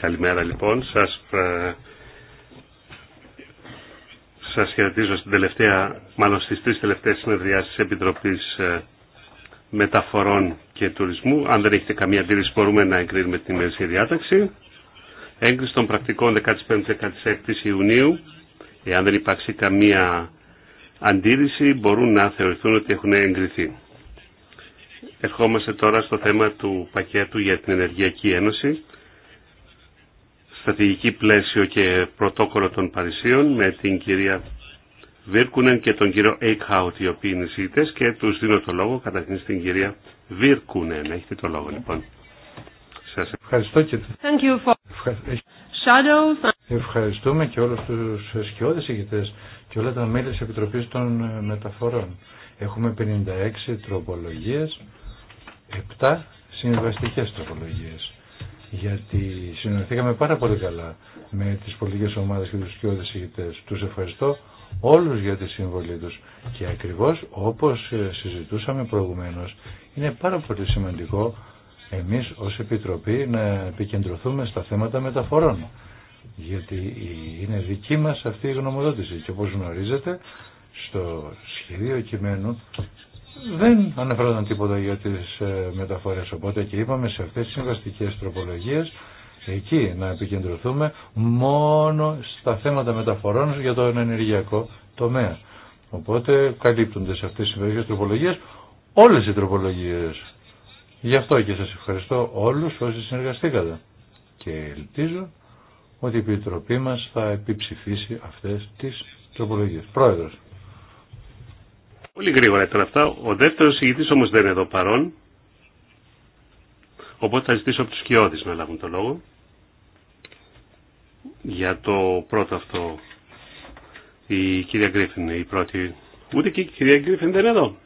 Καλημέρα λοιπόν. Σας, ε, σας χαιρετίζω στην τελευταία, μάλλον στις τρεις τελευταίες συνεδριάσεις Επιτροπής ε, Μεταφορών και Τουρισμού. Αν δεν έχετε καμία αντίρρηση μπορούμε να εγκρίνουμε την ημερησία διάταξη. Έγκριση των πρακτικών 15-16 Ιουνίου. Εάν δεν υπάρξει καμία αντίρρηση μπορούν να θεωρηθούν ότι έχουν εγκριθεί. Ερχόμαστε τώρα στο θέμα του πακέτου για την Ενεργειακή Ένωση, στρατηγική πλαίσιο και πρωτόκολλο των Παρισίων με την κυρία Βίρκουνεν και τον κύριο Έικχαουτ, οι οποίοι είναι συγητές και τους δίνω το λόγο καταρχήν στην κυρία Βίρκουνεν. Έχετε το λόγο λοιπόν. ευχαριστώ και... Ε, ευχαριστούμε και όλους τους σκιώδες ηγητές και όλα τα μέλη της Επιτροπής των Μεταφορών. Έχουμε 56 τροπολογίες, 7 συμβαστικές τροπολογίες. Γιατί συνοηθήκαμε πάρα πολύ καλά με τις πολιτικές ομάδες και τους κοιόδες ηγητές. Τους ευχαριστώ όλους για τη συμβολή τους. Και ακριβώς όπως συζητούσαμε προηγουμένως, είναι πάρα πολύ σημαντικό εμείς ως Επιτροπή να επικεντρωθούμε στα θέματα μεταφορών. Γιατί είναι δική μας αυτή η γνωμοδότηση και όπως γνωρίζετε στο σχεδίο κειμένου δεν αναφέρονταν τίποτα για τις ε, μεταφορές οπότε και είπαμε σε αυτές τις συμβαστικέ τροπολογίες εκεί να επικεντρωθούμε μόνο στα θέματα μεταφορών για τον ενεργειακό τομέα. Οπότε καλύπτονται σε αυτές τις συμβαστικέ τροπολογίες όλες οι τροπολογίες. Γι' αυτό και σας ευχαριστώ όλους όσοι συνεργαστήκατε. Και ελπίζω ότι η Επιτροπή μας θα επιψηφίσει αυτές τις τροπολογίες. Πρόεδρος. Πολύ γρήγορα ήταν αυτά. Ο δεύτερος ηγητής όμως δεν είναι εδώ παρόν. Οπότε θα ζητήσω από τους κοιόδης να λάβουν το λόγο για το πρώτο αυτό η κυρία Γκρίφιν η πρώτη ούτε και η κυρία Γκρίφιν δεν είναι εδώ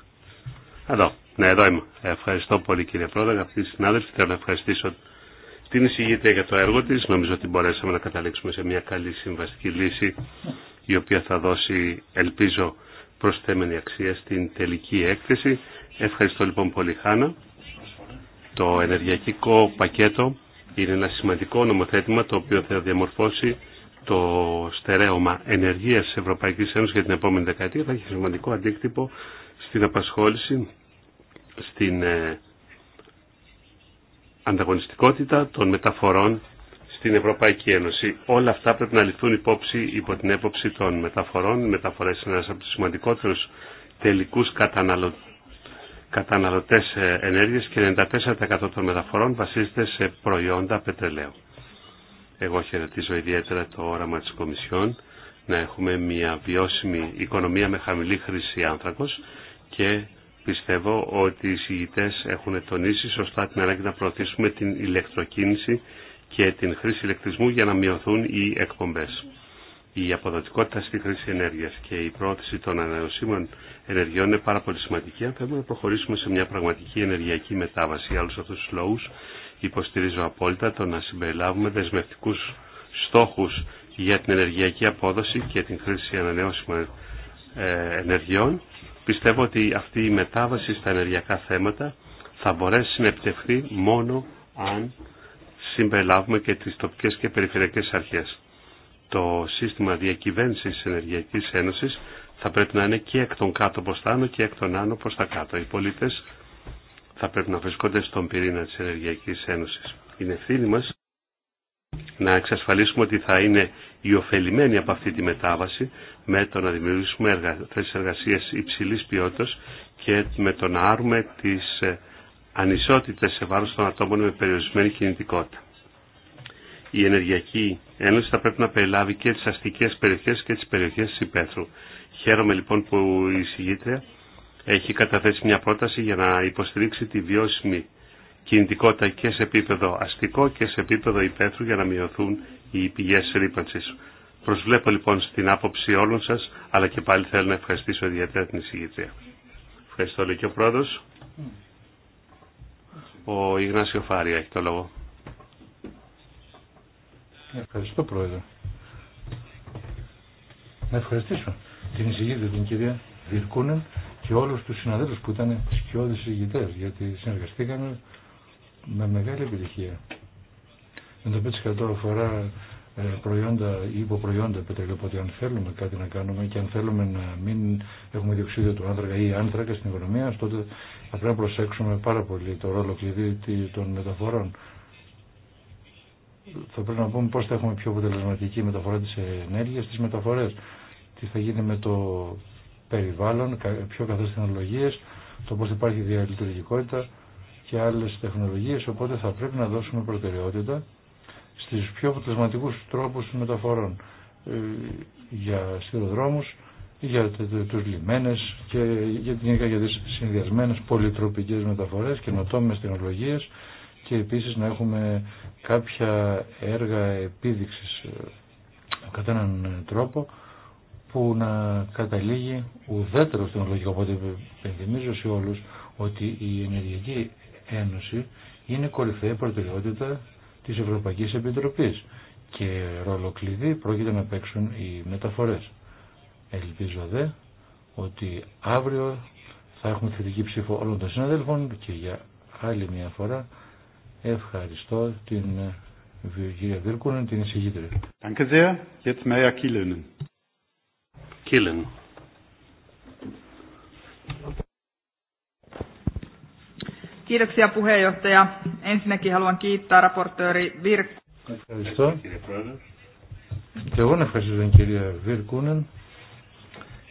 εδώ, ναι εδώ είμαι ευχαριστώ πολύ κύριε Πρόεδρε αγαπητοί συνάδελφοι θέλω να ευχαριστήσω την εισηγήτρια για το έργο της νομίζω ότι μπορέσαμε να καταλήξουμε σε μια καλή συμβαστική λύση η οποία θα δώσει ελπίζω προσθέμενη αξία στην τελική έκθεση. Ευχαριστώ λοιπόν πολύ Χάνα. Το ενεργειακό πακέτο είναι ένα σημαντικό νομοθέτημα το οποίο θα διαμορφώσει το στερέωμα ενεργείας της Ευρωπαϊκής Ένωσης για την επόμενη δεκαετία θα έχει σημαντικό αντίκτυπο στην απασχόληση, στην ε, ανταγωνιστικότητα των μεταφορών στην Ευρωπαϊκή Ένωση. Όλα αυτά πρέπει να ληφθούν υπόψη υπό την έποψη των μεταφορών. Οι μεταφορέ είναι ένα από του σημαντικότερου τελικού καταναλωτέ ε, ενέργεια και 94% των μεταφορών βασίζεται σε προϊόντα πετρελαίου. Εγώ χαιρετίζω ιδιαίτερα το όραμα τη Κομισιόν να έχουμε μια βιώσιμη οικονομία με χαμηλή χρήση άνθρακο και πιστεύω ότι οι συγητές έχουν τονίσει σωστά την ανάγκη να προωθήσουμε την ηλεκτροκίνηση και την χρήση ηλεκτρισμού για να μειωθούν οι εκπομπές. Η αποδοτικότητα στη χρήση ενέργειας και η πρόθεση των ανανεωσίμων ενεργειών είναι πάρα πολύ σημαντική αν θέλουμε να προχωρήσουμε σε μια πραγματική ενεργειακή μετάβαση. Για όλους αυτούς τους λόγους υποστηρίζω απόλυτα το να συμπεριλάβουμε δεσμευτικούς στόχους για την ενεργειακή απόδοση και την χρήση ανανεώσιμων ε, ενεργειών. Πιστεύω ότι αυτή η μετάβαση στα ενεργειακά θέματα θα μπορέσει να επιτευχθεί μόνο αν συμπεριλάβουμε και τις τοπικές και περιφερειακές αρχές. Το σύστημα διακυβέρνησης Ενεργειακής Ένωσης θα πρέπει να είναι και εκ των κάτω προς τα άνω και εκ των άνω προς τα κάτω. Οι πολίτες θα πρέπει να βρισκόνται στον πυρήνα της Ενεργειακής Ένωσης. Είναι ευθύνη μας να εξασφαλίσουμε ότι θα είναι οι ωφελημένοι από αυτή τη μετάβαση με το να δημιουργήσουμε θέσεις εργασίας υψηλής ποιότητας και με το να άρουμε τις ε, ανισότητες σε βάρος των ατόμων με περιορισμένη κινητικότητα η Ενεργειακή Ένωση θα πρέπει να περιλάβει και τις αστικές περιοχές και τις περιοχές της Υπέθρου. Χαίρομαι λοιπόν που η έχει καταθέσει μια πρόταση για να υποστηρίξει τη βιώσιμη κινητικότητα και σε επίπεδο αστικό και σε επίπεδο Υπέθρου για να μειωθούν οι πηγές ρήπανσης. Προσβλέπω λοιπόν στην άποψη όλων σας, αλλά και πάλι θέλω να ευχαριστήσω ιδιαίτερα την εισηγητρία. Ευχαριστώ λέει και ο πρόεδρος. Ο Ιγνάσιο Φάρη έχει το λόγο. Ευχαριστώ Πρόεδρε. Να ευχαριστήσω την εισηγήτρια την κυρία Βιρκούνεν και όλους τους συναδέλφους που ήταν σκιώδεις εισηγητές γιατί συνεργαστήκαμε με μεγάλη επιτυχία. 95% αφορά ε, προϊόντα ή υποπροϊόντα πετρελαίου. Οπότε αν θέλουμε κάτι να κάνουμε και αν θέλουμε να μην έχουμε διοξίδιο του άνθρακα ή άνθρακα στην οικονομία, τότε θα πρέπει να προσέξουμε πάρα πολύ το ρόλο κλειδί των μεταφορών θα πρέπει να πούμε πώς θα έχουμε πιο αποτελεσματική μεταφορά της ενέργειας, τις μεταφορές, τι θα γίνει με το περιβάλλον, πιο καθαρές τεχνολογίες, το πώς υπάρχει διαλειτουργικότητα και άλλες τεχνολογίες, οπότε θα πρέπει να δώσουμε προτεραιότητα στις πιο αποτελεσματικού τρόπους μεταφορών ε, για σιδηροδρόμους, για τους λιμένες και γενικά για τις συνδυασμένες πολυτροπικές μεταφορές, νότόμε τεχνολογίες, και επίσης να έχουμε κάποια έργα επίδειξης ε, κατά έναν ε, τρόπο που να καταλήγει ουδέτερο στην λογικό. Οπότε υπενθυμίζω σε όλους ότι η Ενεργειακή Ένωση είναι κορυφαία προτεραιότητα της Ευρωπαϊκής Επιτροπής και ρόλο πρόκειται να παίξουν οι μεταφορές. Ελπίζω δε ότι αύριο θα έχουμε θετική ψήφο όλων των συναδέλφων και για άλλη μια φορά Ευχαριστώ την κυρία ε, Βίρκουνεν, την εισηγήτρια. Danke sehr. Jetzt Ευχαριστώ. Και εγώ ευχαριστώ την κυρία Βίρκουνεν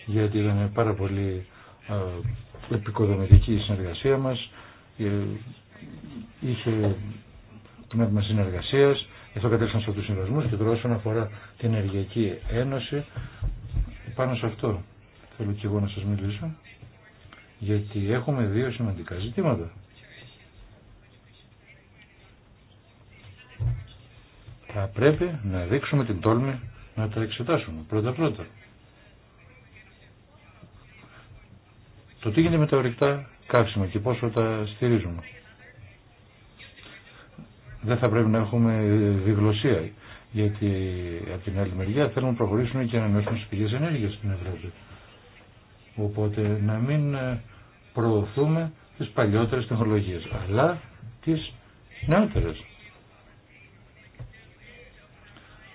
γιατί ήταν πάρα πολύ ε, επικοδομητική η συνεργασία μας ε, είχε πνεύμα συνεργασία, γι' αυτό κατέληξαν σε αυτού του συνδυασμού και τώρα όσον αφορά την Ενεργειακή Ένωση, πάνω σε αυτό θέλω και εγώ να σα μιλήσω, γιατί έχουμε δύο σημαντικά ζητήματα. Θα πρέπει να δείξουμε την τόλμη να τα εξετάσουμε πρώτα-πρώτα. Το τι γίνεται με τα ορυκτά καύσιμα και πόσο τα στηρίζουμε δεν θα πρέπει να έχουμε διγλωσία. Γιατί από την άλλη μεριά θέλουν να προχωρήσουν και να μειώσουν τι πηγέ ενέργεια στην Ευρώπη. Οπότε να μην ε, προωθούμε τι παλιότερε τεχνολογίε, αλλά τι νεότερε.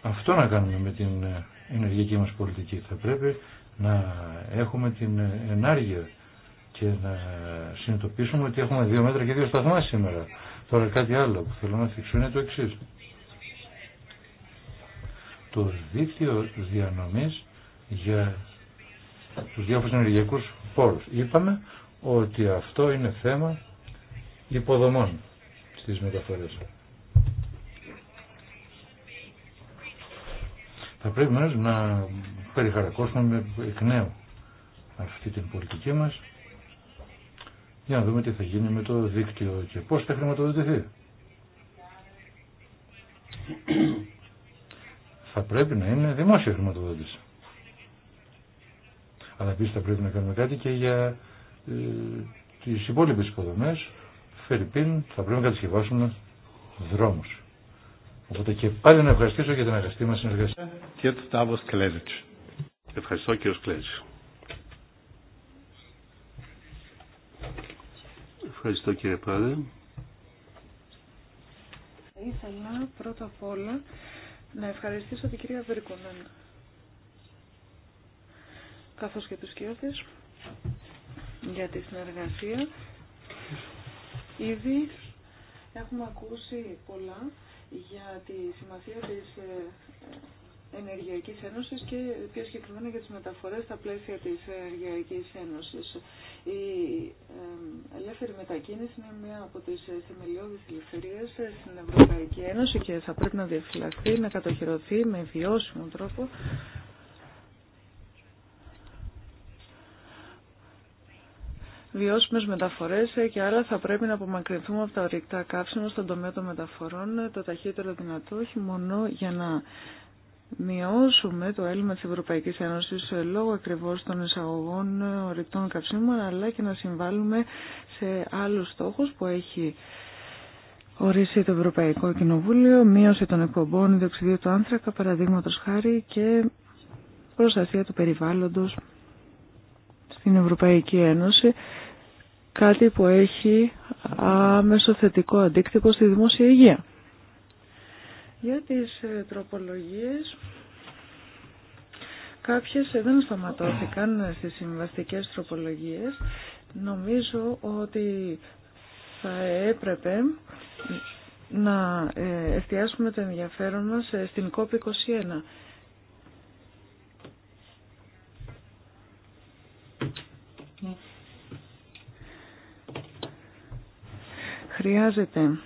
Αυτό να κάνουμε με την ε, ενεργειακή μας πολιτική. Θα πρέπει να έχουμε την ε, ενάργεια και να συνειδητοποιήσουμε ότι έχουμε δύο μέτρα και δύο σταθμά σήμερα. Τώρα κάτι άλλο που θέλω να θίξω είναι το εξή. Το δίκτυο διανομής για τους διάφορους ενεργειακούς πόρους. Είπαμε ότι αυτό είναι θέμα υποδομών στις μεταφορές. Θα πρέπει να περιχαρακώσουμε εκ νέου αυτή την πολιτική μας για να δούμε τι θα γίνει με το δίκτυο και πώς θα χρηματοδοτηθεί. θα πρέπει να είναι δημόσια χρηματοδότηση. Αλλά επίση θα πρέπει να κάνουμε κάτι και για ε, τις υπόλοιπες υποδομές. Φερρυπίν θα πρέπει να κατασκευάσουμε δρόμους. Οπότε και πάλι να ευχαριστήσω για την αγαστή μας συνεργασία. Ευχαριστώ κύριο Κλέζιτς. Ευχαριστώ κύριε Θα Ήθελα πρώτα απ' όλα να ευχαριστήσω την κυρία Βερικονέν καθώς και τους κοιότητες για τη συνεργασία. Ήδη έχουμε ακούσει πολλά για τη σημασία της ε, Ενεργειακής Ένωσης και πιο συγκεκριμένα για τις μεταφορές στα πλαίσια της Ενεργειακής Ένωσης. Η ελεύθερη μετακίνηση είναι μία από τις θεμελιώδεις ελευθερίες στην Ευρωπαϊκή Ένωση και θα πρέπει να διαφυλαχθεί, να κατοχυρωθεί με βιώσιμο τρόπο βιώσιμες μεταφορές και άλλα θα πρέπει να απομακρυνθούμε από τα ορυκτά καύσιμα στον τομέα των μεταφορών το ταχύτερο δυνατό, όχι μόνο για να μειώσουμε το έλλειμμα της Ευρωπαϊκής Ένωσης λόγω ακριβώς των εισαγωγών ορεικτών καυσίμων αλλά και να συμβάλλουμε σε άλλους στόχους που έχει ορίσει το Ευρωπαϊκό Κοινοβούλιο, μείωση των εκπομπών διοξιδίου του άνθρακα παραδείγματος χάρη και προστασία του περιβάλλοντος στην Ευρωπαϊκή Ένωση κάτι που έχει αμεσοθετικό αντίκτυπο στη δημόσια υγεία. Για τις ε, τροπολογίες, κάποιες δεν σταματώθηκαν στις συμβαστικές τροπολογίες. Νομίζω ότι θα έπρεπε να ε, εστιάσουμε το ενδιαφέρον μας ε, στην COP21. Ναι. Χρειάζεται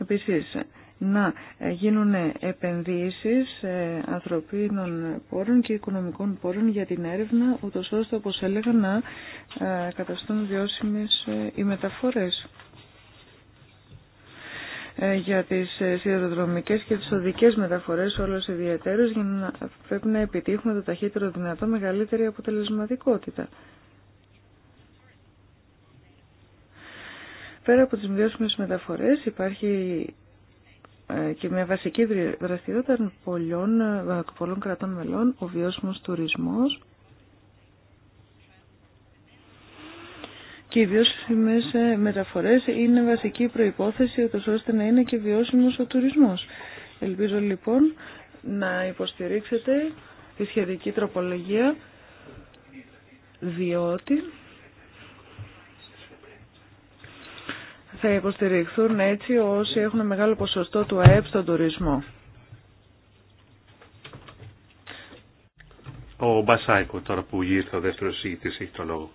Επίσης, να γίνουν επενδύσεις ανθρωπίνων πόρων και οικονομικών πόρων για την έρευνα, ούτως ώστε, όπως έλεγα, να ε, καταστούν βιώσιμες ε, οι μεταφορές ε, για τις σιδηροδρομικές και τις οδικές μεταφορές όλος ιδιαίτερες για να πρέπει να επιτύχουμε το ταχύτερο δυνατό μεγαλύτερη αποτελεσματικότητα. Πέρα από τις βιώσιμες μεταφορές υπάρχει ε, και μια βασική δραστηριότητα πολλών, ε, πολλών κρατών μελών, ο βιώσιμος τουρισμός και οι βιώσιμες ε, μεταφορές είναι βασική προϋπόθεση ώστε να είναι και βιώσιμος ο τουρισμός. Ελπίζω λοιπόν να υποστηρίξετε τη σχετική τροπολογία διότι Θα υποστηριχθούν έτσι όσοι έχουν μεγάλο ποσοστό του ΑΕΠ στον τουρισμό. Ο Μπασάικο τώρα που ήρθε ο δεύτερος ηγητής έχει το λόγο.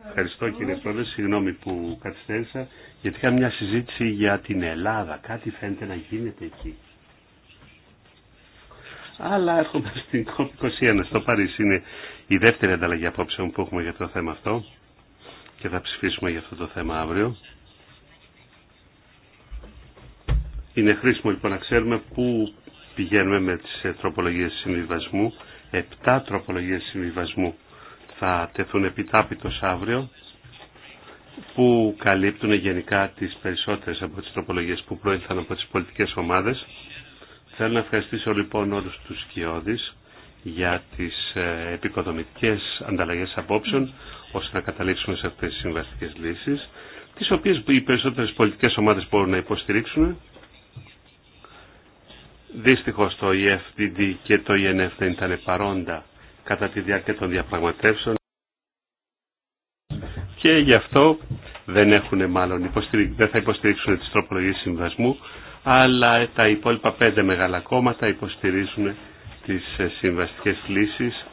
Ευχαριστώ κύριε Πρόεδρε, συγγνώμη που καθυστέρησα, γιατί είχα μια συζήτηση για την Ελλάδα. Κάτι φαίνεται να γίνεται εκεί. Αλλά έρχομαι στην COP21 στο Παρίσι. Είναι η δεύτερη ανταλλαγή απόψεων που έχουμε για το θέμα αυτό και θα ψηφίσουμε για αυτό το θέμα αύριο. Είναι χρήσιμο λοιπόν να ξέρουμε πού πηγαίνουμε με τις ε, τροπολογίες συμβιβασμού. Επτά τροπολογίες συμβιβασμού θα τεθούν επιτάπητος αύριο που καλύπτουν γενικά τις περισσότερες από τις τροπολογίες που προήλθαν από τις πολιτικές ομάδες. Θέλω να ευχαριστήσω λοιπόν όλους τους σκιώδεις για τις ε, επικοδομητικές ανταλλαγές απόψεων ώστε να καταλήξουμε σε αυτές τις συμβαστικές λύσεις, τις οποίες οι περισσότερες πολιτικές ομάδες μπορούν να υποστηρίξουν. Δυστυχώς το EFDD και το ENF δεν ήταν παρόντα κατά τη διάρκεια των διαπραγματεύσεων και γι' αυτό δεν έχουν μάλλον δεν θα υποστηρίξουν τις τροπολογίες συμβασμού αλλά τα υπόλοιπα πέντε μεγάλα κόμματα υποστηρίζουν τις συμβαστικές λύσεις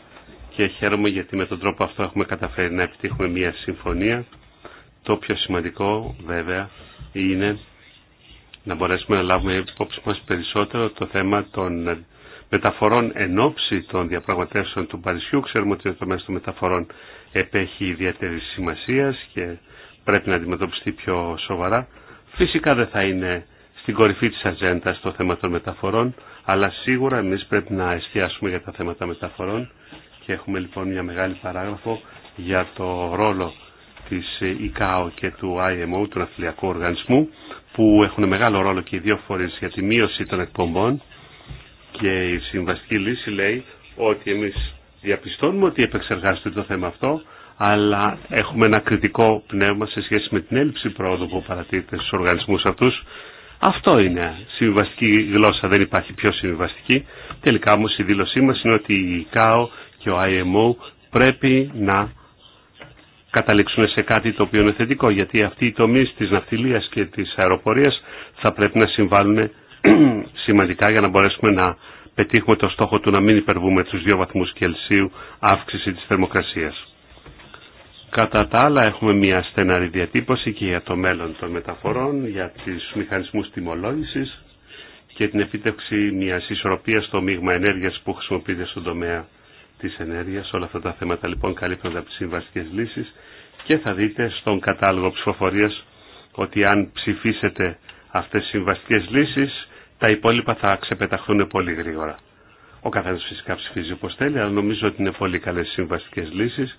και χαίρομαι γιατί με τον τρόπο αυτό έχουμε καταφέρει να επιτύχουμε μια συμφωνία. Το πιο σημαντικό βέβαια είναι να μπορέσουμε να λάβουμε υπόψη μας περισσότερο το θέμα των μεταφορών εν ώψη των διαπραγματεύσεων του Παρισιού. Ξέρουμε ότι το μέσο των μεταφορών επέχει ιδιαίτερη σημασία και πρέπει να αντιμετωπιστεί πιο σοβαρά. Φυσικά δεν θα είναι στην κορυφή της ατζέντα το θέμα των μεταφορών, αλλά σίγουρα εμείς πρέπει να εστιάσουμε για τα θέματα μεταφορών και έχουμε λοιπόν μια μεγάλη παράγραφο για το ρόλο της ε, ΙΚΑΟ και του IMO, του Ναυτιλιακού Οργανισμού, που έχουν μεγάλο ρόλο και οι δύο φορέ για τη μείωση των εκπομπών και η συμβαστική λύση λέει ότι εμείς διαπιστώνουμε ότι επεξεργάζεται το θέμα αυτό, αλλά έχουμε ένα κριτικό πνεύμα σε σχέση με την έλλειψη πρόοδου που παρατηρείται στους οργανισμούς αυτούς. Αυτό είναι συμβαστική γλώσσα, δεν υπάρχει πιο συμβαστική. Τελικά όμως η δήλωσή μας είναι ότι η ΚΑΟ και ο IMO πρέπει να καταλήξουν σε κάτι το οποίο είναι θετικό, γιατί αυτοί οι τομείς της ναυτιλίας και της αεροπορίας θα πρέπει να συμβάλλουν σημαντικά για να μπορέσουμε να πετύχουμε το στόχο του να μην υπερβούμε τους δύο βαθμούς Κελσίου αύξηση της θερμοκρασίας. Κατά τα άλλα έχουμε μια στεναρή διατύπωση και για το μέλλον των μεταφορών, για τους μηχανισμούς τιμολόγησης και την επίτευξη μιας ισορροπίας στο μείγμα ενέργειας που χρησιμοποιείται στον τομέα της ενέργειας. Όλα αυτά τα θέματα λοιπόν καλύπτονται από τις συμβαστικές λύσεις και θα δείτε στον κατάλογο ψηφοφορίας ότι αν ψηφίσετε αυτές τις συμβαστικές λύσεις τα υπόλοιπα θα ξεπεταχθούν πολύ γρήγορα. Ο καθένας φυσικά ψηφίζει όπως θέλει, αλλά νομίζω ότι είναι πολύ καλές συμβαστικές λύσεις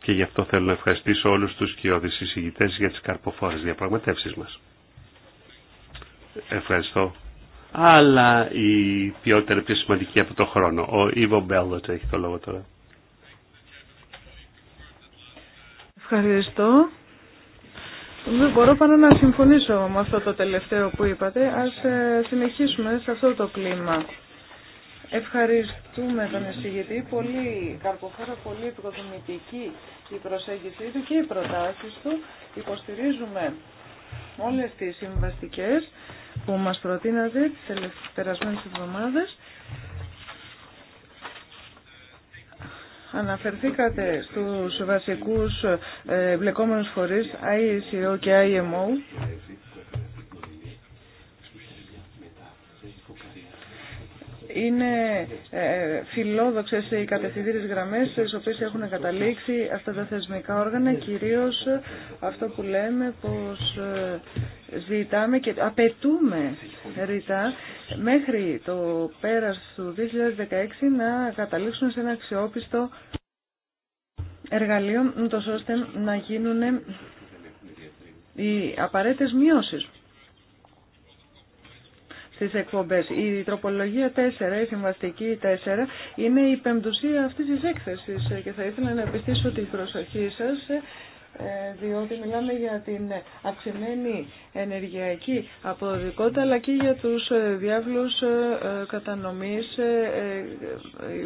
και γι' αυτό θέλω να ευχαριστήσω όλους τους κοιόδης εισηγητές για τις καρποφόρες διαπραγματεύσεις μας. Ευχαριστώ αλλά η ποιότητα πιο σημαντική από το χρόνο. Ο Ιβο Μπέλδοτ έχει το λόγο τώρα. Ευχαριστώ. Δεν μπορώ παρά να συμφωνήσω με αυτό το τελευταίο που είπατε. Ας ε, συνεχίσουμε σε αυτό το κλίμα. Ευχαριστούμε τον εισηγητή. Πολύ καρποφόρα, πολύ υποδομητική η προσέγγιση του και οι προτάσεις του. Υποστηρίζουμε όλες τις συμβαστικές που μας προτείνατε τις περασμένες εβδομάδες. Αναφερθήκατε στους βασικούς ε, βλεκόμενους φορείς ICO e και IMO είναι ε, φιλόδοξες οι κατευθυντήριες γραμμές στις οποίες έχουν καταλήξει αυτά τα θεσμικά όργανα, κυρίως αυτό που λέμε πως ε, ζητάμε και απαιτούμε ρητά μέχρι το πέρας του 2016 να καταλήξουν σε ένα αξιόπιστο εργαλείο, ώστε να γίνουν οι απαραίτητες μειώσεις στις εκπομπές. Η τροπολογία 4, η συμβαστική 4, είναι η πεμπτουσία αυτής της έκθεσης και θα ήθελα να επιστήσω την προσοχή σας ε, διότι μιλάμε για την αυξημένη ενεργειακή αποδοτικότητα αλλά και για τους ε, διάβλους ε, κατανομής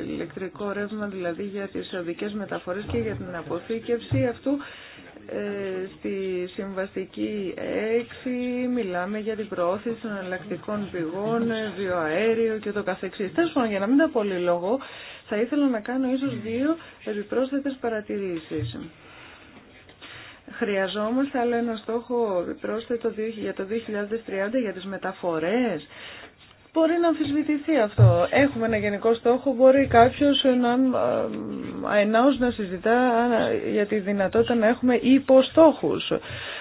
ηλεκτρικό ρεύμα δηλαδή για τις οδικές μεταφορές και για την αποθήκευση αυτού στη συμβαστική 6 μιλάμε για την προώθηση των εναλλακτικών πηγών, βιοαέριο και το καθεξής. Τέλος πάντων, για να μην τα λόγο, θα ήθελα να κάνω ίσως δύο επιπρόσθετες παρατηρήσεις. Χρειαζόμαστε άλλο ένα στόχο πρόσθετο για το 2030 για τις μεταφορές. Μπορεί να αμφισβητηθεί αυτό. Έχουμε ένα γενικό στόχο, μπορεί κάποιος να, να συζητά για τη δυνατότητα να έχουμε υποστόχους.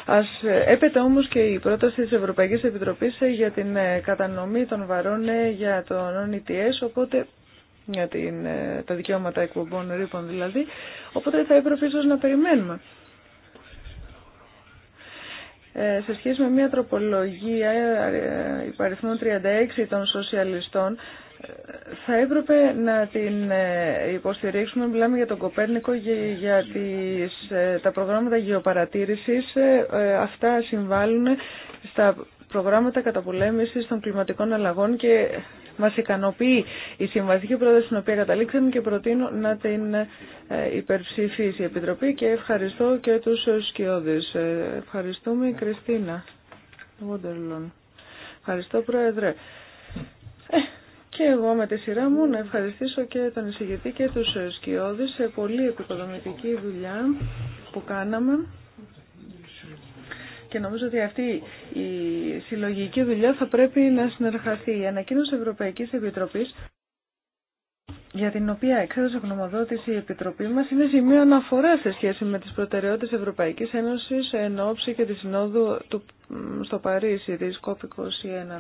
Ας έπεται όμως και η πρόταση της Ευρωπαϊκής Επιτροπής για την ε, κατανομή των βαρών ε, για τον ETS, οπότε για την, ε, τα δικαιώματα εκπομπών ρήπων δηλαδή, οπότε θα έπρεπε ίσως να περιμένουμε. Ε, σε σχέση με μια τροπολογία ε, υπαριθμών 36 των σοσιαλιστών ε, θα έπρεπε να την υποστηρίξουμε, μιλάμε για τον Κοπέρνικο, για τις, τα προγράμματα γεωπαρατήρησης. Αυτά συμβάλλουν στα προγράμματα καταπολέμησης των κλιματικών αλλαγών και μας ικανοποιεί η συμβατική πρόταση στην οποία καταλήξαμε και προτείνω να την ε, υπερψηφίσει η Επιτροπή και ευχαριστώ και τους σκιώδες. Ε, ευχαριστούμε η Κριστίνα. Ευχαριστώ Πρόεδρε. Ε, και εγώ με τη σειρά μου να ευχαριστήσω και τον εισηγητή και τους σκιώδες σε πολύ επικοδομητική δουλειά που κάναμε. Και νομίζω ότι αυτή η συλλογική δουλειά θα πρέπει να συνεργαστεί. Η ανακοίνωση Ευρωπαϊκής Επιτροπής για την οποία εξέδωσε γνωμοδότηση η Επιτροπή μα είναι σημείο αναφορά σε σχέση με τι προτεραιότητε Ευρωπαϊκή Ένωση εν ώψη και τη συνόδου του, στο Παρίσι τη COP21.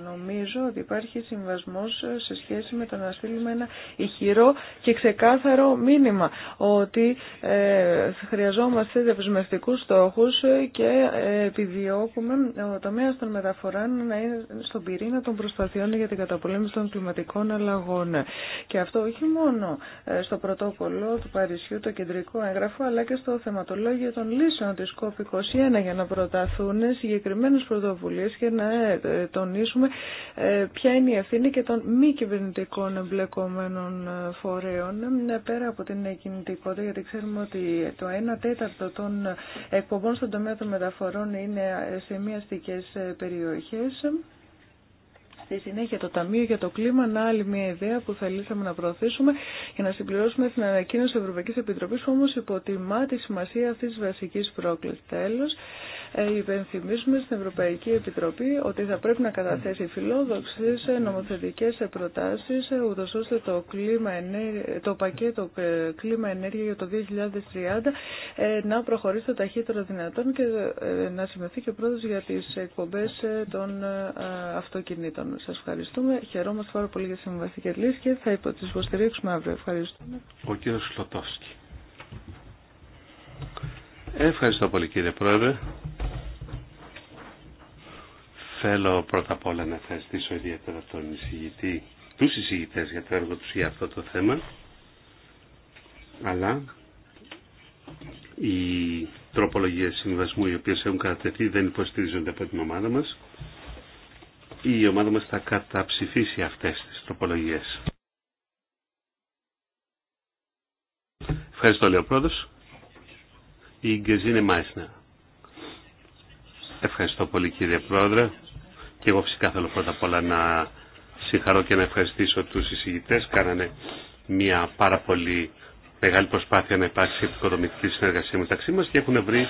Νομίζω ότι υπάρχει συμβασμό σε σχέση με το να στείλουμε ένα ηχηρό και ξεκάθαρο μήνυμα ότι ε, χρειαζόμαστε δεσμευτικού στόχου και ε, επιδιώκουμε ε, ο τομέα των μεταφορών να είναι στον πυρήνα των προσπαθειών για την καταπολέμηση των κλιματικών αλλαγών. Και αυτό όχι μόνο μόνο ε, στο πρωτόκολλο του Παρισιού, το κεντρικό έγγραφο, αλλά και στο θεματολόγιο των λύσεων τη COP21 για να προταθούν συγκεκριμένε πρωτοβουλίε και να ε, τονίσουμε ε, ποια είναι η ευθύνη και των μη κυβερνητικών εμπλεκομένων φορέων πέρα από την κινητικότητα, γιατί ξέρουμε ότι το 1 τέταρτο των εκπομπών στον τομέα των μεταφορών είναι σε μια αστικές περιοχέ. Στη συνέχεια το Ταμείο για το Κλίμα, να άλλη μια ιδέα που θελήσαμε να προωθήσουμε για να συμπληρώσουμε την ανακοίνωση της Ευρωπαϊκής Επιτροπής που όμως υποτιμά τη σημασία αυτή τη βασική πρόκληση τέλο. Ε, Υπενθυμίσουμε στην Ευρωπαϊκή Επιτροπή ότι θα πρέπει να καταθέσει φιλόδοξες ε, νομοθετικές ε, προτάσεις ούτως ώστε το, κλίμα, το πακέτο κλίμα ενέργεια για το 2030 να προχωρήσει το ταχύτερο δυνατόν και να σημειωθεί και πρόοδος για τις εκπομπές των αυτοκινήτων. Σας ευχαριστούμε. Χαιρόμαστε πάρα πολύ για τη συμβαστική λύση και θα τις υποστηρίξουμε αύριο. Ευχαριστούμε. Ο κύριος Ευχαριστώ πολύ κύριε Πρόεδρε. Θέλω πρώτα απ' όλα να ευχαριστήσω ιδιαίτερα τον εισηγητή, τους εισηγητές για το έργο τους για αυτό το θέμα. Αλλά οι τροπολογίες συμβασμού οι οποίες έχουν κατατεθεί δεν υποστηρίζονται από την ομάδα μας. Η ομάδα μας θα καταψηφίσει αυτές τις τροπολογίες. Ευχαριστώ, λέει ο πρόεδρος η Μάισνα. Ευχαριστώ πολύ κύριε Πρόεδρε και εγώ φυσικά θέλω πρώτα απ' όλα να συγχαρώ και να ευχαριστήσω τους εισηγητές. Κάνανε μια πάρα πολύ μεγάλη προσπάθεια να υπάρξει επικοδομητική συνεργασία μεταξύ μας και έχουν βρει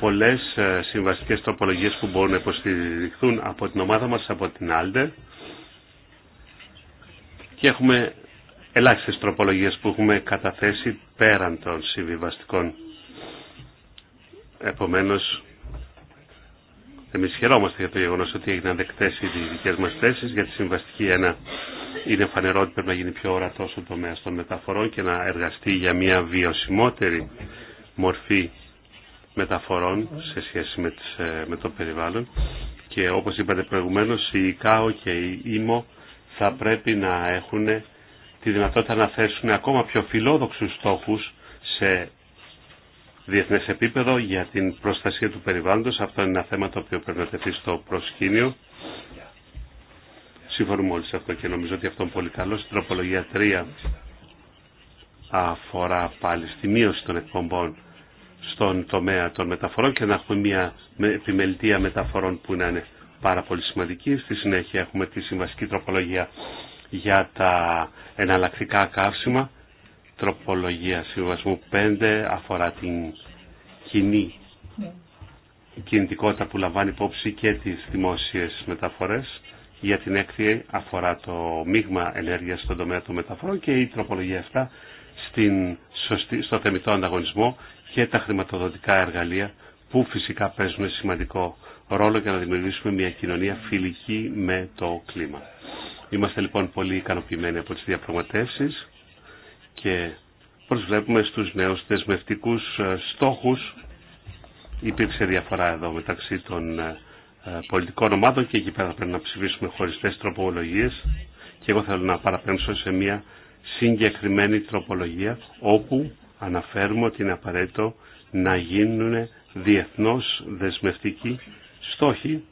πολλές ε, συμβαστικές τροπολογίες που μπορούν να υποστηριχθούν από την ομάδα μας, από την Άλντε και έχουμε ελάχιστες τροπολογίες που έχουμε καταθέσει πέραν των συμβιβαστικών Επομένως, εμείς χαιρόμαστε για το γεγονό ότι έγιναν δεκτές οι δικές μας για τη συμβαστική ένα είναι φανερό ότι πρέπει να γίνει πιο ορατός ο τομέα των μεταφορών και να εργαστεί για μια βιωσιμότερη μορφή μεταφορών σε σχέση με, τις, ε, με το περιβάλλον και όπως είπατε προηγουμένως η ΚΑΟ και η ΙΜΟ θα πρέπει να έχουν τη δυνατότητα να θέσουν ακόμα πιο φιλόδοξους στόχους σε Διεθνέ επίπεδο για την προστασία του περιβάλλοντος. Αυτό είναι ένα θέμα το οποίο πρέπει να τεθεί στο προσκήνιο. Συμφωνούμε όλοι σε αυτό και νομίζω ότι αυτό είναι πολύ καλό. Στην τροπολογία 3 αφορά πάλι στη μείωση των εκπομπών στον τομέα των μεταφορών και να έχουμε μια επιμελητία μεταφορών που να είναι πάρα πολύ σημαντική. Στη συνέχεια έχουμε τη συμβασική τροπολογία για τα εναλλακτικά καύσιμα τροπολογία συμβασμού 5 αφορά την κοινή ναι. κινητικότητα που λαμβάνει υπόψη και τις δημόσιες μεταφορές. Για την έκτη αφορά το μείγμα ενέργειας στον τομέα των μεταφορών και η τροπολογία αυτά στην σωστή, στο θεμητό ανταγωνισμό και τα χρηματοδοτικά εργαλεία που φυσικά παίζουν σημαντικό ρόλο για να δημιουργήσουμε μια κοινωνία φιλική με το κλίμα. Είμαστε λοιπόν πολύ ικανοποιημένοι από τις διαπραγματεύσεις και προσβλέπουμε στους νέους δεσμευτικούς ε, στόχους. Υπήρξε διαφορά εδώ μεταξύ των ε, ε, πολιτικών ομάδων και εκεί πέρα πρέπει να ψηφίσουμε χωριστές τροπολογίες και εγώ θέλω να παραπέμψω σε μια συγκεκριμένη τροπολογία όπου αναφέρουμε ότι είναι απαραίτητο να γίνουν διεθνώς δεσμευτικοί στόχοι.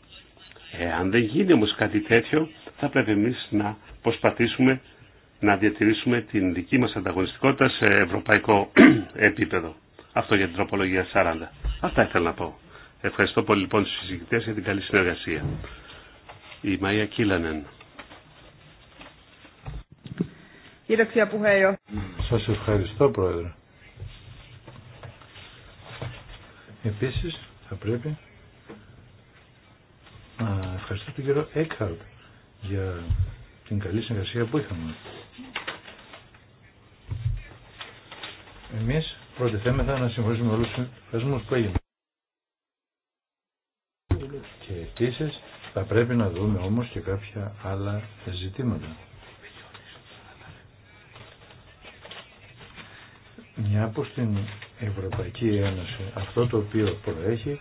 Εάν δεν γίνει όμως κάτι τέτοιο θα πρέπει εμείς να προσπαθήσουμε να διατηρήσουμε την δική μας ανταγωνιστικότητα σε ευρωπαϊκό επίπεδο. Αυτό για την τροπολογία 40. Αυτά ήθελα να πω. Ευχαριστώ πολύ λοιπόν τους συζητητές για την καλή συνεργασία. Η Μαΐα Κίλανεν. Σας ευχαριστώ Πρόεδρε. Επίσης θα πρέπει να ευχαριστώ τον κύριο Έκχαρτ για την καλή συνεργασία που είχαμε. Εμείς πρώτη να συμφωνήσουμε όλους τους θεσμούς που Και επίσης θα πρέπει να δούμε όμως και κάποια άλλα ζητήματα. Μια από στην Ευρωπαϊκή Ένωση αυτό το οποίο προέχει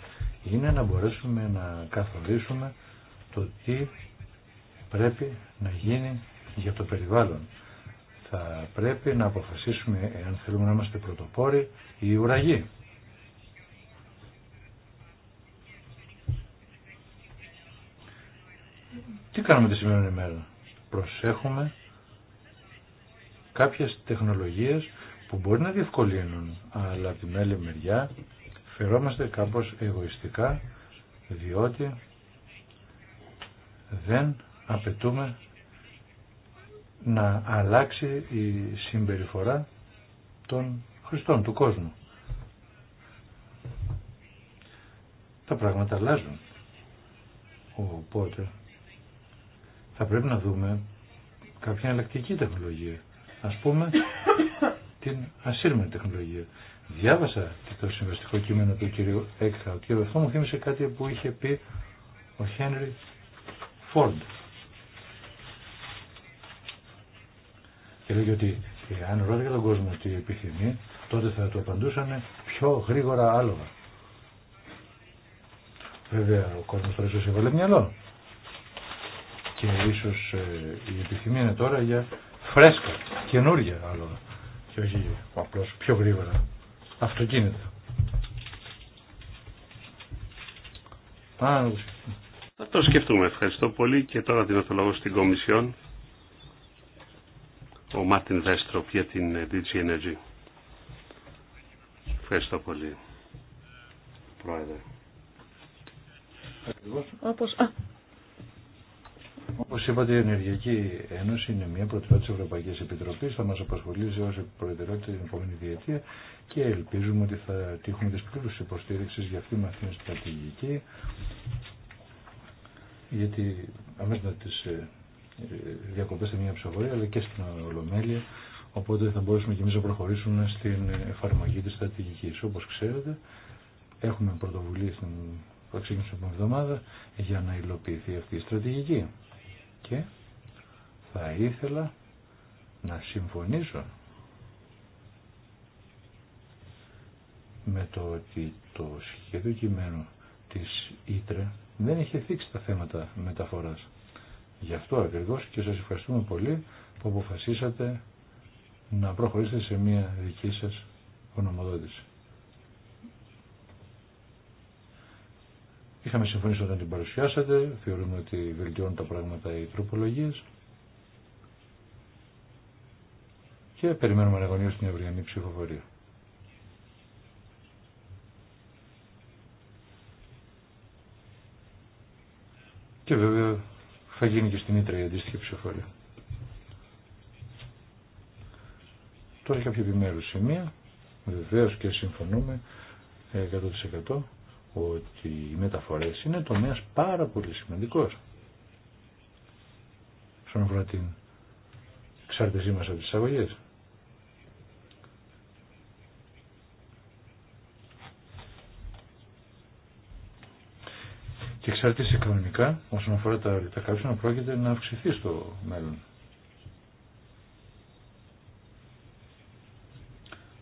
είναι να μπορέσουμε να καθορίσουμε το τι πρέπει να γίνει για το περιβάλλον. Θα πρέπει να αποφασίσουμε εάν θέλουμε να είμαστε πρωτοπόροι ή ουραγοί. Τι κάνουμε τη σημερινή μέρα. Προσέχουμε κάποιες τεχνολογίες που μπορεί να διευκολύνουν, αλλά από την άλλη μεριά φερόμαστε κάπως εγωιστικά, διότι δεν απαιτούμε να αλλάξει η συμπεριφορά των Χριστών, του κόσμου. Τα πράγματα αλλάζουν. Οπότε θα πρέπει να δούμε κάποια εναλλακτική τεχνολογία. Ας πούμε την ασύρμενη τεχνολογία. Διάβασα το συμβαστικό κείμενο του κυρίου Έκχαου και αυτό μου θύμισε κάτι που είχε πει ο Χένρι Φόρντ Και λέει ότι αν ρώτηκε τον κόσμο τι επιθυμεί, τότε θα του απαντούσαν πιο γρήγορα άλογα. Βέβαια ο κόσμος τώρα ίσως έβαλε μυαλό. Και ίσως ε, η επιθυμία είναι τώρα για φρέσκα, καινούργια άλογα. Και όχι απλώς πιο γρήγορα αυτοκίνητα. θα το σκεφτούμε. Ευχαριστώ πολύ και τώρα δίνω το λόγο στην Κομισιόν ο Μάρτιν Βέστροπ για την ε, DG Energy. Ευχαριστώ πολύ, Πρόεδρε. Όπως, α. Όπως είπατε, η Ενεργειακή Ένωση είναι μια προτεραιότητα της Ευρωπαϊκής Επιτροπής, θα μας απασχολήσει ως προτεραιότητα την επόμενη διετία και ελπίζουμε ότι θα τύχουμε τις πλήρους υποστήριξης για αυτήν την στρατηγική, γιατί αμέσως να τις ε, διακοπέ σε μια ψηφοφορία αλλά και στην Ολομέλεια. Οπότε θα μπορέσουμε και εμεί να προχωρήσουμε στην εφαρμογή τη στρατηγική. Όπω ξέρετε, έχουμε πρωτοβουλία στην από την εβδομάδα για να υλοποιηθεί αυτή η στρατηγική. Και θα ήθελα να συμφωνήσω με το ότι το σχέδιο κειμένο της ίτρε δεν έχει θίξει τα θέματα μεταφοράς. Γι' αυτό ακριβώς και σας ευχαριστούμε πολύ που αποφασίσατε να προχωρήσετε σε μια δική σας ονομαδότηση. Είχαμε συμφωνήσει όταν την παρουσιάσατε, θεωρούμε ότι βελτιώνουν τα πράγματα οι τροπολογίες και περιμένουμε αναγνώριση την αυριανή ψηφοφορία. Και βέβαια θα γίνει και στην Ήτρα η αντίστοιχη ψηφοφορία. Τώρα κάποια επιμέρου σημεία, βεβαίω και συμφωνούμε 100% ε, ότι οι μεταφορές είναι τομέας πάρα πολύ σημαντικός. Στον αφορά την εξάρτησή μας από τις και εξαρτήση κανονικά όσον αφορά τα τα καύσιμα πρόκειται να αυξηθεί στο μέλλον.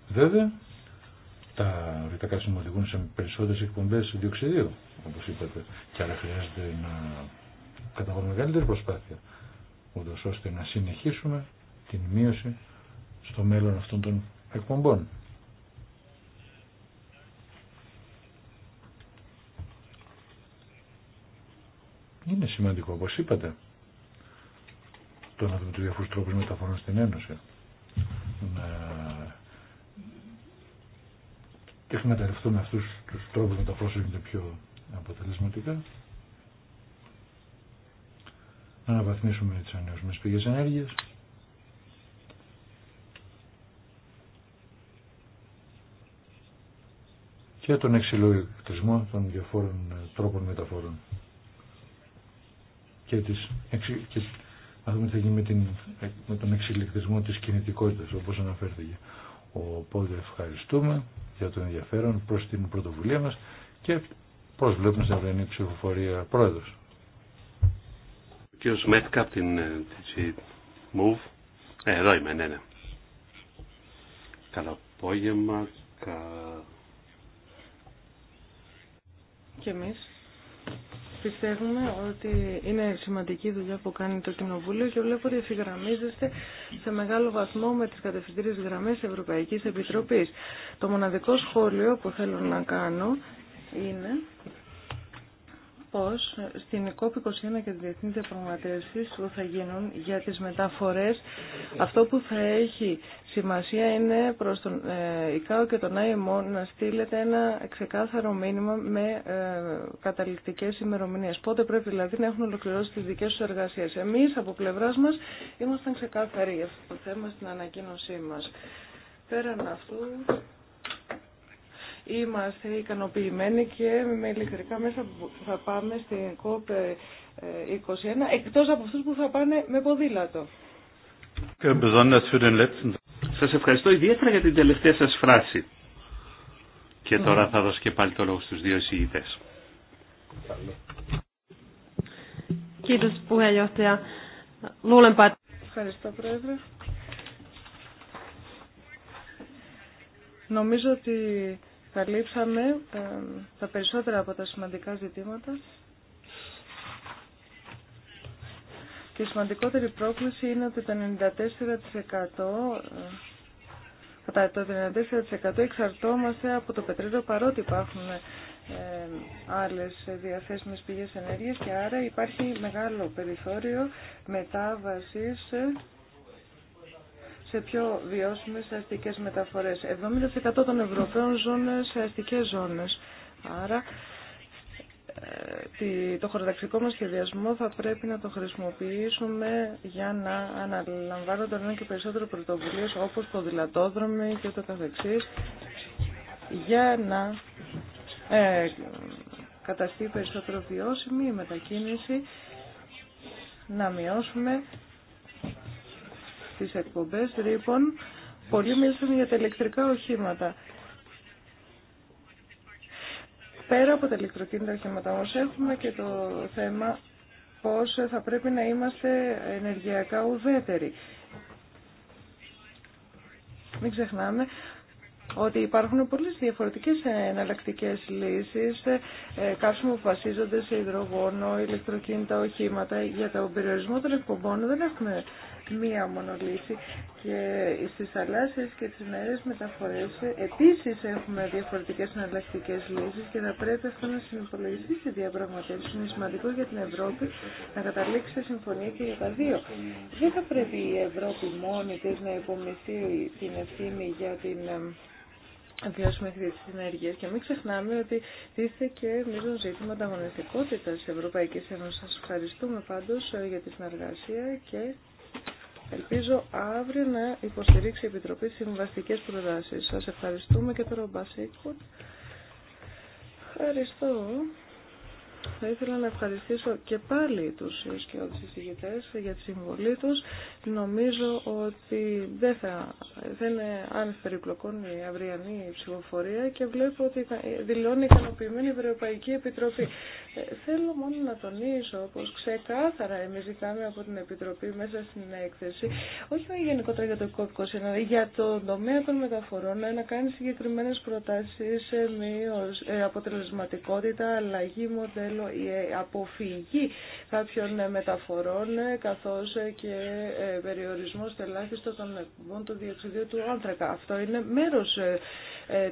Βέβαια, τα ορυκτά καύσιμα οδηγούν σε περισσότερες εκπομπές διοξιδίου, όπως είπατε, και άρα χρειάζεται να καταβάλουμε μεγαλύτερη προσπάθεια, ούτως ώστε να συνεχίσουμε την μείωση στο μέλλον αυτών των εκπομπών. Είναι σημαντικό, όπως είπατε, το να δούμε τους διαφορούς τρόπους μεταφορών στην Ένωση. Να εκμεταλλευτούμε αυτούς τους τρόπους μεταφορών που είναι πιο αποτελεσματικά. Να αναβαθμίσουμε τις ανεωσμένες πηγές ενέργειας. και τον εξυλογητισμό των διαφόρων τρόπων μεταφορών και, τις, και να δούμε τι θα γίνει με, την, με τον εξελικτισμό της κινητικότητας όπως αναφέρθηκε. Οπότε ευχαριστούμε για τον ενδιαφέρον προς την πρωτοβουλία μας και βλέπουμε στην αυριανή ψηφοφορία πρόεδρος. Ο κ. Μέτκα από την ε, Move. Ε, εδώ είμαι, ναι, ναι. Κα... Και εμείς Πιστεύουμε ότι είναι σημαντική δουλειά που κάνει το Κοινοβούλιο και βλέπω ότι ευθυγραμμίζεστε σε μεγάλο βαθμό με τις κατευθυντήριες γραμμές Ευρωπαϊκής Επιτροπής. Το μοναδικό σχόλιο που θέλω να κάνω είναι πως στην COP21 και τη Διεθνή Διαπραγματεύση που θα γίνουν για τις μεταφορές αυτό που θα έχει σημασία είναι προς τον ε, ΙΚΑΟ και τον ΑΕΜΟ να στείλετε ένα ξεκάθαρο μήνυμα με ε, καταληκτικέ ημερομηνίε. Πότε πρέπει δηλαδή να έχουν ολοκληρώσει τις δικές τους εργασίες. Εμείς από πλευράς μας ήμασταν ξεκάθαροι για αυτό το θέμα στην ανακοίνωσή μα. Πέραν αυτού, Είμαστε ικανοποιημένοι και με ηλεκτρικά μέσα θα πάμε στην COP21, ε, εκτός από αυτούς που θα πάνε με ποδήλατο. Σας ευχαριστώ ιδιαίτερα για την τελευταία σας φράση. Και τώρα θα δώσω και πάλι το λόγο στους δύο εισηγητές. Ευχαριστώ, Πρόεδρε. Νομίζω ότι καλύψαμε τα περισσότερα από τα σημαντικά ζητήματα και η σημαντικότερη πρόκληση είναι ότι το 94% ε, κατά το 94% εξαρτώμαστε από το πετρέλαιο παρότι υπάρχουν ε, άλλες διαθέσιμες πηγές ενέργειας και άρα υπάρχει μεγάλο περιθώριο μετάβασης ε, σε πιο βιώσιμες αστικές μεταφορές. 70% των Ευρωπαίων ζουν σε αστικές ζώνες. Άρα ε, το χωροταξικό μας σχεδιασμό θα πρέπει να το χρησιμοποιήσουμε για να αναλαμβάνονται ένα και περισσότερο πρωτοβουλίες όπως ποδηλατόδρομοι και το καθεξής για να ε, καταστεί περισσότερο βιώσιμη η μετακίνηση να μειώσουμε στις εκπομπές Λοιπόν, Πολλοί μίλησαν για τα ηλεκτρικά οχήματα. Πέρα από τα ηλεκτροκίνητα οχήματα όμως έχουμε και το θέμα πώς θα πρέπει να είμαστε ενεργειακά ουδέτεροι. Μην ξεχνάμε ότι υπάρχουν πολλές διαφορετικές εναλλακτικέ λύσεις, ε, καύσιμο που βασίζονται σε υδρογόνο, ηλεκτροκίνητα, οχήματα. Για τον περιορισμό των εκπομπών δεν έχουμε μία μόνο λύση και στις θαλάσσιες και τις νερές μεταφορές επίσης έχουμε διαφορετικές εναλλακτικές λύσεις και θα πρέπει αυτό να συνυπολογιστεί σε διαπραγματεύσεις. Είναι σημαντικό για την Ευρώπη να καταλήξει σε συμφωνία και για τα δύο. Δεν θα πρέπει η Ευρώπη μόνη της να υπομειστεί την ευθύνη για την βιώσουμε αυτή τη συνέργεια. Και μην ξεχνάμε ότι τίθεται και μείζον ζήτημα ανταγωνιστικότητα τη Ευρωπαϊκή Ένωση. Σα ευχαριστούμε πάντω ε, για τη συνεργασία και Ελπίζω αύριο να υποστηρίξει η Επιτροπή συμβαστικές προτάσεις. Σας ευχαριστούμε και τώρα ο Μπασίκου. Ευχαριστώ. Θα ήθελα να ευχαριστήσω και πάλι τους σκιώδους εισηγητές για τη συμβολή τους. Νομίζω ότι δεν θα, δεν είναι άνευ περιπλοκών η αυριανή ψηφοφορία και βλέπω ότι δηλώνει ικανοποιημένη η Ευρωπαϊκή Επιτροπή. Ε, θέλω μόνο να τονίσω πως ξεκάθαρα εμείς ζητάμε από την Επιτροπή μέσα στην έκθεση, όχι γενικότερα για το COP21, αλλά για το τομέα των μεταφορών να κάνει συγκεκριμένες προτάσεις σε ε, αποτελεσματικότητα, αλλαγή μοντέλο, η ε, αποφυγή κάποιων μεταφορών, καθώς και περιορισμός τελάχιστο των εκπομπών του διοξιδίου του άνθρακα. Αυτό είναι μέρος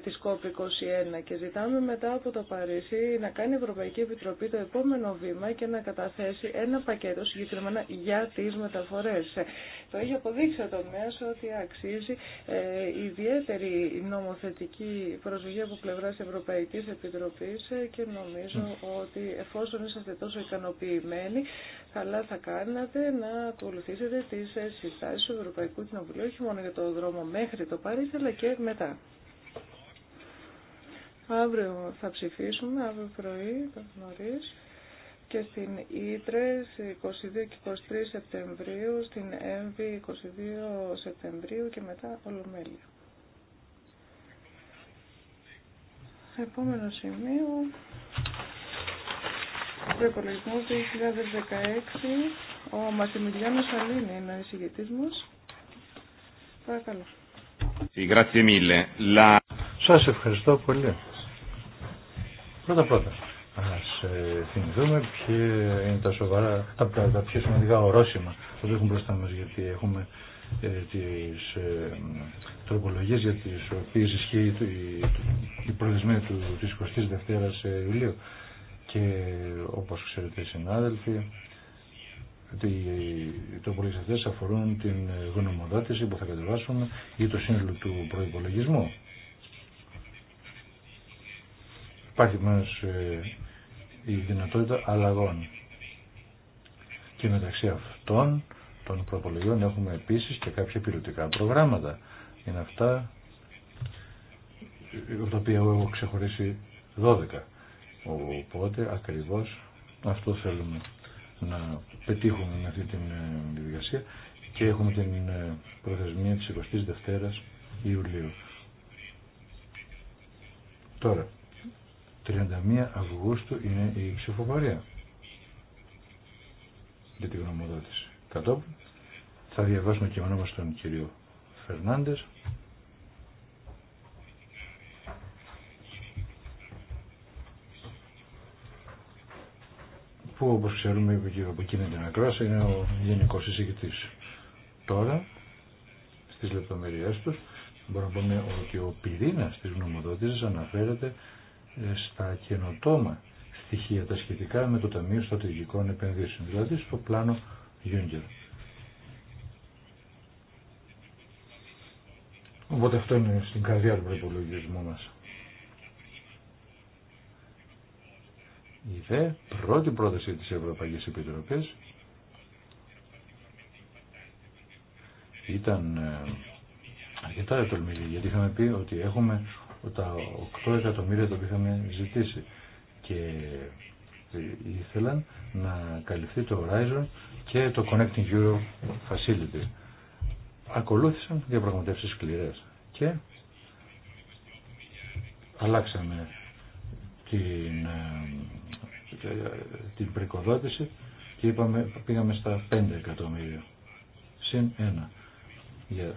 της COP21 και ζητάμε μετά από το Παρίσι να κάνει η Ευρωπαϊκή Επιτροπή Επιτροπή το επόμενο βήμα και να καταθέσει ένα πακέτο συγκεκριμένα για τις μεταφορές. Το έχει αποδείξει το μέσο ότι αξίζει ε, ιδιαίτερη νομοθετική προσοχή από πλευρά της Ευρωπαϊκής Επιτροπής ε, και νομίζω ότι εφόσον είσαστε τόσο ικανοποιημένοι, καλά θα κάνατε να ακολουθήσετε τις συστάσεις του Ευρωπαϊκού Κοινοβουλίου, όχι μόνο για το δρόμο μέχρι το Παρίσι, αλλά και μετά. Αύριο θα ψηφίσουμε, αύριο πρωί, γνωρίς. και στην Ήτρε 22 και 23 Σεπτεμβρίου, στην ΕΜΒΗ 22 Σεπτεμβρίου και μετά Ολομέλεια. Επόμενο σημείο, προπολογισμό 2016, ο Μαρτιμιλιάνο Σαλίνη είναι ο εισηγητή μα. Παρακαλώ. Σα ευχαριστώ πολύ. Πρώτα πρώτα, ας ε, θυμηθούμε ποια είναι τα σοβαρά, τα, τα, τα πιο σημαντικά ορόσημα που έχουν μπροστά μας, γιατί έχουμε ε, τις ε, τροπολογίες για τι οποίε ισχύει η, η τη της 22ης ε, Ιουλίου και όπω ξέρετε οι συνάδελφοι οι τροπολογιστέ αφορούν την γνωμοδότηση που θα κατεβάσουμε ή το σύνολο του προπολογισμού. Υπάρχει μόνος ε, η δυνατότητα αλλαγών. Και μεταξύ αυτών των προπολογιών έχουμε επίσης και κάποια πιλωτικά προγράμματα. Είναι αυτά ε, τα οποία έχω ξεχωρίσει 12. Οπότε ακριβώς αυτό θέλουμε να πετύχουμε με αυτή την ε, διαδικασία και έχουμε την προθεσμία της 22ης Ιουλίου. Τώρα, 31 Αυγούστου είναι η ψηφοφορία για την γνωμοδότηση. Κατόπιν θα διαβάσουμε και ονόμα στον κύριο Φερνάντες. που όπως ξέρουμε από εκείνη την ακρόαση είναι ο γενικός εισηγητής. Τώρα, στις λεπτομέρειές τους, μπορούμε να πούμε ότι ο πυρήνας της γνωμοδότησης αναφέρεται στα καινοτόμα στοιχεία τα σχετικά με το Ταμείο Στρατηγικών Επενδύσεων, δηλαδή στο πλάνο Γιούγκερ. Οπότε αυτό είναι στην καρδιά του προπολογισμού μας. Η δε πρώτη πρόταση της Ευρωπαϊκής Επιτροπής ήταν ε, αρκετά ετολμηλή, γιατί είχαμε πει ότι έχουμε τα 8 εκατομμύρια τα οποία είχαμε ζητήσει και ήθελαν να καλυφθεί το Horizon και το Connecting Euro Facility. Ακολούθησαν διαπραγματεύσεις σκληρές και αλλάξαμε την, ε, την πρικοδότηση και είπαμε, πήγαμε στα 5 εκατομμύρια συν 1 για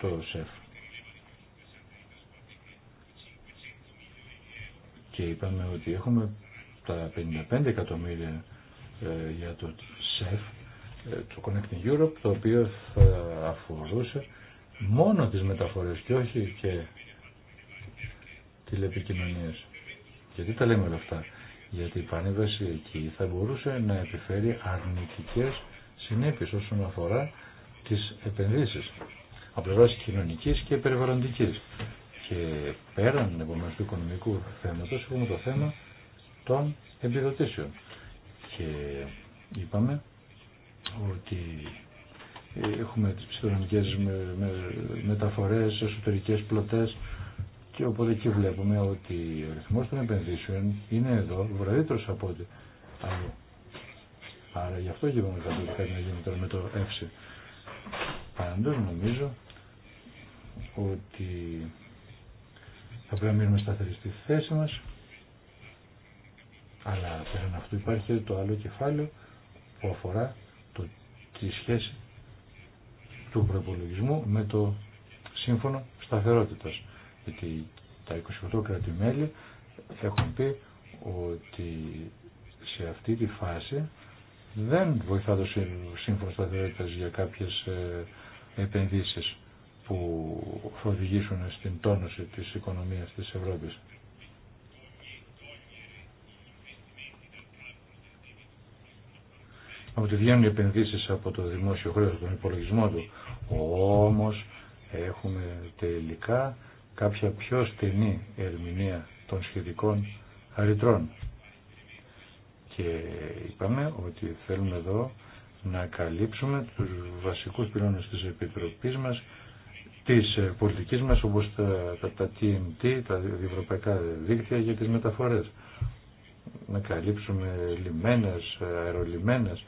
το ΣΕΦ. και είπαμε ότι έχουμε τα 55 εκατομμύρια ε, για το ΣΕΦ, ε, το Connecting Europe, το οποίο θα αφορούσε μόνο τις μεταφορές και όχι και τηλεπικοινωνίες. Γιατί τα λέμε όλα αυτά. Γιατί η πανίδαση εκεί θα μπορούσε να επιφέρει αρνητικές συνέπειες όσον αφορά τις επενδύσεις από πλευράς κοινωνικής και περιβαλλοντικής. Και πέραν επομένως, του οικονομικού θέματος έχουμε το θέμα των επιδοτήσεων. Και είπαμε ότι έχουμε τις με μεταφορές, εσωτερικές πλωτές και οπότε εκεί βλέπουμε ότι ο ρυθμός των επενδύσεων είναι εδώ βραδύτερος από ό,τι άλλο. Άρα γι' αυτό και είπαμε ότι κάτι να γίνει τώρα με το ΕΦΣΙ. Πάντως νομίζω ότι θα πρέπει να μείνουμε σταθεροί στη θέση μας. Αλλά πέραν αυτού υπάρχει το άλλο κεφάλαιο που αφορά τη σχέση του προπολογισμού με το σύμφωνο σταθερότητας. Γιατί τα 28 κράτη-μέλη έχουν πει ότι σε αυτή τη φάση δεν βοηθά το σύμφωνο σταθερότητας για κάποιες ε, επενδύσεις που θα οδηγήσουν στην τόνωση της οικονομίας της Ευρώπης. Από τη βγαίνουν οι επενδύσεις από το δημόσιο χρέος, τον υπολογισμό του. Όμως έχουμε τελικά κάποια πιο στενή ερμηνεία των σχετικών αριτρών. Και είπαμε ότι θέλουμε εδώ να καλύψουμε τους βασικούς πυλώνες της Επιτροπής μας της ε, πολιτικής μας όπως τα, τα, τα TNT, τα ευρωπαϊκά δίκτυα για τις μεταφορές. Να καλύψουμε λιμένες, αερολιμένες,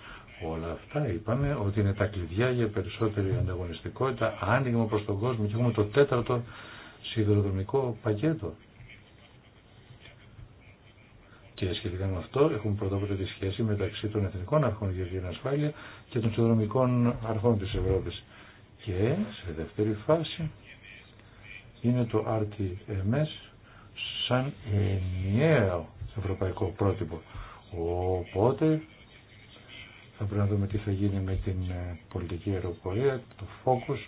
όλα αυτά είπαμε ότι είναι τα κλειδιά για περισσότερη ανταγωνιστικότητα, άνοιγμα προς τον κόσμο και έχουμε το τέταρτο σιδηροδρομικό πακέτο. Και σχετικά με αυτό έχουμε πρώτα τη σχέση μεταξύ των εθνικών αρχών για την ασφάλεια και των Σιδηροδρομικών αρχών της Ευρώπης. Και σε δεύτερη φάση είναι το RTMS σαν ενιαίο ευρωπαϊκό πρότυπο. Οπότε θα πρέπει να δούμε τι θα γίνει με την ε, πολιτική αεροπορία, το focus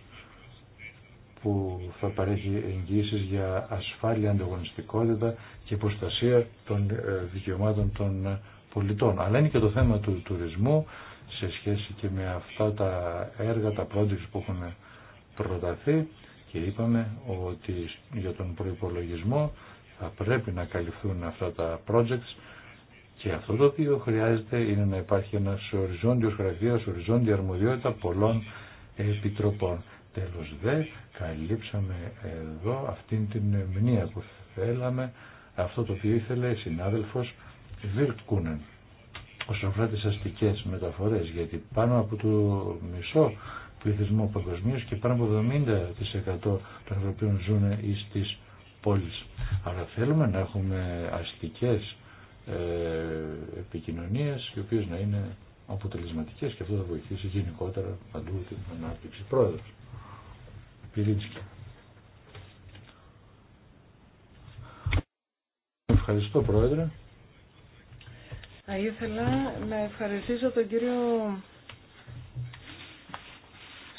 που θα παρέχει εγγύησεις για ασφάλεια, ανταγωνιστικότητα και προστασία των ε, δικαιωμάτων των ε, πολιτών. Αλλά είναι και το θέμα του τουρισμού, σε σχέση και με αυτά τα έργα, τα projects που έχουν προταθεί και είπαμε ότι για τον προϋπολογισμό θα πρέπει να καλυφθούν αυτά τα projects και αυτό το οποίο χρειάζεται είναι να υπάρχει ένας οριζόντιος γραφείος, οριζόντια αρμοδιότητα πολλών επιτροπών. Τέλος δε, καλύψαμε εδώ αυτήν την μνήμα που θέλαμε, αυτό το οποίο ήθελε η συνάδελφος Κούνεν όσον αφορά αστικές μεταφορές, γιατί πάνω από το μισό πληθυσμό παγκοσμίω και πάνω από 70% των Ευρωπαίων ζουν στις πόλεις. Αλλά θέλουμε να έχουμε αστικές ε, επικοινωνίες οι οποίες να είναι αποτελεσματικές και αυτό θα βοηθήσει γενικότερα παντού την ανάπτυξη πρόεδρος. Πυρίτσκι. Ευχαριστώ πρόεδρε. Θα ήθελα να ευχαριστήσω τον κύριο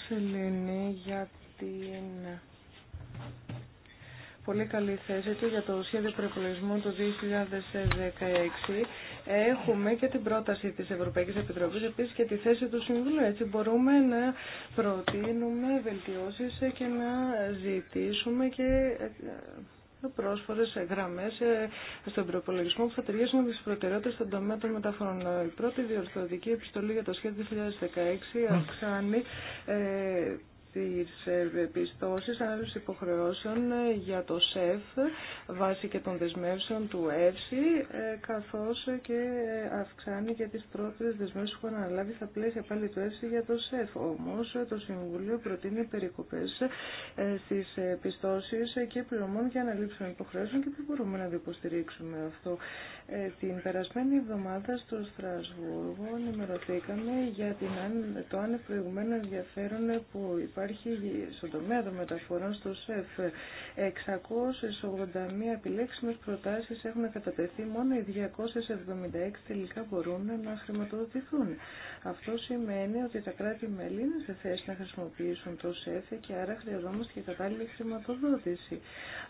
Σελήνη για την πολύ καλή θέση του για το σχέδιο προπολογισμού του 2016. Έχουμε και την πρόταση της Ευρωπαϊκής Επιτροπής, επίσης και τη θέση του Συμβουλίου. Έτσι μπορούμε να προτείνουμε βελτιώσεις και να ζητήσουμε και ε, πρόσφορες γραμμέ ε, στον προπολογισμό που θα ταιριάσουν με τις προτεραιότητε στον τομέα των μεταφορών. Η πρώτη διορθωτική επιστολή για το σχέδιο 2016 αυξάνει ε, τις επιστώσεις άλλες υποχρεώσεων ε, για το ΣΕΦ βάσει και των δεσμεύσεων του ΕΦΣΥ ε, καθώς και αυξάνει και τις πρώτες δεσμεύσεις που αναλάβει στα πλαίσια πάλι του ΕΦΣΥ για το ΣΕΦ. Όμως το Συμβούλιο προτείνει περικοπές ε, στις επιστώσεις και πληρωμών και αναλήψεων υποχρεώσεων και δεν μπορούμε να το υποστηρίξουμε αυτό. Την περασμένη εβδομάδα στο Στρασβούργο ενημερωθήκαμε για την, το ανεπροηγουμένο ενδιαφέρον που υπάρχει υπάρχει στον τομέα των μεταφορών στο ΣΕΦ. 681 επιλέξιμες προτάσεις έχουν κατατεθεί, μόνο οι 276 τελικά μπορούν να χρηματοδοτηθούν. Αυτό σημαίνει ότι τα κράτη-μέλη είναι σε θέση να χρησιμοποιήσουν το ΣΕΦ και άρα χρειαζόμαστε και κατάλληλη χρηματοδότηση.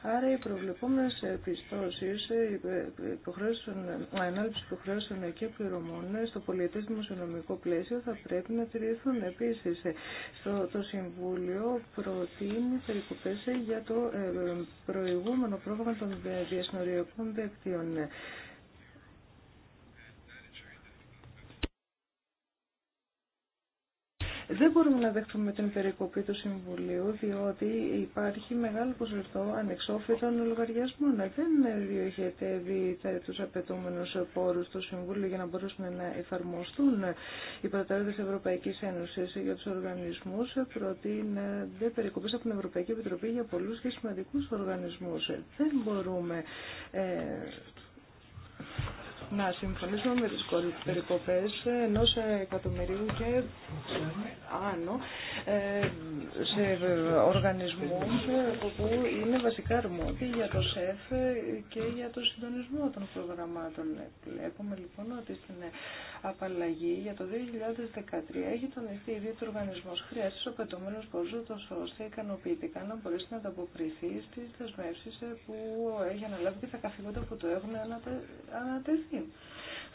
Άρα οι προβλεπόμενες πιστώσεις, ε, ανάλυση υποχρεώσεων και πληρωμών ε, στο πολιετές δημοσιονομικό πλαίσιο θα πρέπει να τηρηθούν. Επίσης, ε, στο, το Συμβούλιο προτείνει περικοπέ για το ε, ε, προηγούμενο πρόγραμμα των διασυνοριακών δικτύων. Δεν μπορούμε να δεχτούμε την περικοπή του Συμβουλίου, διότι υπάρχει μεγάλο ποσοστό ανεξόφλητων λογαριασμών. Δεν διοχετεύει του απαιτούμενου πόρου του Συμβούλου για να μπορέσουν να εφαρμοστούν οι προτεραιότητε τη Ευρωπαϊκή Ένωση για του οργανισμού. Προτείνονται περικοπέ από την Ευρωπαϊκή Επιτροπή για πολλού και σημαντικού οργανισμού. Δεν μπορούμε. Ε, να συμφωνήσουμε με τις περικοπές ενός εκατομμυρίου και άνω ε, σε οργανισμούς που είναι βασικά αρμόδιοι για το ΣΕΦ και για το συντονισμό των προγραμμάτων. Βλέπουμε λοιπόν ότι στην απαλλαγή για το 2013 έχει τονιστεί ήδη του οργανισμό χρειάζεται ο πετούμενο ποσό, ώστε ικανοποιητικά να μπορέσει να ανταποκριθεί στι δεσμεύσει που έχει αναλάβει και τα καθήκοντα που το έχουν ανατεθεί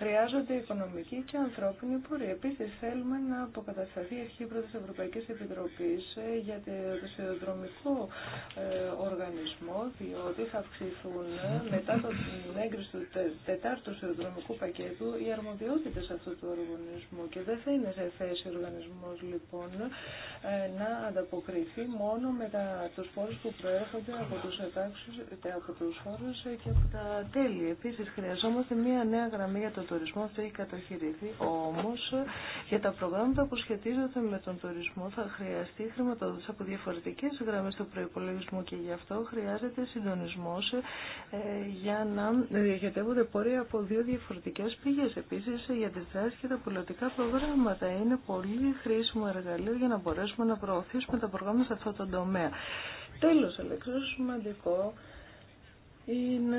χρειάζονται οικονομική και ανθρώπινη πορεία. Επίση, θέλουμε να αποκατασταθεί η αρχή πρώτη Ευρωπαϊκή Επιτροπή ε, για το σιδηροδρομικό ε, οργανισμό, διότι θα αυξηθούν ε, μετά την έγκριση του τετάρτου σιδηροδρομικού πακέτου οι αρμοδιότητε αυτού του οργανισμού και δεν θα είναι σε θέση ο οργανισμό λοιπόν να ανταποκριθεί μόνο με του φόρου που προέρχονται από του από του φόρου και από τα τέλη. Επίση, χρειαζόμαστε μια νέα γραμμή για τον τουρισμού αυτό έχει καταχειρηθεί. Όμω, για τα προγράμματα που σχετίζονται με τον τουρισμό θα χρειαστεί χρηματοδότηση από διαφορετικέ γραμμέ του προϋπολογισμού και γι' αυτό χρειάζεται συντονισμός ε, για να διοχετεύονται πορεία από δύο διαφορετικέ πηγέ. Επίση, για τι δράσει και τα πολιτικά προγράμματα είναι πολύ χρήσιμο εργαλείο για να μπορέσουμε να προωθήσουμε τα προγράμματα σε αυτό το τομέα. Τέλος, αλλά σημαντικό είναι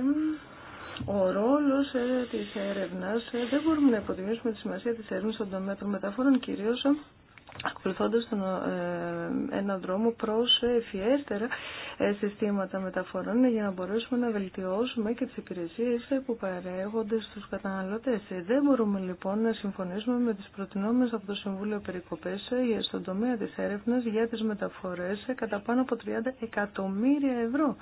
ο ρόλος ε, της έρευνας, ε, δεν μπορούμε να υποτιμήσουμε τη σημασία της έρευνας στον τομέα των μεταφορών, κυρίως ε, ακολουθώντας τον, ε, έναν δρόμο προς ε, ευφιέστερα συστήματα μεταφορών για να μπορέσουμε να βελτιώσουμε και τις υπηρεσίες που παρέχονται στους καταναλωτές. δεν μπορούμε λοιπόν να συμφωνήσουμε με τις προτινόμενες από το Συμβούλιο Περικοπές στον τομέα της έρευνας για τις μεταφορές κατά πάνω από 30 εκατομμύρια ευρώ.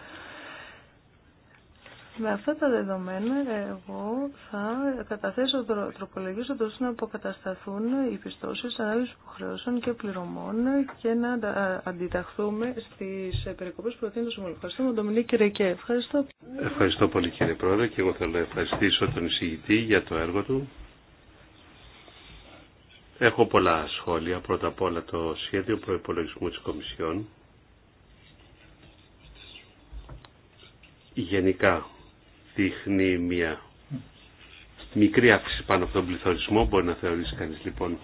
Με αυτά τα δεδομένα εγώ θα καταθέσω τροπολογίε ώστε να αποκατασταθούν οι πιστώσεις που υποχρεώσεων και πληρωμών και να αντιταχθούμε στις περικοπές που προτείνει το Συμβουλίο. Ευχαριστώ τον Ευχαριστώ. Ευχαριστώ πολύ κύριε Πρόεδρε και εγώ θέλω να ευχαριστήσω τον εισηγητή για το έργο του. Έχω πολλά σχόλια. Πρώτα απ' όλα το σχέδιο προϋπολογισμού της Κομισιόν. Γενικά δείχνει μια μικρή αύξηση πάνω από τον πληθωρισμό. Μπορεί να θεωρήσει κανείς λοιπόν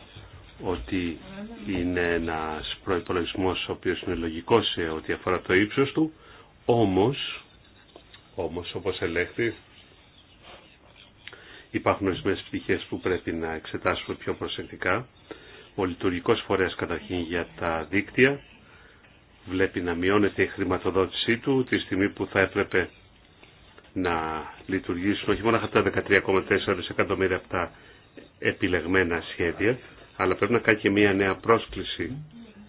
ότι είναι ένας προϋπολογισμός ο οποίος είναι λογικός σε ό,τι αφορά το ύψος του. Όμως, όμως όπως ελέγχθη, υπάρχουν ορισμένε πτυχέ που πρέπει να εξετάσουμε πιο προσεκτικά. Ο λειτουργικό φορέα καταρχήν για τα δίκτυα βλέπει να μειώνεται η χρηματοδότησή του τη στιγμή που θα έπρεπε να λειτουργήσουν όχι μόνο αυτά τα 13,4 δισεκατομμύρια από τα επιλεγμένα σχέδια, αλλά πρέπει να κάνει και μια νέα πρόσκληση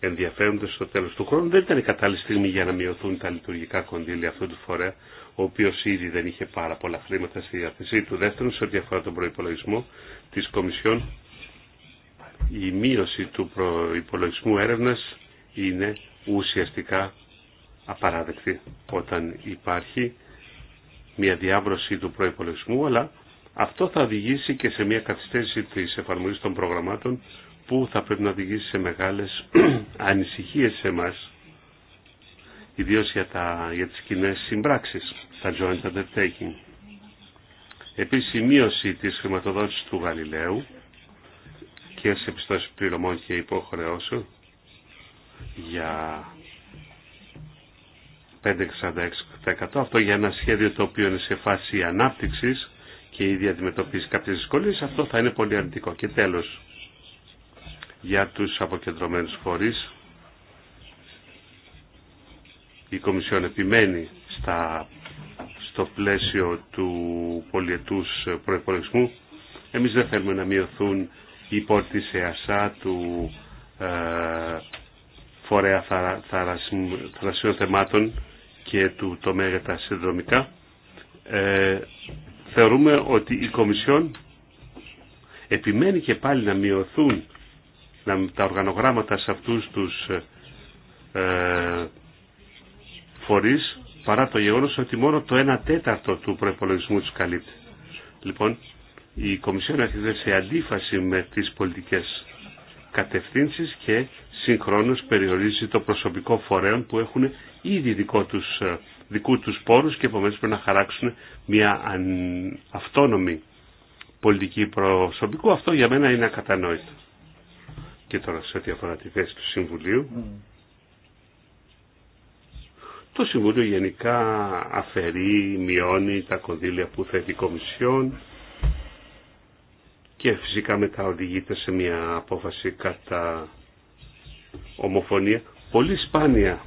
ενδιαφέροντα στο τέλο του χρόνου. Δεν ήταν η κατάλληλη στιγμή για να μειωθούν τα λειτουργικά κονδύλια αυτού του φορέα, ο οποίο ήδη δεν είχε πάρα πολλά χρήματα στη διάθεσή του. Δεύτερον, σε ό,τι αφορά τον προπολογισμό τη Κομισιόν, η μείωση του προπολογισμού έρευνα είναι ουσιαστικά απαράδεκτη όταν υπάρχει μια διάβρωση του προϋπολογισμού, αλλά αυτό θα οδηγήσει και σε μια καθυστέρηση της εφαρμογής των προγραμμάτων που θα πρέπει να οδηγήσει σε μεγάλες ανησυχίες σε εμάς, ιδίως για, τα, για τις κοινέ συμπράξεις, τα joint undertaking. Επίσης η μείωση της χρηματοδότησης του Γαλιλαίου και σε πιστώσεις πληρωμών και υποχρεώσεων για 5,66 αυτό για ένα σχέδιο το οποίο είναι σε φάση ανάπτυξης και ήδη αντιμετωπίζει κάποιες δυσκολίες, αυτό θα είναι πολύ αρνητικό. Και τέλος, για τους αποκεντρωμένους φορείς, η Κομισιόν επιμένει στα, στο πλαίσιο του πολιετούς προϋπολογισμού. Εμείς δεν θέλουμε να μειωθούν οι πόρτες σε ασά του ε, φορέα θαρασιών θεμάτων και του τομέα για τα συνδρομικά, ε, θεωρούμε ότι η Κομισιόν επιμένει και πάλι να μειωθούν τα οργανογράμματα σε αυτούς τους ε, ε, φορείς παρά το γεγονός ότι μόνο το 1 τέταρτο του προπολογισμού τους καλύπτει. Λοιπόν, η Κομισιόν έρχεται σε αντίφαση με τις πολιτικές κατευθύνσεις και συγχρόνως περιορίζει το προσωπικό φορέων που έχουν ήδη δικό τους, ε, δικού τους πόρους και επομένως πρέπει να χαράξουν μια αυτόνομη πολιτική προσωπικού. Αυτό για μένα είναι ακατανόητο. Και τώρα σε ό,τι αφορά τη θέση του Συμβουλίου. Το Συμβούλιο γενικά αφαιρεί, μειώνει τα κονδύλια που θέτει η Κομισιόν και φυσικά μετά οδηγείται σε μια απόφαση κατά ομοφωνία. Πολύ σπάνια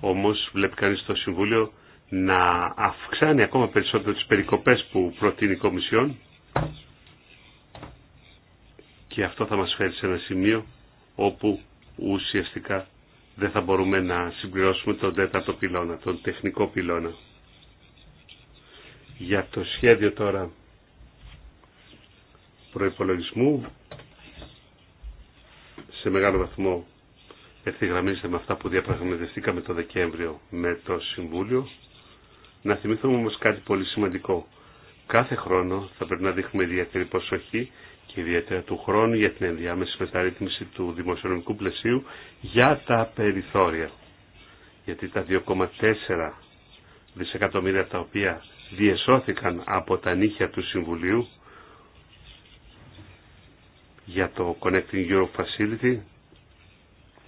όμως βλέπει κανείς το Συμβούλιο να αυξάνει ακόμα περισσότερο τις περικοπές που προτείνει η Κομισιόν και αυτό θα μας φέρει σε ένα σημείο όπου ουσιαστικά δεν θα μπορούμε να συμπληρώσουμε τον τέταρτο πυλώνα, τον τεχνικό πυλώνα. Για το σχέδιο τώρα προϋπολογισμού σε μεγάλο βαθμό ευθυγραμμίζεται με αυτά που διαπραγματευτήκαμε το Δεκέμβριο με το Συμβούλιο. Να θυμηθούμε όμως κάτι πολύ σημαντικό. Κάθε χρόνο θα πρέπει να δείχνουμε ιδιαίτερη προσοχή και ιδιαίτερα του χρόνου για την ενδιάμεση μεταρρύθμιση του δημοσιονομικού πλαισίου για τα περιθώρια. Γιατί τα 2,4 δισεκατομμύρια τα οποία διεσώθηκαν από τα νύχια του Συμβουλίου για το Connecting Europe Facility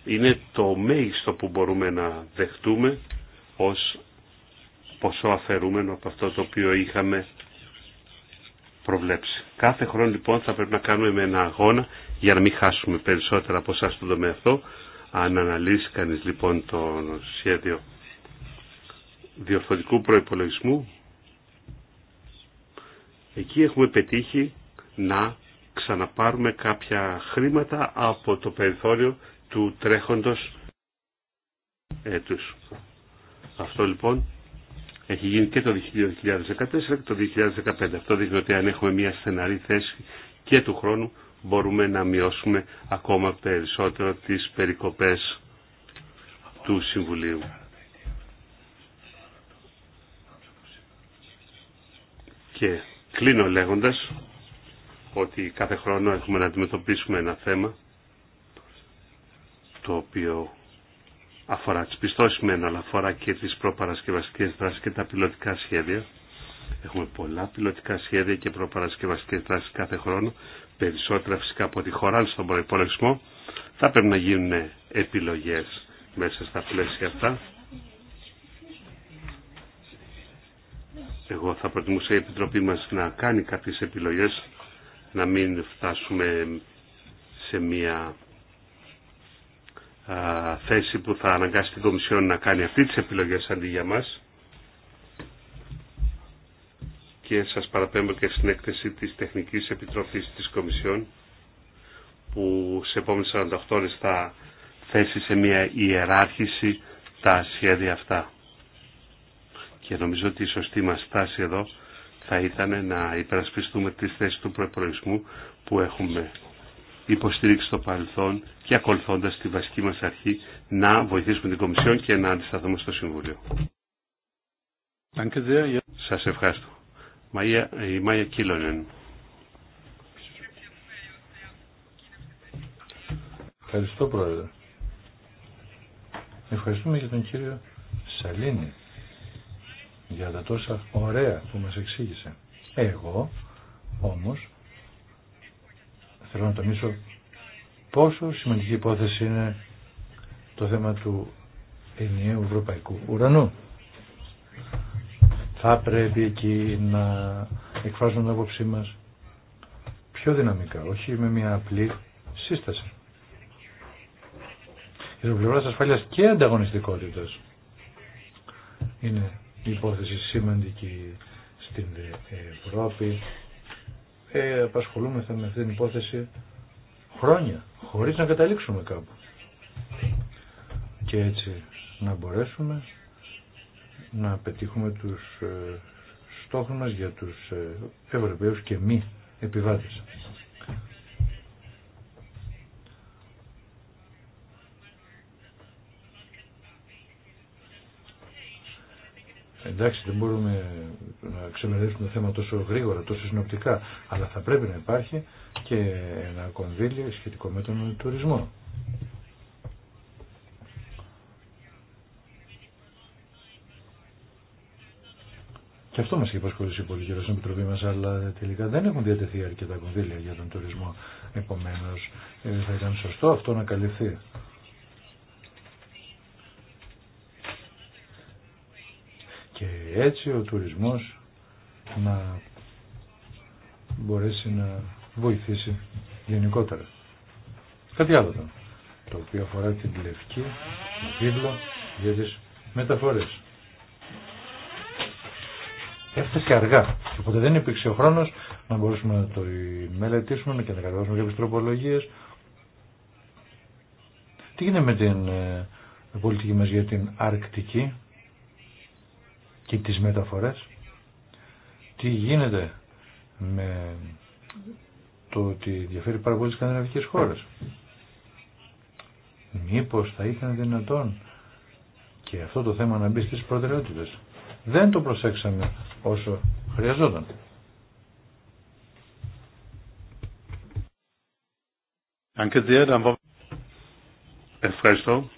είναι το μέγιστο που μπορούμε να δεχτούμε ως ποσό αφαιρούμενο από αυτό το οποίο είχαμε προβλέψει. Κάθε χρόνο λοιπόν θα πρέπει να κάνουμε με ένα αγώνα για να μην χάσουμε περισσότερα από εσά στον τομέα αυτό. Αν αναλύσει κανείς λοιπόν το σχέδιο διορθωτικού προϋπολογισμού, εκεί έχουμε πετύχει να να πάρουμε κάποια χρήματα από το περιθώριο του τρέχοντος έτους. Αυτό λοιπόν έχει γίνει και το 2014 και το 2015. Αυτό δείχνει ότι αν έχουμε μια στεναρή θέση και του χρόνου μπορούμε να μειώσουμε ακόμα περισσότερο τις περικοπές του Συμβουλίου. Και κλείνω λέγοντας ότι κάθε χρόνο έχουμε να αντιμετωπίσουμε ένα θέμα το οποίο αφορά τις πιστώσεις μεν, αλλά αφορά και τις προπαρασκευαστικές δράσεις και τα πιλωτικά σχέδια. Έχουμε πολλά πιλωτικά σχέδια και προπαρασκευαστικές δράσεις κάθε χρόνο, περισσότερα φυσικά από τη χώρα στον προϋπολογισμό. Θα πρέπει να γίνουν επιλογές μέσα στα πλαίσια αυτά. Εγώ θα προτιμούσα η Επιτροπή μας να κάνει κάποιες επιλογές να μην φτάσουμε σε μια θέση που θα αναγκάσει την Κομισιόν να κάνει αυτή τις επιλογές αντί για μας. Και σας παραπέμπω και στην έκθεση της Τεχνικής Επιτροφής της Κομισιόν που σε επόμενες 48 ώρες θα θέσει σε μια ιεράρχηση τα σχέδια αυτά. Και νομίζω ότι η σωστή μας στάση εδώ θα ήταν να υπερασπιστούμε τις θέσεις του προπολογισμού που έχουμε υποστήριξει στο παρελθόν και ακολουθώντας τη βασική μας αρχή να βοηθήσουμε την Κομισιόν και να αντισταθούμε στο Συμβούλιο. Σας ευχαριστώ. Η Μάια Κίλωνεν Ευχαριστώ Πρόεδρε. Ευχαριστούμε και τον κύριο Σαλίνη για τα τόσα ωραία που μας εξήγησε. Εγώ όμως θέλω να τονίσω πόσο σημαντική υπόθεση είναι το θέμα του ενιαίου ευρωπαϊκού ουρανού. Θα πρέπει εκεί να εκφράζουμε την άποψή μας πιο δυναμικά, όχι με μια απλή σύσταση. Η το πλευρά ασφάλειας και ανταγωνιστικότητας είναι υπόθεση σημαντική στην Ευρώπη. Ε, απασχολούμεθα με αυτήν την υπόθεση χρόνια, χωρίς να καταλήξουμε κάπου. Και έτσι να μπορέσουμε να πετύχουμε τους ε, στόχους μας για τους ε, Ευρωπαίους και μη επιβάτες. Εντάξει, δεν μπορούμε να ξεμερίσουμε το θέμα τόσο γρήγορα, τόσο συνοπτικά, αλλά θα πρέπει να υπάρχει και ένα κονδύλιο σχετικό με τον τουρισμό. Και αυτό μας έχει υποσχολήσει πολύ καιρό στην Επιτροπή μα, αλλά τελικά δεν έχουν διατεθεί αρκετά κονδύλια για τον τουρισμό. Επομένως, ε, θα ήταν σωστό αυτό να καλυφθεί. έτσι ο τουρισμός να μπορέσει να βοηθήσει γενικότερα. Κάτι άλλο το οποίο αφορά την λευκή βίβλο για τις μεταφορές. Έφτασε αργά, οπότε δεν υπήρξε ο χρόνος να μπορούσαμε να το μελετήσουμε και να καταλάβουμε κάποιες τροπολογίες. Τι γίνεται με την ε, πολιτική μας για την Αρκτική, και τις μεταφορές. Τι γίνεται με το ότι διαφέρει πάρα πολύ σκανδιναβικές χώρες. Μήπως θα ήταν δυνατόν και αυτό το θέμα να μπει στις προτεραιότητες. Δεν το προσέξαμε όσο χρειαζόταν. Ευχαριστώ.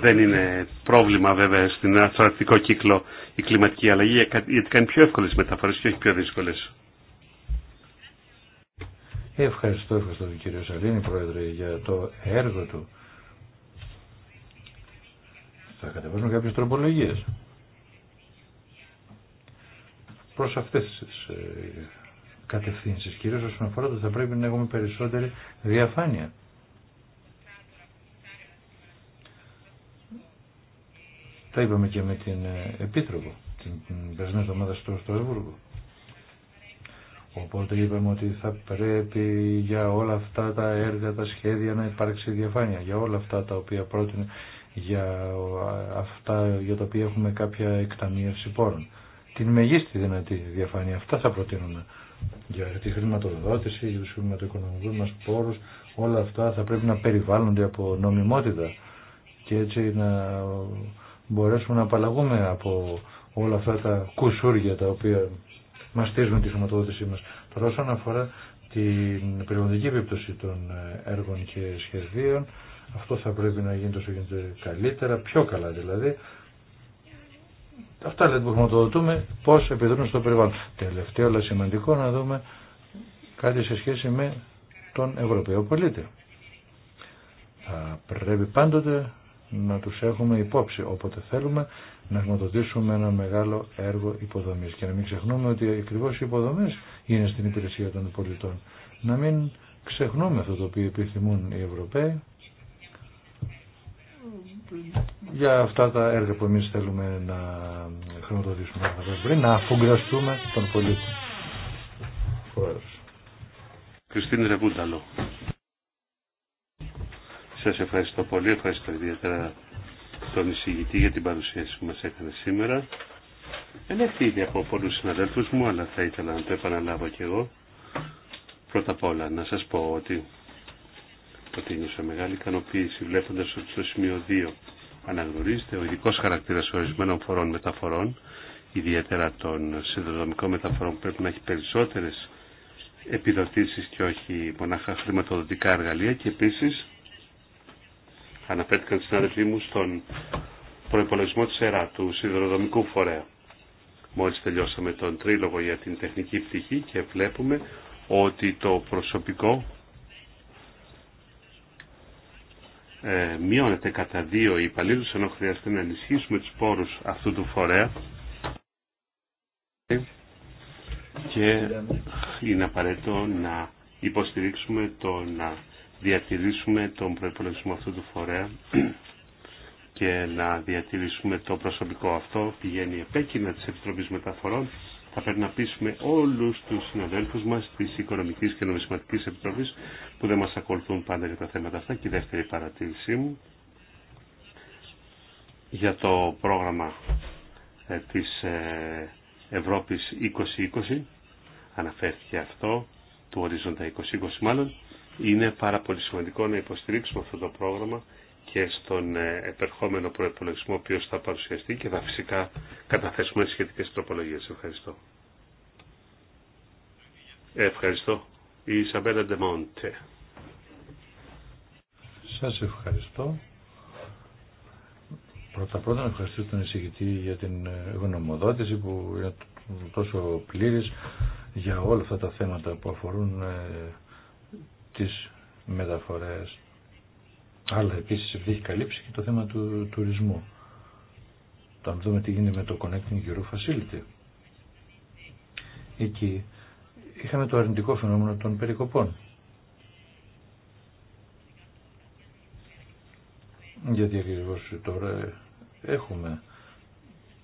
Δεν είναι πρόβλημα βέβαια στην αρκτικό κύκλο η κλιματική αλλαγή γιατί κάνει πιο εύκολες μεταφορές και όχι πιο δύσκολες. Ευχαριστώ, ευχαριστώ τον κύριο Σαλήνη Πρόεδρε για το έργο του. Θα κατεβάσουμε κάποιες τροπολογίες προς αυτές τις ε, κατευθύνσεις κυρίως όσον αφορά το θα πρέπει να έχουμε περισσότερη διαφάνεια Τα είπαμε και με την ε, Επίτροπο την περσμένη εβδομάδα στο Στρασβούργο. Οπότε είπαμε ότι θα πρέπει για όλα αυτά τα έργα, τα σχέδια να υπάρξει διαφάνεια. Για όλα αυτά τα οποία πρότεινε, για αυτά για τα οποία έχουμε κάποια εκταμείευση πόρων. Την μεγίστη δυνατή διαφάνεια. Αυτά θα προτείνουμε. Για τη χρηματοδότηση, για του χρηματοοικονομικού μα πόρου. Όλα αυτά θα πρέπει να περιβάλλονται από νομιμότητα. Και έτσι να μπορέσουμε να απαλλαγούμε από όλα αυτά τα κουσούρια τα οποία μαστίζουν τη χρηματοδότησή μας. Τώρα όσον αφορά την περιβαλλοντική επίπτωση των ε, έργων και σχεδίων, αυτό θα πρέπει να γίνει τόσο γίνεται καλύτερα, πιο καλά δηλαδή. Αυτά λέτε δηλαδή που χρηματοδοτούμε, πώς επιδρούν στο περιβάλλον. Τελευταίο, αλλά σημαντικό, να δούμε κάτι σε σχέση με τον Ευρωπαίο πολίτη. Θα πρέπει πάντοτε να τους έχουμε υπόψη. Όποτε θέλουμε να χρηματοδοτήσουμε ένα μεγάλο έργο υποδομής. Και να μην ξεχνούμε ότι ακριβώ οι υποδομές είναι στην υπηρεσία των πολιτών. Να μην ξεχνούμε αυτό το οποίο επιθυμούν οι Ευρωπαίοι για αυτά τα έργα που εμείς θέλουμε να χρηματοδοτήσουμε. Πριν να αφουγκραστούμε τον πολίτη. Κριστίνη σας ευχαριστώ πολύ, ευχαριστώ ιδιαίτερα τον εισηγητή για την παρουσίαση που μας έκανε σήμερα. Δεν έχει από πολλούς συναδέλφους μου, αλλά θα ήθελα να το επαναλάβω κι εγώ. Πρώτα απ' όλα να σας πω ότι, ότι μεγάλη ικανοποίηση βλέποντας ότι στο σημείο 2 αναγνωρίζεται ο ειδικό χαρακτήρα ορισμένων φορών μεταφορών, ιδιαίτερα των συνδρομικών μεταφορών που πρέπει να έχει περισσότερε επιδοτήσει και όχι μονάχα χρηματοδοτικά εργαλεία και επίση αναφέρθηκαν στην αδελφή μου στον προπολογισμό της ΕΡΑ, του Σιδηροδρομικού Φορέα. Μόλις τελειώσαμε τον τρίλογο για την τεχνική πτυχή και βλέπουμε ότι το προσωπικό ε, μειώνεται κατά δύο υπαλλήλους ενώ χρειάζεται να ενισχύσουμε τους πόρους αυτού του φορέα και είναι απαραίτητο να υποστηρίξουμε το να διατηρήσουμε τον προπολογισμό αυτού του φορέα και να διατηρήσουμε το προσωπικό αυτό. Πηγαίνει επέκεινα της Επιτροπής Μεταφορών. Θα πρέπει να πείσουμε όλους τους συναδέλφους μας της Οικονομικής και Νομισματικής Επιτροπής που δεν μας ακολουθούν πάντα για τα θέματα αυτά. Και η δεύτερη παρατήρησή μου για το πρόγραμμα ε, της ε, Ευρώπης 2020. Αναφέρθηκε αυτό, του ορίζοντα 2020 μάλλον. Είναι πάρα πολύ σημαντικό να υποστηρίξουμε αυτό το πρόγραμμα και στον ε, επερχόμενο προεπολογισμό ο οποίος θα παρουσιαστεί και θα φυσικά καταθέσουμε σχετικές τροπολογίες. Ευχαριστώ. Ευχαριστώ. Η Ισαμπέλα Ντεμόντε. Σας ευχαριστώ. Πρώτα πρώτα να ευχαριστήσω τον εισηγητή για την ε, γνωμοδότηση που είναι τόσο πλήρης για όλα αυτά τα θέματα που αφορούν ε, τις μεταφορές. Αλλά επίσης έχει καλύψει και το θέμα του τουρισμού. Το αν δούμε τι γίνεται με το Connecting Euro Facility. Εκεί είχαμε το αρνητικό φαινόμενο των περικοπών. Γιατί ακριβώ τώρα έχουμε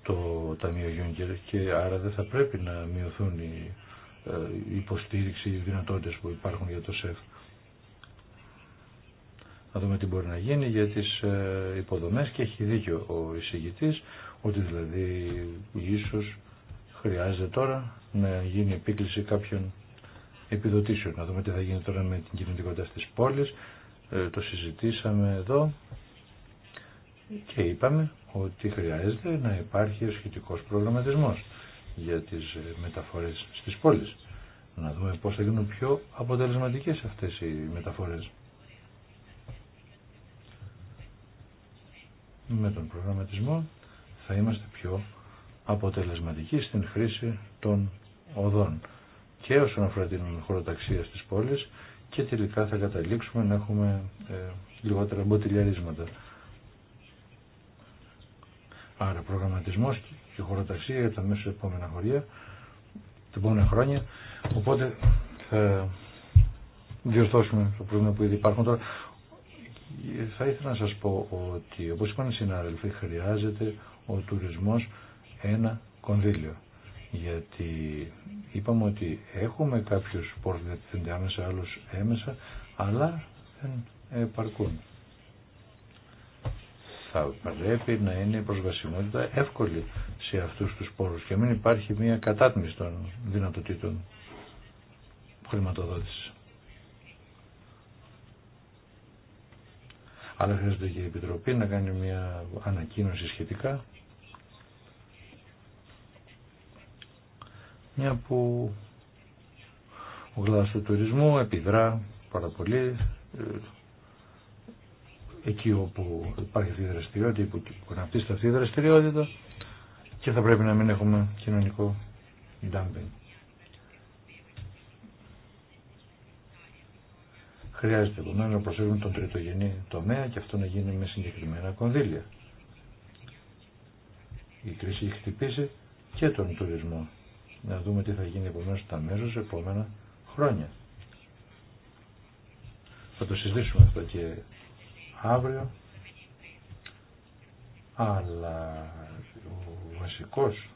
το Ταμείο Γιούγκερ και άρα δεν θα πρέπει να μειωθούν οι ε, υποστήριξη, οι δυνατότητες που υπάρχουν για το ΣΕΦ να δούμε τι μπορεί να γίνει για τις ε, υποδομέ και έχει δίκιο ο εισηγητή ότι δηλαδή ίσως χρειάζεται τώρα να γίνει επίκληση κάποιων επιδοτήσεων. Να δούμε τι θα γίνει τώρα με την κινητικότητα στις πόλεις. Ε, το συζητήσαμε εδώ και είπαμε ότι χρειάζεται να υπάρχει ο σχετικό προγραμματισμό για τις ε, μεταφορές στις πόλεις. Να δούμε πώς θα γίνουν πιο αποτελεσματικές αυτές οι μεταφορές. με τον προγραμματισμό θα είμαστε πιο αποτελεσματικοί στην χρήση των οδών και όσον αφορά την χωροταξία στις πόλεις και τελικά θα καταλήξουμε να έχουμε ε, λιγότερα μποτιλιαρίσματα. Άρα προγραμματισμός και χωροταξία για τα μέσα επόμενα χωριά, τα επόμενα χρόνια, οπότε θα διορθώσουμε το πρόβλημα που ήδη υπάρχουν τώρα θα ήθελα να σας πω ότι όπως είπαν οι συνάδελφοι χρειάζεται ο τουρισμός ένα κονδύλιο γιατί είπαμε ότι έχουμε κάποιους πόρους διευθύνται άμεσα άλλους έμεσα αλλά δεν επαρκούν θα πρέπει να είναι η προσβασιμότητα εύκολη σε αυτούς τους πόρους και μην υπάρχει μια κατάτμιση των δυνατοτήτων χρηματοδότησης. αλλά χρειάζεται και η Επιτροπή να κάνει μια ανακοίνωση σχετικά. Μια που ο κλάδος του τουρισμού επιδρά πάρα πολύ ε, εκεί όπου υπάρχει αυτή η δραστηριότητα, που αναπτύσσεται αυτή η δραστηριότητα και θα πρέπει να μην έχουμε κοινωνικό dumping. Χρειάζεται επομένω λοιπόν να προσέχουμε τον τριτογενή τομέα και αυτό να γίνει με συγκεκριμένα κονδύλια. Η κρίση έχει χτυπήσει και τον τουρισμό. Να δούμε τι θα γίνει επομένω τα μέσα σε επόμενα χρόνια. Θα το συζητήσουμε αυτό και αύριο. Αλλά ο βασικός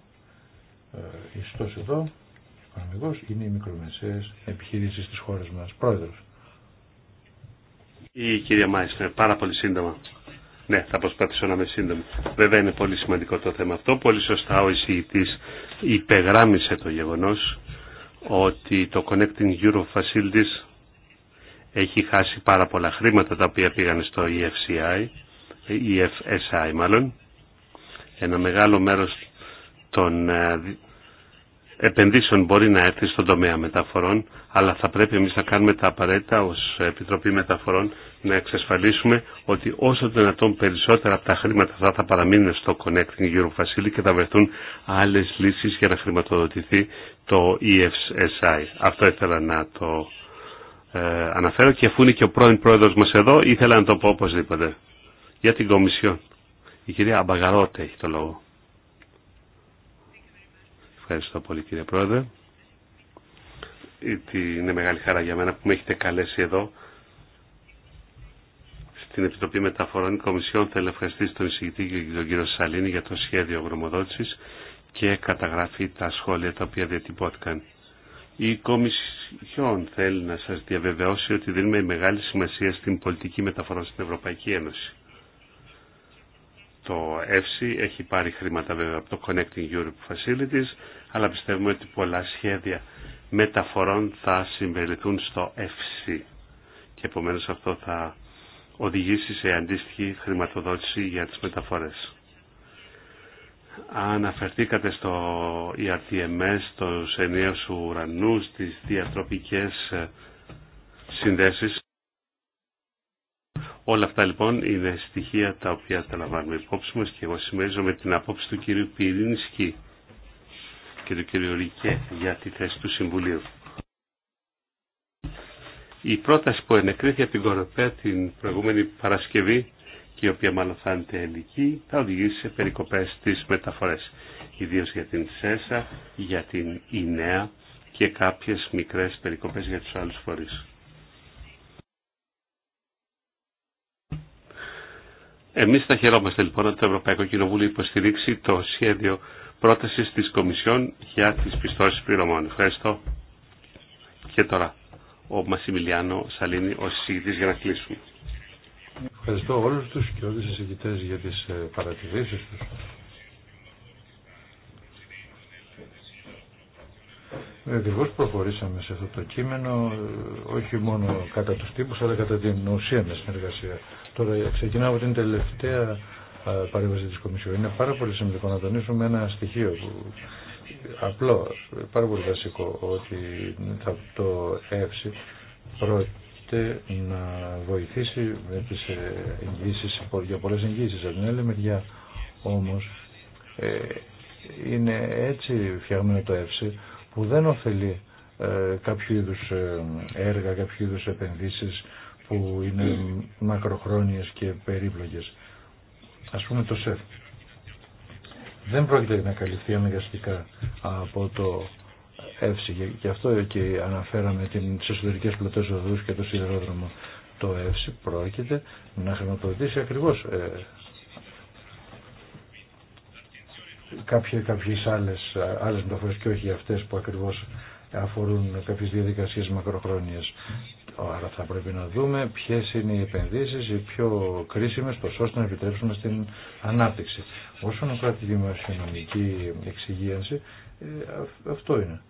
ε, ιστός εδώ, ο είναι οι μικρομεσαίες επιχειρήσει τη χώρα μα Πρόεδρος. Η κυρία Μάισνερ, πάρα πολύ σύντομα. Ναι, θα προσπαθήσω να είμαι σύντομη. Βέβαια είναι πολύ σημαντικό το θέμα αυτό. Πολύ σωστά ο εισηγητής υπεγράμμισε το γεγονός ότι το Connecting Euro Facilities έχει χάσει πάρα πολλά χρήματα τα οποία πήγαν στο EFCI, EFSI μάλλον. Ένα μεγάλο μέρος των ε, επενδύσεων μπορεί να έρθει στον τομέα μεταφορών, αλλά θα πρέπει εμείς να κάνουμε τα απαραίτητα ως Επιτροπή Μεταφορών να εξασφαλίσουμε ότι όσο δυνατόν περισσότερα από τα χρήματα θα παραμείνουν στο Connecting Eurofacility Facility και θα βρεθούν άλλες λύσεις για να χρηματοδοτηθεί το EFSI. Αυτό ήθελα να το ε, αναφέρω και αφού είναι και ο πρώην πρόεδρος μας εδώ ήθελα να το πω οπωσδήποτε. Για την Κομισιόν. Η κυρία Αμπαγαρότε έχει το λόγο. Ευχαριστώ πολύ κύριε Πρόεδρε. Είναι μεγάλη χαρά για μένα που με έχετε καλέσει εδώ στην Επιτροπή Μεταφορών Κομισιών. Θέλω να ευχαριστήσω τον εισηγητή και τον κύριο Σαλίνη για το σχέδιο γνωμοδότησης και καταγράφει τα σχόλια τα οποία διατυπώθηκαν. Η Κομισιόν θέλει να σας διαβεβαιώσει ότι δίνουμε μεγάλη σημασία στην πολιτική μεταφορά στην Ευρωπαϊκή Ένωση. Το ΕΦΣΙ έχει πάρει χρήματα βέβαια από το Connecting Europe Facilities αλλά πιστεύουμε ότι πολλά σχέδια μεταφορών θα συμπεριληθούν στο ΕΦΣΥ και επομένως αυτό θα οδηγήσει σε αντίστοιχη χρηματοδότηση για τις μεταφορές. Αναφερθήκατε στο ERTMS, στους ενιαίους ουρανούς, τις διατροπικές ε, συνδέσεις. Όλα αυτά λοιπόν είναι στοιχεία τα οποία τα λαμβάνουμε υπόψη μας και εγώ συμμερίζομαι την απόψη του κύριου Πυρίνσκη και του κ. Ρικέ για τη θέση του Συμβουλίου. Η πρόταση που ενεκρίθη από την Κοροπέα την προηγούμενη Παρασκευή και η οποία μάλλον θα είναι τελική, θα οδηγήσει σε περικοπές στις μεταφορές, ιδίως για την ΣΕΣΑ, για την ΙΝΕΑ και κάποιες μικρές περικοπές για τους άλλους φορείς. Εμείς θα χαιρόμαστε λοιπόν ότι το Ευρωπαϊκό Κοινοβούλιο υποστηρίξει το σχέδιο πρόταση τη Κομισιόν για τι πιστώσεις πληρωμών. Ευχαριστώ. Και τώρα ο Μασιμιλιάνο Σαλίνη ω συζητητή για να κλείσουμε. Ευχαριστώ όλου του και όλου του συζητητέ για τι ε, παρατηρήσει του. Ακριβώς προχωρήσαμε σε αυτό το κείμενο, ε, όχι μόνο κατά του τύπου, αλλά κατά την ουσία μια συνεργασία. Τώρα ξεκινάω την τελευταία ε, παρέμβαση της Κομισιού Είναι πάρα πολύ σημαντικό να τονίσουμε ένα στοιχείο που απλό, πάρα πολύ βασικό, ότι το ΕΦΣΙ πρόκειται να βοηθήσει με τις ε, εγγύσεις, για πολλές εγγύσεις. Από την άλλη μεριά όμως ε, είναι έτσι φτιαγμένο το ΕΦΣΙ που δεν ωφελεί κάποιο είδους έργα, κάποιο είδου επενδύσεις που είναι μακροχρόνιες και περίπλοκες ας πούμε το ΣΕΦ δεν πρόκειται να καλυφθεί αναγκαστικά από το ΕΦΣΥ και αυτό και αναφέραμε τις εσωτερικές πλωτές οδούς και το σιδηρόδρομο το ΕΦΣΥ πρόκειται να χρηματοδοτήσει ακριβώς ε, κάποιες, κάποιες άλλες, μεταφορές και όχι αυτές που ακριβώς αφορούν κάποιες διαδικασίες μακροχρόνιε. Άρα θα πρέπει να δούμε ποιες είναι οι επενδύσεις οι πιο κρίσιμες προς ώστε να επιτρέψουμε στην ανάπτυξη. Όσον αφορά τη δημοσιονομική εξυγίανση, ε, αυτό είναι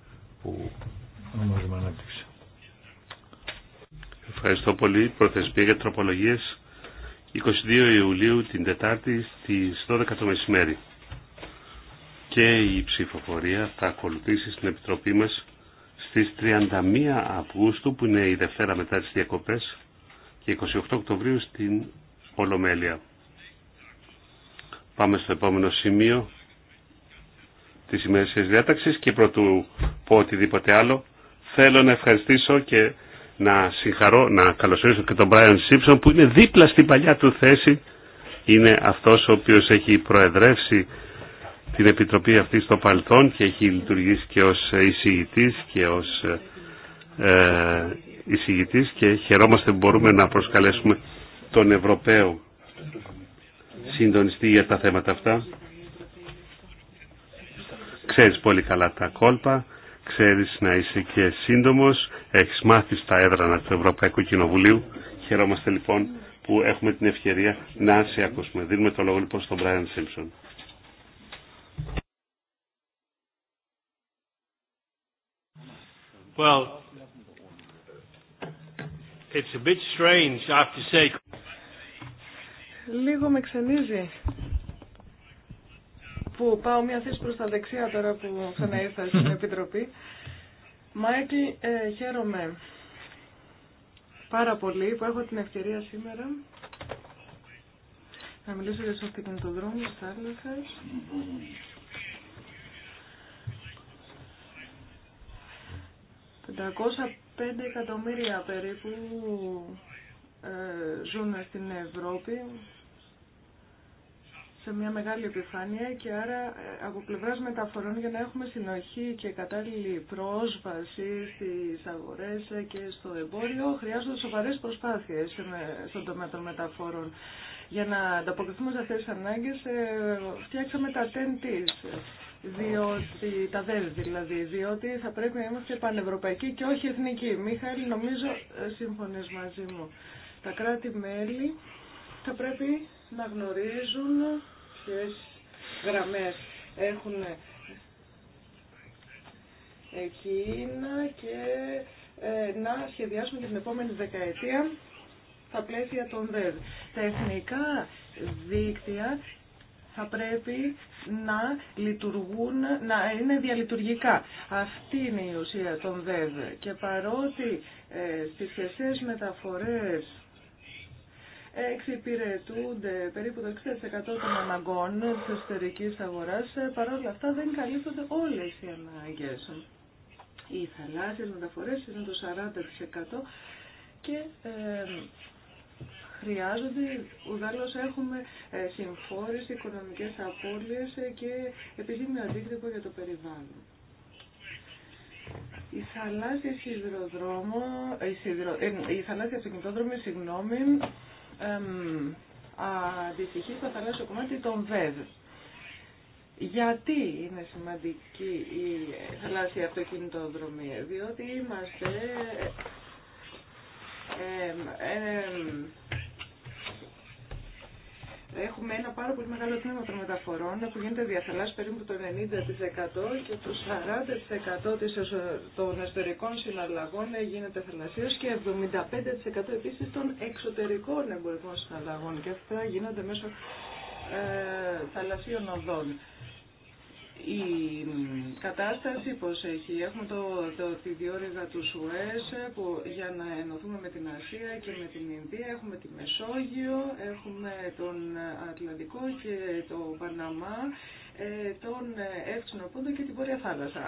που ονομάζουμε ανάπτυξη. Ευχαριστώ πολύ. Προθεσμία για τροπολογίες 22 Ιουλίου την Τετάρτη στις 12 το μεσημέρι. Και η ψηφοφορία θα ακολουθήσει στην Επιτροπή μας στις 31 Αυγούστου που είναι η Δευτέρα μετά τις διακοπές και 28 Οκτωβρίου στην Ολομέλεια. Πάμε στο επόμενο σημείο της ημερησίας διάταξης και πρωτού πω οτιδήποτε άλλο θέλω να ευχαριστήσω και να συγχαρώ, να καλωσορίσω και τον Brian Simpson που είναι δίπλα στην παλιά του θέση είναι αυτός ο οποίος έχει προεδρεύσει την Επιτροπή αυτή στο παρελθόν και έχει λειτουργήσει και ως εισηγητής και ως ε, εισηγητής και χαιρόμαστε που μπορούμε να προσκαλέσουμε τον Ευρωπαίο συντονιστή για τα θέματα αυτά. Ξέρεις πολύ καλά τα κόλπα, ξέρεις να είσαι και σύντομος, έχεις μάθει στα έδρανα του Ευρωπαϊκού Κοινοβουλίου. Χαιρόμαστε λοιπόν που έχουμε την ευκαιρία να σε ακούσουμε. Δίνουμε το λόγο λοιπόν στον Brian Simpson. Well, it's a bit strange, I have to say. Λίγο με ξενίζει που πάω μια θέση προς τα δεξιά τώρα που ξαναήρθα στην Επιτροπή. Μάικλ, ε, χαίρομαι πάρα πολύ που έχω την ευκαιρία σήμερα να μιλήσω για του αυτοκινητοδρόμους, θάλασσες. 505 εκατομμύρια περίπου ε, ζουν στην Ευρώπη σε μια μεγάλη επιφάνεια και άρα ε, από πλευρά μεταφορών για να έχουμε συνοχή και κατάλληλη πρόσβαση στις αγορές και στο εμπόριο χρειάζονται σοβαρές προσπάθειες στον τομέα των μεταφορών. Για να ανταποκριθούμε σε αυτές τις ανάγκες ε, φτιάξαμε τα TEN-T's διότι, τα ΔΕΔ δηλαδή, διότι θα πρέπει να είμαστε πανευρωπαϊκοί και όχι εθνικοί. Μιχάλη, νομίζω ε, σύμφωνες μαζί μου. Τα κράτη-μέλη θα πρέπει να γνωρίζουν ποιες γραμμές έχουν εκείνα και ε, να σχεδιάσουμε την επόμενη δεκαετία τα πλαίσια των ΔΕΔ. Τα εθνικά δίκτυα θα πρέπει να λειτουργούν, να είναι διαλειτουργικά. Αυτή είναι η ουσία των ΔΕΔ. Και παρότι ε, στις χερσαίες μεταφορές εξυπηρετούνται περίπου το 60% των αναγκών της εσωτερικής αγοράς, ε, παρόλα αυτά δεν καλύπτονται όλες οι ανάγκες. Οι θαλάσσιες μεταφορές είναι το 40% και ε, χρειάζονται, ουδάλλως έχουμε ε, συμφορές, οικονομικές απώλειες ε, και επιζήμιο αντίκτυπο για το περιβάλλον. Η θαλάσσια σιδηροδρόμο, η, ε, σιδηρο, η θαλάσσια αυτοκινητόδρομη, συγγνώμη, ε, αντιστοιχεί στο θαλάσσιο κομμάτι των ΒΕΔ. Γιατί είναι σημαντική η θαλάσσια αυτοκινητόδρομη, διότι είμαστε Έχουμε ένα πάρα πολύ μεγάλο τμήμα των μεταφορών που γίνεται διαθαλάσσι περίπου το 90% και το 40% των εσωτερικών συναλλαγών γίνεται θαλασσίως και 75% επίσης των εξωτερικών εμπορικών συναλλαγών και αυτά γίνονται μέσω ε, θαλασσίων οδών η κατάσταση πως έχει. Έχουμε το, το, τη διόρυγα του ΣΟΕΣ που για να ενωθούμε με την Ασία και με την Ινδία έχουμε τη Μεσόγειο, έχουμε τον Ατλαντικό και το Παναμά, ε, τον ε, Εύξηνο Πόντο και την Πορια Θάλασσα.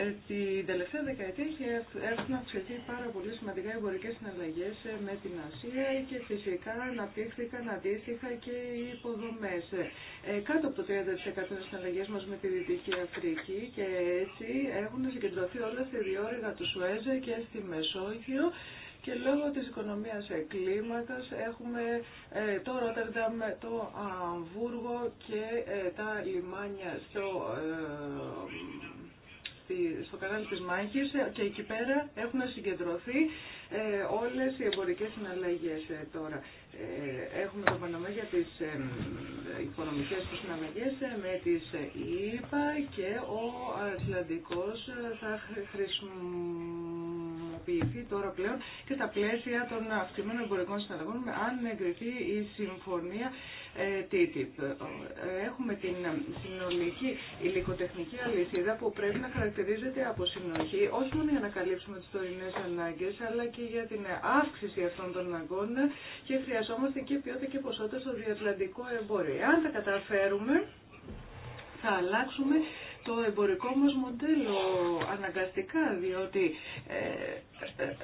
Ε, την τελευταία δεκαετία έχουν αυξηθεί πάρα πολύ σημαντικά εμπορικέ συναλλαγέ ε, με την Ασία και φυσικά αναπτύχθηκαν αντίστοιχα και οι υποδομέ. Ε, κάτω από το 30% των συναλλαγέ μα με τη Δυτική Αφρική και έτσι έχουν συγκεντρωθεί όλα στη διόρυγα του Σουέζε και στη Μεσόγειο και λόγω της οικονομίας κλίματος έχουμε το Ρότερνταμ, το Αμβούργο και τα λιμάνια στο στο κανάλι της Μάχης και εκεί πέρα έχουν συγκεντρωθεί ε, όλες οι εμπορικές συναλλαγές ε, τώρα. Ε, έχουμε το πανομέ για τις οικονομικές τους συναλλαγές με τις ΙΠΑ και ο Ατλαντικός θα χρησιμοποιηθεί τώρα πλέον και τα πλαίσια των αυξημένων εμπορικών συναλλαγών αν εγκριθεί η συμφωνία ε, TTIP. Έχουμε την συνολική υλικοτεχνική αλυσίδα που πρέπει να χαρακτηρίζεται από συνοχή, όχι μόνο για να καλύψουμε τις τωρινέ ανάγκες, αλλά και για την αύξηση αυτών των αναγκών και χρειαζόμαστε και ποιότητα και ποσότητα στο διατλαντικό εμπόριο. Αν τα καταφέρουμε, θα αλλάξουμε το εμπορικό μας μοντέλο αναγκαστικά, διότι ε, ε,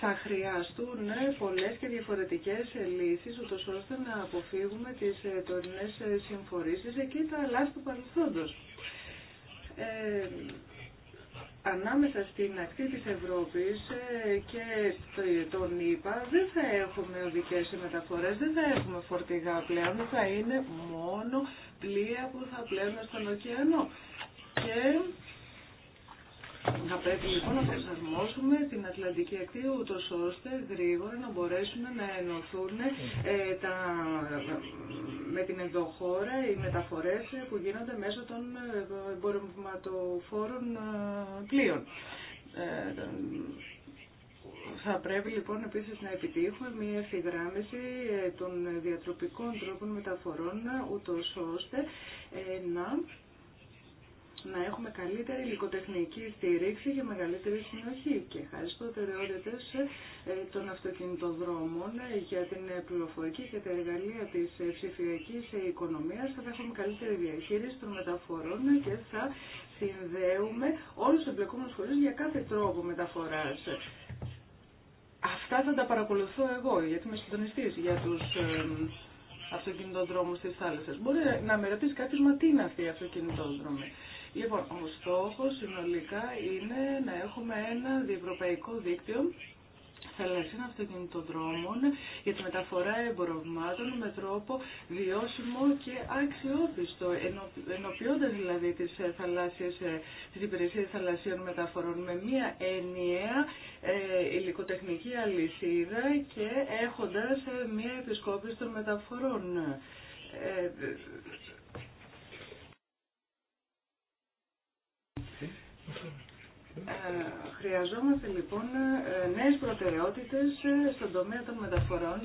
θα χρειαστούν ναι, πολλές και διαφορετικές λύσεις, ούτως ώστε να αποφύγουμε τις ε, τωρινές ε, συμφορήσεις και τα λάθη του παρελθόντος. Ε, ανάμεσα στην ακτή της Ευρώπης ε, και τον ΙΠΑ δεν θα έχουμε οδικές μεταφορές, δεν θα έχουμε φορτηγά πλέον, θα είναι μόνο πλοία που θα πλέουν στον ωκεανό. Θα πρέπει λοιπόν να προσαρμόσουμε την Ατλαντική ακτή ούτω ώστε γρήγορα να μπορέσουν να ενωθούν ε, τα, με την ενδοχώρα οι μεταφορές που γίνονται μέσω των ε, εμπορευματοφόρων ε, πλοίων. Ε, θα πρέπει λοιπόν επίσης να επιτύχουμε μια ευθυγράμμιση των διατροπικών τρόπων μεταφορών ούτω ώστε να να έχουμε καλύτερη υλικοτεχνική στήριξη για μεγαλύτερη συνοχή και χάρη στις προτεραιότητες ε, των αυτοκινητοδρόμων ε, για την πληροφορική και τα εργαλεία της ε, ψηφιακής οικονομίας θα έχουμε καλύτερη διαχείριση των μεταφορών και θα συνδέουμε όλους τους εμπλεκόμενους χωρίς για κάθε τρόπο μεταφοράς. Αυτά θα τα παρακολουθώ εγώ, γιατί είμαι συντονιστής για τους αυτοκινητοδρόμους τη θάλασσα. Μπορεί να με ρωτήσει κάποιο, μα τι είναι αυτή η αυτοκινητόδρομη. Λοιπόν, ο στόχος συνολικά είναι να έχουμε ένα διευρωπαϊκό δίκτυο θαλασσίων αυτοκινητοδρόμων για τη μεταφορά εμπορευμάτων με τρόπο βιώσιμο και αξιόπιστο, ενοποιώντας δηλαδή τις, θαλάσσιες, τις υπηρεσίες θαλασσίων μεταφορών με μια ενιαία ε, υλικοτεχνική αλυσίδα και έχοντας μια επισκόπηση των μεταφορών. Ε, Ε, χρειαζόμαστε λοιπόν ε, νέε προτεραιότητε ε, στον τομέα των μεταφορών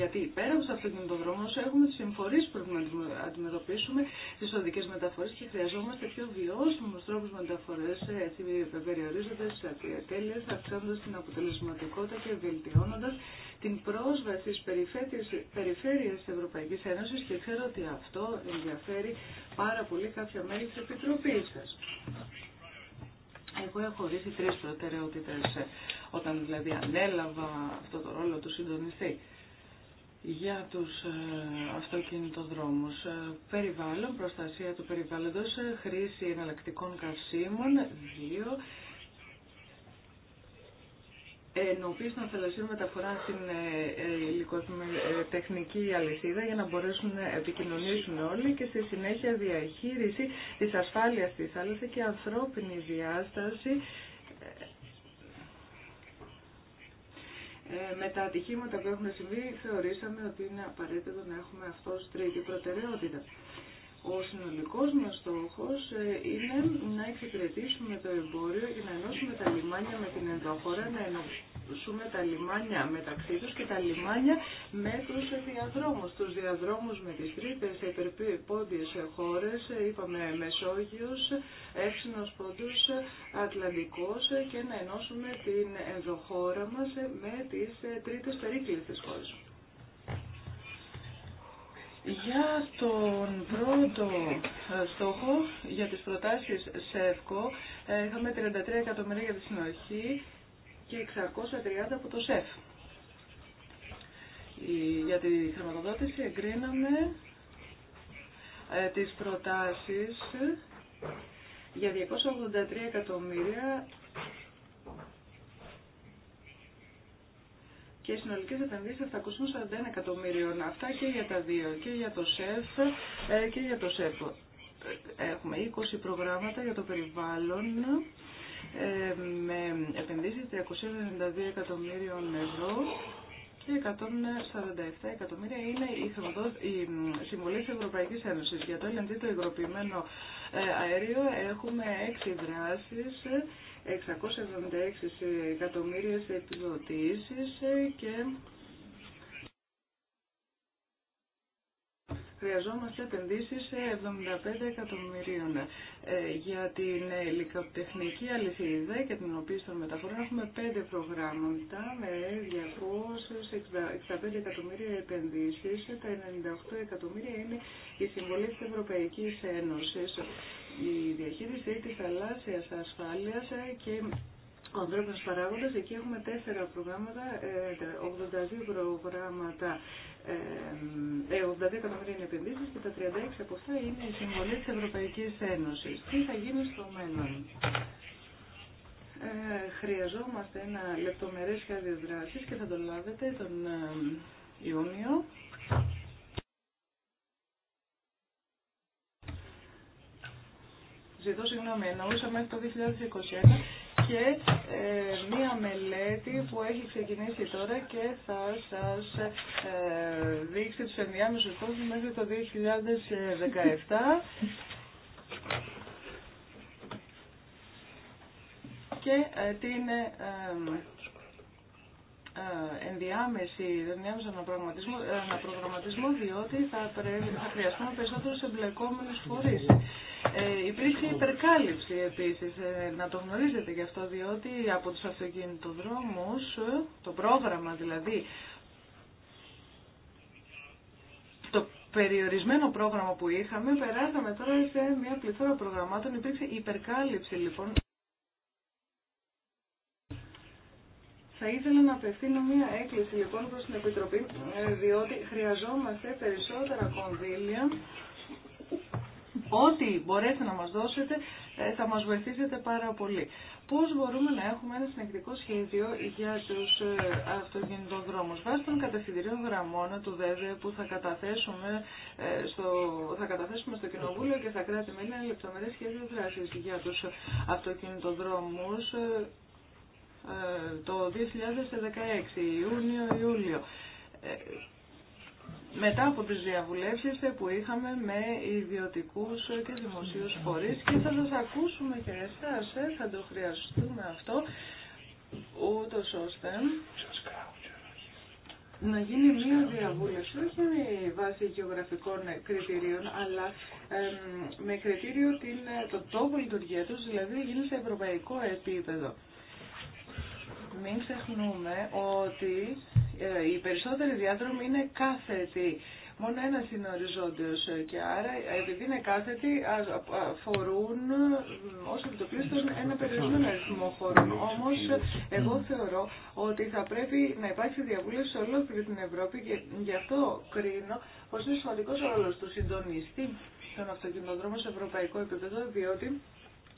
γιατί πέρα από τον δρόμο έχουμε τι συμφορίες που πρέπει να αντιμετωπίσουμε τι οδικέ μεταφορέ και χρειαζόμαστε πιο βιώσιμού τρόπου μεταφορέ έτσι τι τι αυξάνοντα αυξάνοντας την αποτελεσματικότητα και βελτιώνοντα την πρόσβαση στι περιφέρειε της Ευρωπαϊκής Ένωσης και ξέρω ότι αυτό ενδιαφέρει πάρα πολύ κάποια μέλη της Επιτροπής σας. Εγώ έχω ορίσει τρεις προτεραιότητες ε, όταν δηλαδή ανέλαβα αυτό το ρόλο του συντονιστή για τους ε, αυτοκινητοδρόμους. Ε, περιβάλλον, προστασία του περιβάλλοντος, ε, χρήση εναλλακτικών καυσίμων, δύο, ενοποίηση των θελασσίων μεταφορά στην ε, ε, τεχνική αλυσίδα για να μπορέσουν να επικοινωνήσουν όλοι και στη συνέχεια διαχείριση της ασφάλειας της θάλασσα και ανθρώπινη διάσταση ε, με τα ατυχήματα που έχουν συμβεί θεωρήσαμε ότι είναι απαραίτητο να έχουμε αυτό ως τρίτη προτεραιότητα. Ο συνολικός μας στόχος ε, είναι να εξυπηρετήσουμε το εμπόριο και να ενώσουμε τα λιμάνια με την ενδοχώρα, να ενώσουμε τα λιμάνια μεταξύ τους και τα λιμάνια με τους διαδρόμους. Τους διαδρόμους με τις τρίτες υπερπόντιες χώρες, ε, είπαμε Μεσόγειος, Εύξηνος πόντου Ατλαντικός ε, και να ενώσουμε την ενδοχώρα μας με τις τρίτες της χώρε. Για τον πρώτο ε, στόχο, για τις προτάσεις ΣΕΦΚΟ, ε, είχαμε 33 εκατομμύρια για τη συνοχή και 630 από το ΣΕΦ. Για τη χρηματοδότηση εγκρίναμε ε, τις προτάσεις για 283 εκατομμύρια και συνολικέ επενδύσει 741 εκατομμύριων. Αυτά και για τα δύο, και για το ΣΕΦ ε, και για το ΣΕΦ. Έχουμε 20 προγράμματα για το περιβάλλον ε, με επενδύσεις 392 εκατομμύριων ευρώ και 147 εκατομμύρια είναι η, η συμβολή της Ευρωπαϊκής Ένωσης. Για το ελληνικό το υγροποιημένο ε, αέριο έχουμε 6 δράσεις 676 εκατομμύρια σε επιδοτήσεις ε, και χρειαζόμαστε επενδύσεις σε 75 εκατομμυρίων. Ε, για την υλικοτεχνική αλυσίδα και την οποία των μεταφορών έχουμε 5 προγράμματα με 265 εκατομμύρια επενδύσεις. Τα 98 εκατομμύρια είναι η συμβολή της Ευρωπαϊκής Ένωσης η διαχείριση της θαλάσσιας ασφάλειας ε, και ο ανθρώπινος παράγοντας, εκεί έχουμε τέσσερα προγράμματα, 82 ε, προγράμματα, 82 ε, εκατομμύρια είναι επενδύσεις και τα 36 από αυτά είναι η συμβολή της Ευρωπαϊκής Ένωσης. Τι θα γίνει στο μέλλον. Ε, χρειαζόμαστε ένα λεπτομερές σχέδιο δράσης και θα το λάβετε τον Ιούνιο. ζητώ συγγνώμη, εννοούσα μέχρι το 2021 και ε, μία μελέτη που έχει ξεκινήσει τώρα και θα σας ε, δείξει τους ενδιάμεσους κόσμους μέχρι το 2017. και ε, την ε, ε, ενδιάμεση, ενδιάμεση αναπρογραμματισμό, αναπρογραμματισμό διότι θα, πρέπει, θα χρειαστούμε περισσότερους εμπλεκόμενους φορείς. Ε, υπήρξε υπερκάλυψη επίσης, ε, να το γνωρίζετε γι' αυτό, διότι από τους αυτοκινητοδρόμους, ε, το πρόγραμμα δηλαδή, το περιορισμένο πρόγραμμα που είχαμε, περάσαμε τώρα σε μια πληθώρα προγραμμάτων, υπήρξε υπερκάλυψη λοιπόν. Θα ήθελα να απευθύνω μία έκκληση λοιπόν προς την Επιτροπή, διότι χρειαζόμαστε περισσότερα κονδύλια Ό,τι μπορέσετε να μας δώσετε ε, θα μας βοηθήσετε πάρα πολύ. Πώς μπορούμε να έχουμε ένα συνεκτικό σχέδιο για τους ε, αυτοκινητοδρόμους. Βάσει των κατευθυντηρίων γραμμών του ΔΕΔΕ που θα καταθέσουμε ε, στο, θα καταθέσουμε στο Κοινοβούλιο και θα κράτημε ένα λεπτομερές σχέδιο δράσης για τους αυτοκινητοδρόμους το 2016, Ιούνιο-Ιούλιο μετά από τις διαβουλεύσεις που είχαμε με ιδιωτικούς και δημοσίους φορείς και θα σας ακούσουμε και εσάς, ε, θα το χρειαστούμε αυτό, ούτως ώστε να γίνει μία διαβούλευση, όχι με βάση γεωγραφικών κριτηρίων, αλλά με κριτήριο την, το τόπο λειτουργία τους, δηλαδή γίνει σε ευρωπαϊκό επίπεδο. Μην ξεχνούμε ότι ε, οι περισσότεροι διάδρομοι είναι κάθετοι. Μόνο ένα είναι οριζόντιο και άρα επειδή είναι κάθετοι αφορούν ω ε, επιτοπλίστων ένα περιορισμένο αριθμό χωρών. Όμω εγώ θεωρώ ότι θα πρέπει να υπάρχει διαβούλευση σε ολόκληρη την Ευρώπη και γι' αυτό κρίνω πω είναι σημαντικό ρόλο του συντονιστή των αυτοκινητοδρόμων σε ευρωπαϊκό επίπεδο διότι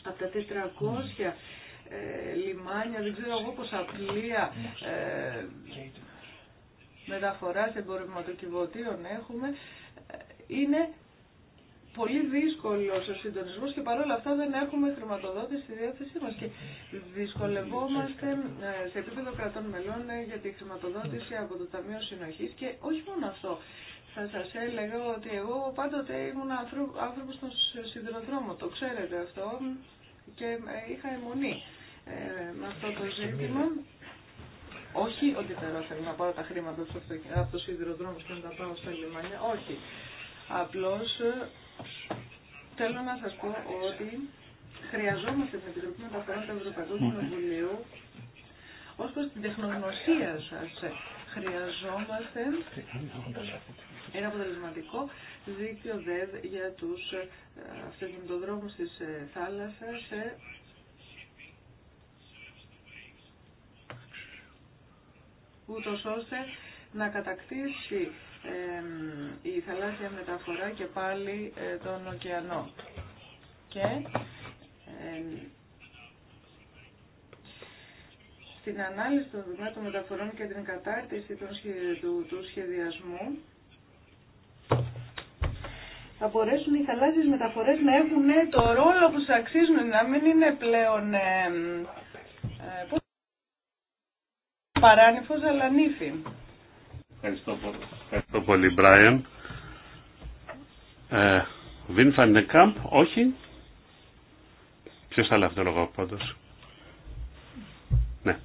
από τα 400 ε, λιμάνια, δεν ξέρω εγώ πόσα πλοία μεταφοράς εμπορευματοκιβωτίων έχουμε, είναι πολύ δύσκολο ο συντονισμό και παρόλα αυτά δεν έχουμε χρηματοδότηση στη διάθεσή μα. Και δυσκολευόμαστε ε, σε επίπεδο κρατών μελών ε, για τη χρηματοδότηση από το Ταμείο Συνοχή και όχι μόνο αυτό. Θα σα έλεγα ότι εγώ πάντοτε ήμουν άνθρωπο στον σιδηροδρόμο, το ξέρετε αυτό, και ε, είχα αιμονή με αυτό το ζήτημα. Όχι ότι θα θέλω να πάρω τα χρήματα από τους σιδηροδρόμους και να τα πάω στα λιμάνια. Όχι. Απλώς ε, θέλω να σας πω ότι χρειαζόμαστε την Επιτροπή Μεταφορών του Ευρωπαϊκού Κοινοβουλίου ω την τεχνογνωσία σας. Χρειαζόμαστε ένα αποτελεσματικό δίκτυο ΔΕΔ για τους ε, αυτοκινητοδρόμους της ε, θάλασσας το ώστε να κατακτήσει η θαλάσσια μεταφορά και πάλι ε, τον ωκεανό. Και στην ανάλυση των δεδομένων μεταφορών και την κατάρτιση του, του σχεδιασμού θα μπορέσουν οι θαλάσσιες μεταφορές να έχουν ε, το ρόλο που σας αξίζουν, να μην είναι πλέον... Ε, παράνυφος αλλά Ευχαριστώ πολύ. Ευχαριστώ πολύ, Μπράιν. Ε, Βιν Φαντεκάμπ, όχι. Ποιος άλλο αυτό λόγο πάντως. Ναι.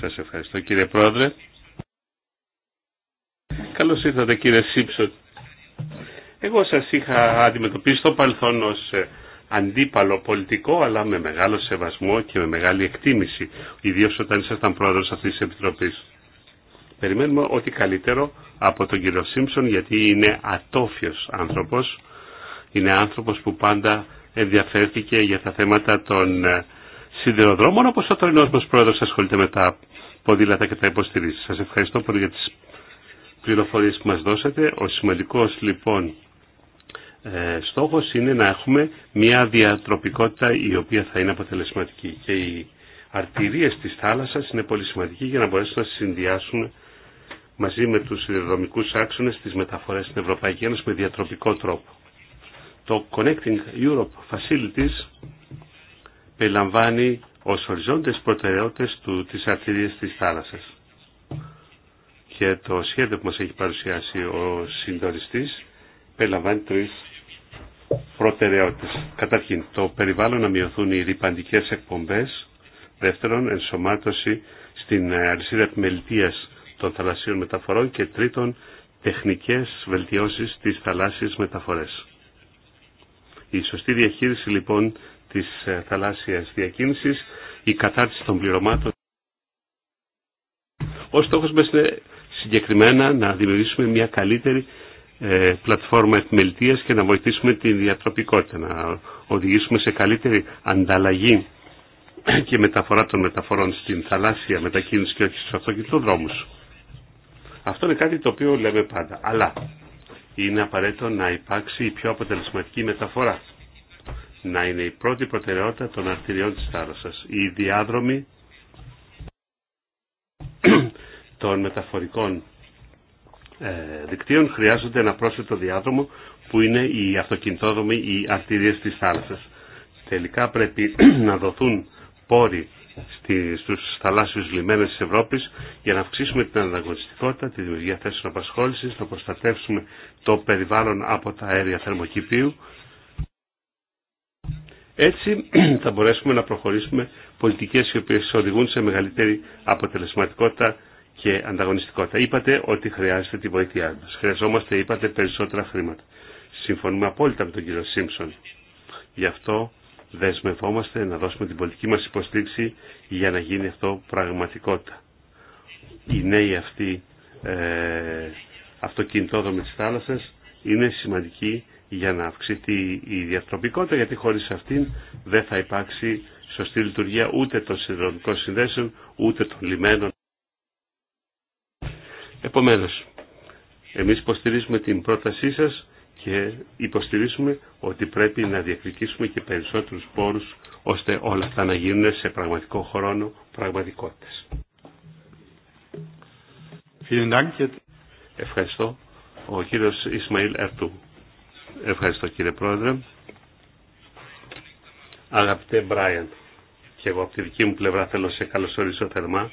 Σας ευχαριστώ κύριε Πρόεδρε. Καλώς ήρθατε κύριε Σίψον. Εγώ σας είχα αντιμετωπίσει στο παρελθόν ως ε, αντίπαλο πολιτικό, αλλά με μεγάλο σεβασμό και με μεγάλη εκτίμηση, ιδίω όταν ήσασταν πρόεδρος αυτής της Επιτροπής. Περιμένουμε ό,τι καλύτερο από τον κύριο Σίμψον, γιατί είναι ατόφιος άνθρωπος, είναι άνθρωπος που πάντα ενδιαφέρθηκε για τα θέματα των ε, σιδηροδρόμων, όπως ο τωρινός μας πρόεδρος ασχολείται με τα ποδήλατα και τα υποστηρίζει. Σας ευχαριστώ πολύ για τις πληροφορίες που μας δώσατε. Ο σημαντικός λοιπόν ε, στόχος είναι να έχουμε μια διατροπικότητα η οποία θα είναι αποτελεσματική και οι αρτηρίες της θάλασσας είναι πολύ σημαντικοί για να μπορέσουν να συνδυάσουν μαζί με τους ιδεοδομικούς άξονες τις μεταφορές στην Ευρωπαϊκή Ένωση με διατροπικό τρόπο. Το Connecting Europe Facilities περιλαμβάνει ως οριζόντες προτεραιότητες του, της αρτηρίας της θάλασσας. Και το σχέδιο που μας έχει παρουσιάσει ο συντοριστής περιλαμβάνει τρεις προτεραιότητες. Καταρχήν, το περιβάλλον να μειωθούν οι ρηπαντικές εκπομπές. Δεύτερον, ενσωμάτωση στην ε, αλυσίδα επιμελητίας των θαλασσίων μεταφορών. Και τρίτον, τεχνικές βελτιώσεις της θαλάσσιες μεταφορές. Η σωστή διαχείριση λοιπόν της ε, θαλάσσιας διακίνησης, η κατάρτιση των πληρωμάτων. Ο στόχος μας είναι συγκεκριμένα να δημιουργήσουμε μια καλύτερη ε, πλατφόρμα εθμελτίας και να βοηθήσουμε τη διατροπικότητα, να οδηγήσουμε σε καλύτερη ανταλλαγή και μεταφορά των μεταφορών στην θαλάσσια μετακίνηση και όχι στους αυτοκινητοδρόμους. Αυτό είναι κάτι το οποίο λέμε πάντα. Αλλά είναι απαραίτητο να υπάρξει η πιο αποτελεσματική μεταφορά. Να είναι η πρώτη προτεραιότητα των αρτηριών της θάλασσας. Η διάδρομη των μεταφορικών ε, δικτύων χρειάζονται ένα πρόσθετο διάδρομο που είναι οι αυτοκινητόδρομοι, οι αρτηρίες της θάλασσας. Τελικά πρέπει να δοθούν πόροι στους θαλάσσιους λιμένες της Ευρώπης για να αυξήσουμε την ανταγωνιστικότητα, τη δημιουργία θέσεων απασχόλησης, να προστατεύσουμε το περιβάλλον από τα αέρια θερμοκηπίου. Έτσι θα μπορέσουμε να προχωρήσουμε πολιτικές οι οποίες οδηγούν σε μεγαλύτερη αποτελεσματικότητα και ανταγωνιστικότητα. Είπατε ότι χρειάζεται τη βοήθειά μα. Χρειαζόμαστε, είπατε, περισσότερα χρήματα. Συμφωνούμε απόλυτα με τον κύριο Σίμψον. Γι' αυτό δεσμευόμαστε να δώσουμε την πολιτική μας υποστήριξη για να γίνει αυτό πραγματικότητα. Οι νέοι αυτοί ε, με της θάλασσας είναι σημαντικοί για να αυξηθεί η διατροπικότητα γιατί χωρίς αυτήν δεν θα υπάρξει σωστή λειτουργία ούτε των συνδρομικών συνδέσεων ούτε των λιμένων Επομένως, εμείς υποστηρίζουμε την πρότασή σας και υποστηρίζουμε ότι πρέπει να διακριτήσουμε και περισσότερους πόρους ώστε όλα αυτά να γίνουν σε πραγματικό χρόνο πραγματικότητας. Ευχαριστώ. Ο κύριος Ισμαήλ Ερτού. Ευχαριστώ κύριε Πρόεδρε. Αγαπητέ Μπράιαν, και εγώ από τη δική μου πλευρά θέλω σε καλωσορίσω θερμά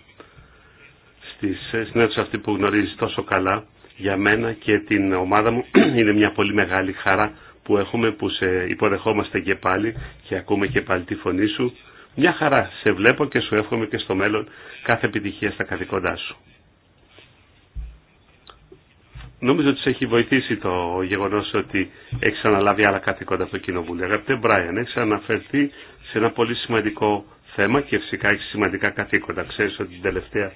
ε, στις συνέντευξη αυτή που γνωρίζει τόσο καλά για μένα και την ομάδα μου είναι μια πολύ μεγάλη χαρά που έχουμε που σε υποδεχόμαστε και πάλι και ακούμε και πάλι τη φωνή σου. Μια χαρά σε βλέπω και σου εύχομαι και στο μέλλον κάθε επιτυχία στα καθηκόντά σου. Νομίζω ότι σε έχει βοηθήσει το γεγονό ότι έχει αναλάβει άλλα καθήκοντα από το Κοινοβούλιο. Αγαπητέ Μπράιαν, έχει αναφερθεί σε ένα πολύ σημαντικό θέμα και φυσικά έχει σημαντικά καθήκοντα. Ξέρει ότι την τελευταία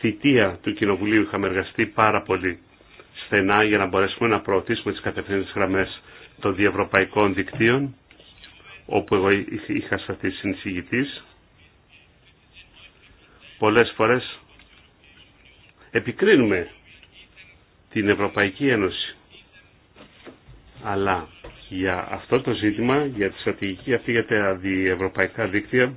θητεία του Κοινοβουλίου είχαμε εργαστεί πάρα πολύ στενά για να μπορέσουμε να προωθήσουμε τις κατευθύνσεις γραμμές των διευρωπαϊκών δικτύων όπου εγώ είχα σταθεί συνεισηγητής πολλές φορές επικρίνουμε την Ευρωπαϊκή Ένωση αλλά για αυτό το ζήτημα, για τη στρατηγική αυτή για τα διευρωπαϊκά δίκτυα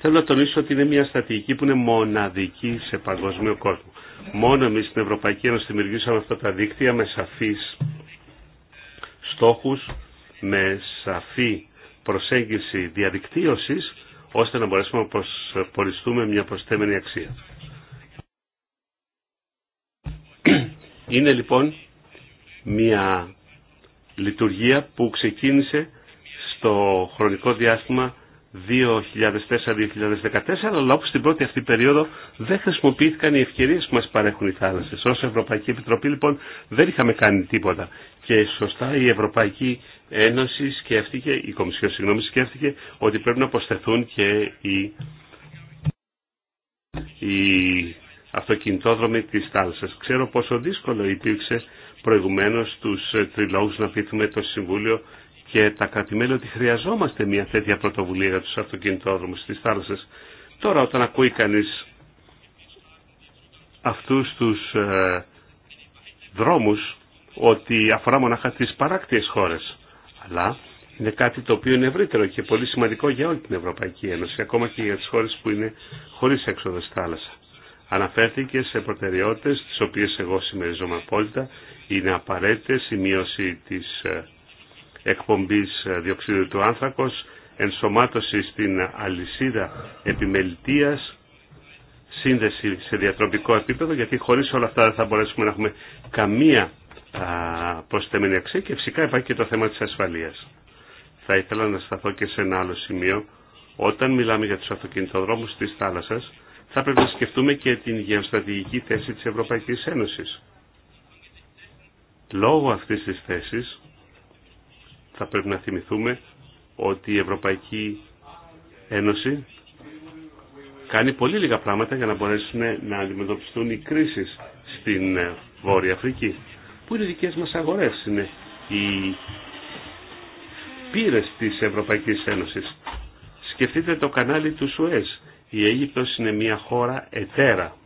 Θέλω να τονίσω ότι είναι μια στρατηγική που είναι μοναδική σε παγκόσμιο κόσμο. Μόνο εμεί στην Ευρωπαϊκή Ένωση δημιουργήσαμε αυτά τα δίκτυα με σαφεί στόχου, με σαφή προσέγγιση διαδικτύωση, ώστε να μπορέσουμε να προσποριστούμε μια προστέμενη αξία. Είναι λοιπόν μια λειτουργία που ξεκίνησε στο χρονικό διάστημα 2004-2014, αλλά όπως στην πρώτη αυτή περίοδο δεν χρησιμοποιήθηκαν οι ευκαιρίες που μας παρέχουν οι θάλασσες. Ως Ευρωπαϊκή Επιτροπή λοιπόν δεν είχαμε κάνει τίποτα. Και σωστά η Ευρωπαϊκή Ένωση σκέφτηκε, η Κομισιόν συγγνώμη σκέφτηκε ότι πρέπει να αποστεθούν και οι, οι αυτοκινητόδρομοι της θάλασσας. Ξέρω πόσο δύσκολο υπήρξε προηγουμένως τους τριλόγους να πείθουμε το Συμβούλιο και τα κρατημέλη ότι χρειαζόμαστε μια τέτοια πρωτοβουλία για τους αυτοκινητόδρομους στις θάλασσες. Τώρα όταν ακούει κανείς αυτούς τους ε, δρόμους ότι αφορά μονάχα τις παράκτιες χώρες, αλλά είναι κάτι το οποίο είναι ευρύτερο και πολύ σημαντικό για όλη την Ευρωπαϊκή Ένωση, ακόμα και για τις χώρες που είναι χωρίς έξοδο στη θάλασσα. Αναφέρθηκε σε προτεραιότητες, τις οποίες εγώ συμμεριζόμαι απόλυτα, είναι απαραίτητε η μείωση της ε, εκπομπής ε, διοξίδου του άνθρακος, ενσωμάτωση στην αλυσίδα επιμελητίας, σύνδεση σε διατροπικό επίπεδο, γιατί χωρίς όλα αυτά δεν θα μπορέσουμε να έχουμε καμία προσθέμενη αξία και φυσικά υπάρχει και το θέμα της ασφαλείας. Θα ήθελα να σταθώ και σε ένα άλλο σημείο. Όταν μιλάμε για τους αυτοκινητοδρόμους της θάλασσας, θα πρέπει να σκεφτούμε και την γεωστρατηγική θέση της Ευρωπαϊκής Ένωσης. Λόγω αυτής της θέσης, θα πρέπει να θυμηθούμε ότι η Ευρωπαϊκή Ένωση κάνει πολύ λίγα πράγματα για να μπορέσουν να αντιμετωπιστούν οι κρίσεις στην ε, Βόρεια Αφρική που είναι οι δικές μας αγορές είναι οι πύρες της Ευρωπαϊκής Ένωσης σκεφτείτε το κανάλι του Σουέζ η Αίγυπτος είναι μια χώρα ετέρα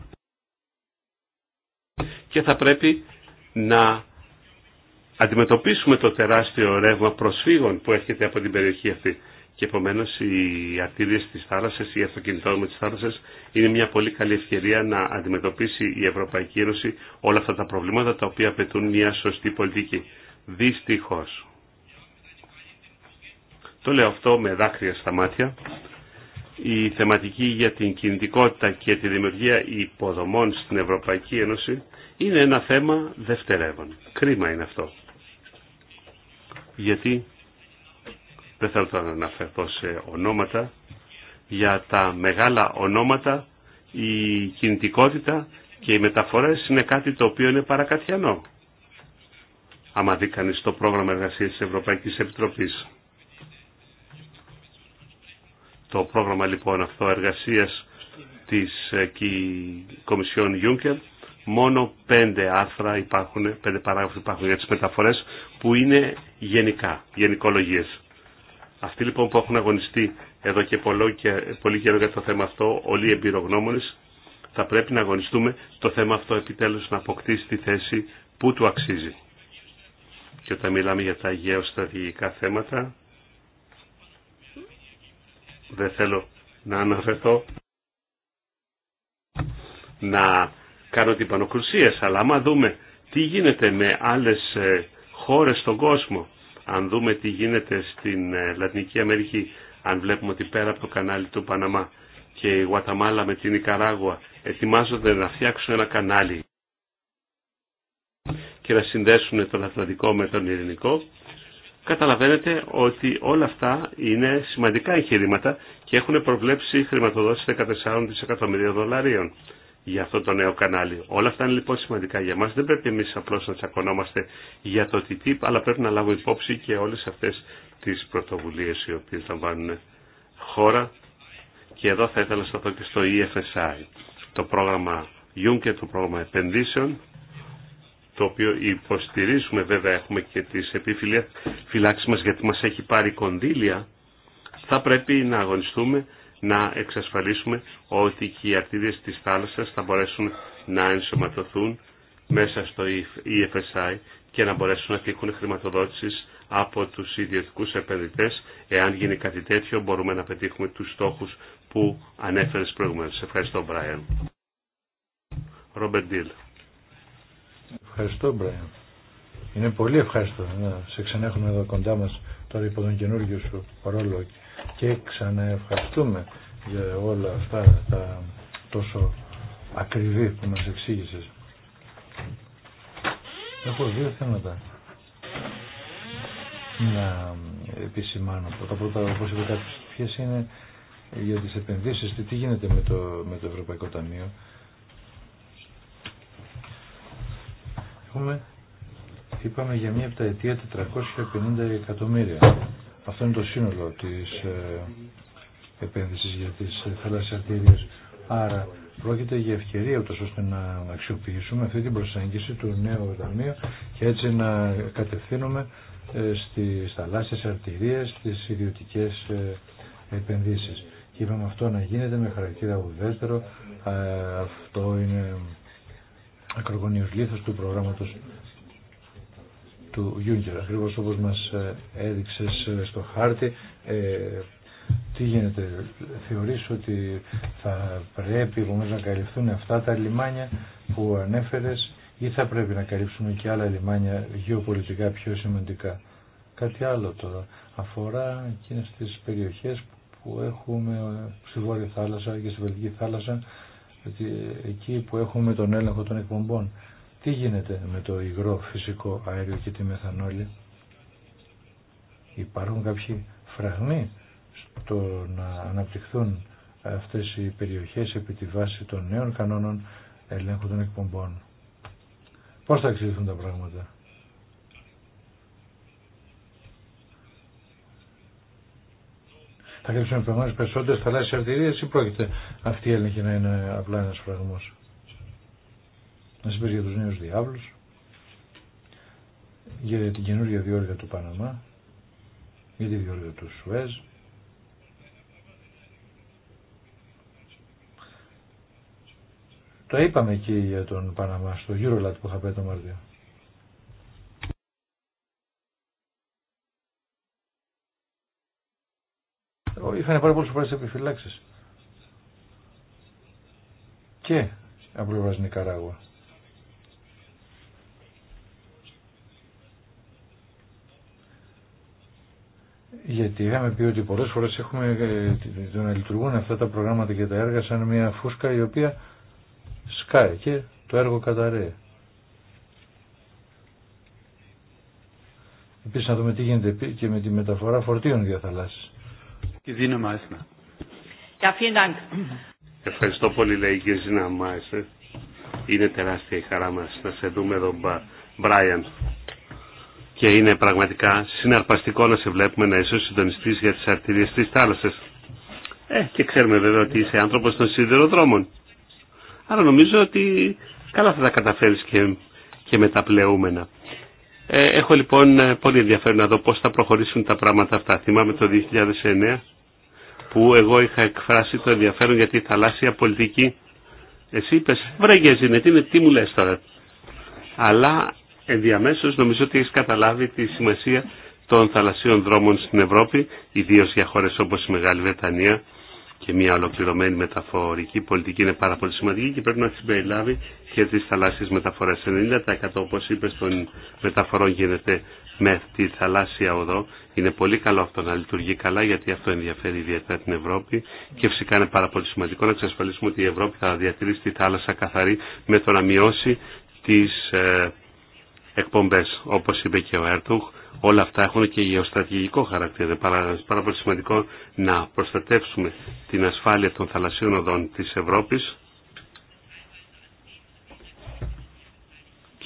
και θα πρέπει να αντιμετωπίσουμε το τεράστιο ρεύμα προσφύγων που έρχεται από την περιοχή αυτή. Και επομένω οι αρτηρίε τη θάλασσα, οι αυτοκινητόδρομοι τη θάλασσα είναι μια πολύ καλή ευκαιρία να αντιμετωπίσει η Ευρωπαϊκή Ένωση όλα αυτά τα προβλήματα τα οποία απαιτούν μια σωστή πολιτική. Δυστυχώ. Το λέω αυτό με δάκρυα στα μάτια. Η θεματική για την κινητικότητα και τη δημιουργία υποδομών στην Ευρωπαϊκή Ένωση είναι ένα θέμα δευτερεύον. Κρίμα είναι αυτό γιατί δεν θέλω να αναφερθώ σε ονόματα, για τα μεγάλα ονόματα η κινητικότητα και οι μεταφορές είναι κάτι το οποίο είναι παρακατιανό. Άμα δει κανείς το πρόγραμμα εργασίας της Ευρωπαϊκής Επιτροπής. Το πρόγραμμα λοιπόν αυτό εργασίας της ε, Κομισιόν Juncker μόνο πέντε άρθρα υπάρχουν, πέντε παράγραφοι υπάρχουν για τις μεταφορές που είναι γενικά, γενικολογίε. Αυτοί λοιπόν που έχουν αγωνιστεί εδώ και πολύ καιρό για το θέμα αυτό, όλοι οι εμπειρογνώμονε, θα πρέπει να αγωνιστούμε το θέμα αυτό επιτέλους να αποκτήσει τη θέση που του αξίζει. Και όταν μιλάμε για τα γεωστρατηγικά θέματα, δεν θέλω να αναφερθώ να κάνω την πανοκρουσία, αλλά άμα δούμε τι γίνεται με άλλες ε, χώρες στον κόσμο. Αν δούμε τι γίνεται στην ε, Λατινική Αμερική, αν βλέπουμε ότι πέρα από το κανάλι του Παναμά και η Γουαταμάλα με την Ικαράγουα ετοιμάζονται να φτιάξουν ένα κανάλι και να συνδέσουν τον Ατλαντικό με τον Ειρηνικό, καταλαβαίνετε ότι όλα αυτά είναι σημαντικά εγχειρήματα και έχουν προβλέψει χρηματοδότηση 14 δισεκατομμυρίων δολαρίων για αυτό το νέο κανάλι. Όλα αυτά είναι λοιπόν σημαντικά για μας. Δεν πρέπει εμείς απλώς να τσακωνόμαστε για το TTIP, αλλά πρέπει να λάβουμε υπόψη και όλες αυτές τις πρωτοβουλίες οι οποίες λαμβάνουν χώρα. Και εδώ θα ήθελα να σταθώ και στο EFSI, το πρόγραμμα Juncker, το πρόγραμμα επενδύσεων, το οποίο υποστηρίζουμε βέβαια έχουμε και τις επιφυλάξεις μας γιατί μας έχει πάρει κονδύλια, θα πρέπει να αγωνιστούμε να εξασφαλίσουμε ότι και οι αρτίδες της θάλασσας θα μπορέσουν να ενσωματωθούν μέσα στο EFSI και να μπορέσουν να τύχουν χρηματοδότησης από τους ιδιωτικούς επενδυτές. Εάν γίνει κάτι τέτοιο μπορούμε να πετύχουμε τους στόχους που ανέφερες προηγουμένως. Ευχαριστώ, Μπράιαν. Ρόμπερ Ντίλ. Ευχαριστώ, Μπράιαν. Είναι πολύ ευχαριστώ να σε ξανέχουμε εδώ κοντά μας τώρα υπό τον καινούργιο σου ρόλο και ξαναευχαριστούμε για όλα αυτά τα τόσο ακριβή που μας εξήγησε. Έχω δύο θέματα να επισημάνω. Το πρώτα, όπως είπε κάποιες στιγμές, είναι για τις επενδύσεις, τι, γίνεται με το, με το Ευρωπαϊκό Ταμείο. Έχουμε, είπαμε για μια επταετία 450 εκατομμύρια. Αυτό είναι το σύνολο της ε, επένδυσης για τις ε, θαλάσσιες αρτηρίες. Άρα πρόκειται για ευκαιρία ούτως ώστε να αξιοποιήσουμε αυτή την προσέγγιση του νέου δαμείου και έτσι να κατευθύνουμε ε, στις θαλάσσιες αρτηρίες, στις ιδιωτικές επενδύσεις. Και είπαμε αυτό να γίνεται με χαρακτήρα ουδέτερο. Αυτό είναι ακρογωνίος του προγράμματος του Γιούγκερ. Ακριβώ όπως μας ε, έδειξες ε, στο χάρτη, ε, τι γίνεται, θεωρείς ότι θα πρέπει όμως, να καλυφθούν αυτά τα λιμάνια που ανέφερες ή θα πρέπει να καλύψουμε και άλλα λιμάνια γεωπολιτικά πιο σημαντικά. Κάτι άλλο τώρα αφορά εκείνες τις περιοχές που έχουμε ε, στη Βόρεια Θάλασσα και στη Βελτική Θάλασσα, εκεί που έχουμε τον έλεγχο των εκπομπών. Τι γίνεται με το υγρό φυσικό αέριο και τη μεθανόλη. Υπάρχουν κάποιοι φραγμοί στο να αναπτυχθούν αυτές οι περιοχές επί τη βάση των νέων κανόνων ελέγχου των εκπομπών. Πώς θα εξελιχθούν τα πράγματα. Θα κρύψουμε επεμβάσεις περισσότερες θαλάσσιες αρτηρίες ή πρόκειται αυτή η έλεγχη να είναι απλά ένας φραγμός. Να σα για του νέου διάβλους, για την καινούργια διόρυγα του Παναμά, για τη διόρυγα του Σουέζ. Το είπαμε εκεί για τον Παναμά, στο Eurolat που είχα πει το Μάρτιο. Είχαν πάρα πολλές φορές επιφυλάξεις. Και από πλευρά Νικαράγουα. Γιατί είχαμε πει ότι πολλές φορές έχουμε ε, το να λειτουργούν αυτά τα προγράμματα και τα έργα σαν μια φούσκα η οποία σκάει και το έργο καταραίει. Επίσης να δούμε τι γίνεται και με τη μεταφορά φορτίων για θαλάσσης. Και δίνω Ευχαριστώ πολύ λέει η Ζήνα Μάισνερ. Είναι τεράστια η χαρά μας να σε δούμε εδώ Μπράιαν και είναι πραγματικά συναρπαστικό να σε βλέπουμε να είσαι ο συντονιστής για τι αρτηρίε τη θάλασσα. Ε, και ξέρουμε βέβαια ότι είσαι άνθρωπο των σιδηροδρόμων. Άρα νομίζω ότι καλά θα τα καταφέρει και, και με τα πλεούμενα. Ε, έχω λοιπόν ε, πολύ ενδιαφέρον να δω πώ θα προχωρήσουν τα πράγματα αυτά. Θυμάμαι το 2009 που εγώ είχα εκφράσει το ενδιαφέρον για τη θαλάσσια πολιτική. Εσύ είπε, βρέγγε τι, είναι, τι μου λε τώρα. Αλλά ενδιαμέσως νομίζω ότι έχει καταλάβει τη σημασία των θαλασσίων δρόμων στην Ευρώπη, ιδίως για χώρες όπως η Μεγάλη Βρετανία και μια ολοκληρωμένη μεταφορική πολιτική είναι πάρα πολύ σημαντική και πρέπει να συμπεριλάβει και τις θαλάσσιες μεταφορές. 90% όπως είπε των μεταφορών γίνεται με τη θαλάσσια οδό. Είναι πολύ καλό αυτό να λειτουργεί καλά γιατί αυτό ενδιαφέρει ιδιαίτερα την Ευρώπη και φυσικά είναι πάρα πολύ σημαντικό να εξασφαλίσουμε ότι η Ευρώπη θα διατηρήσει τη θάλασσα καθαρή με το να μειώσει τις ε, εκπομπές. Όπως είπε και ο Έρτουχ, όλα αυτά έχουν και γεωστρατηγικό χαρακτήρα. Είναι πάρα πολύ σημαντικό να προστατεύσουμε την ασφάλεια των θαλασσίων οδών της Ευρώπης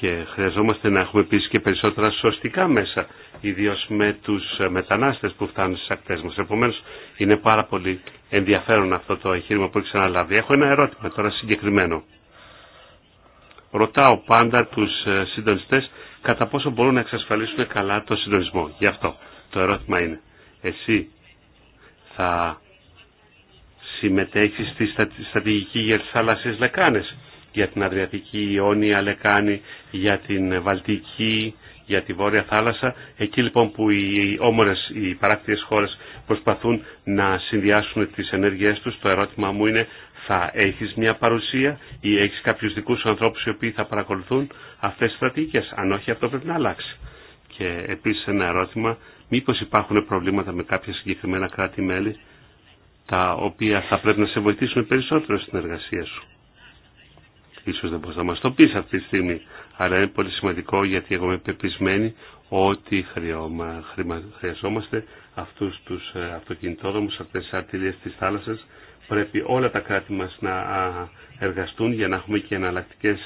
και χρειαζόμαστε να έχουμε επίσης και περισσότερα σωστικά μέσα, ιδίως με τους μετανάστες που φτάνουν στις ακτές μας. Επομένως, είναι πάρα πολύ ενδιαφέρον αυτό το εγχείρημα που έχει ξαναλάβει. Έχω ένα ερώτημα τώρα συγκεκριμένο ρωτάω πάντα τους ε, συντονιστές κατά πόσο μπορούν να εξασφαλίσουν καλά το συντονισμό. Γι' αυτό το ερώτημα είναι, εσύ θα συμμετέχεις στη στρατηγική για τις θάλασσες λεκάνες, για την Αδριατική Ιόνια Λεκάνη, για την Βαλτική, για τη Βόρεια Θάλασσα, εκεί λοιπόν που οι όμορες, οι παράκτιες χώρες προσπαθούν να συνδυάσουν τις ενέργειές τους, το ερώτημα μου είναι θα έχεις μια παρουσία ή έχεις κάποιους δικούς ανθρώπους οι οποίοι θα παρακολουθούν αυτές τις στρατηγικές. Αν όχι αυτό πρέπει να αλλάξει. Και επίσης ένα ερώτημα, μήπως υπάρχουν προβλήματα με κάποια συγκεκριμένα κράτη-μέλη τα οποία θα πρέπει να σε βοηθήσουν περισσότερο στην εργασία σου. Ίσως δεν μπορείς να μας το πεις αυτή τη στιγμή, αλλά είναι πολύ σημαντικό γιατί εγώ είμαι πεπισμένη ότι χρειαζόμαστε αυτούς τους ε, αυτοκινητόδρομους, αυτές τις αρτηρίες της θάλασσας Πρέπει όλα τα κράτη μας να εργαστούν για να έχουμε και εναλλακτικέ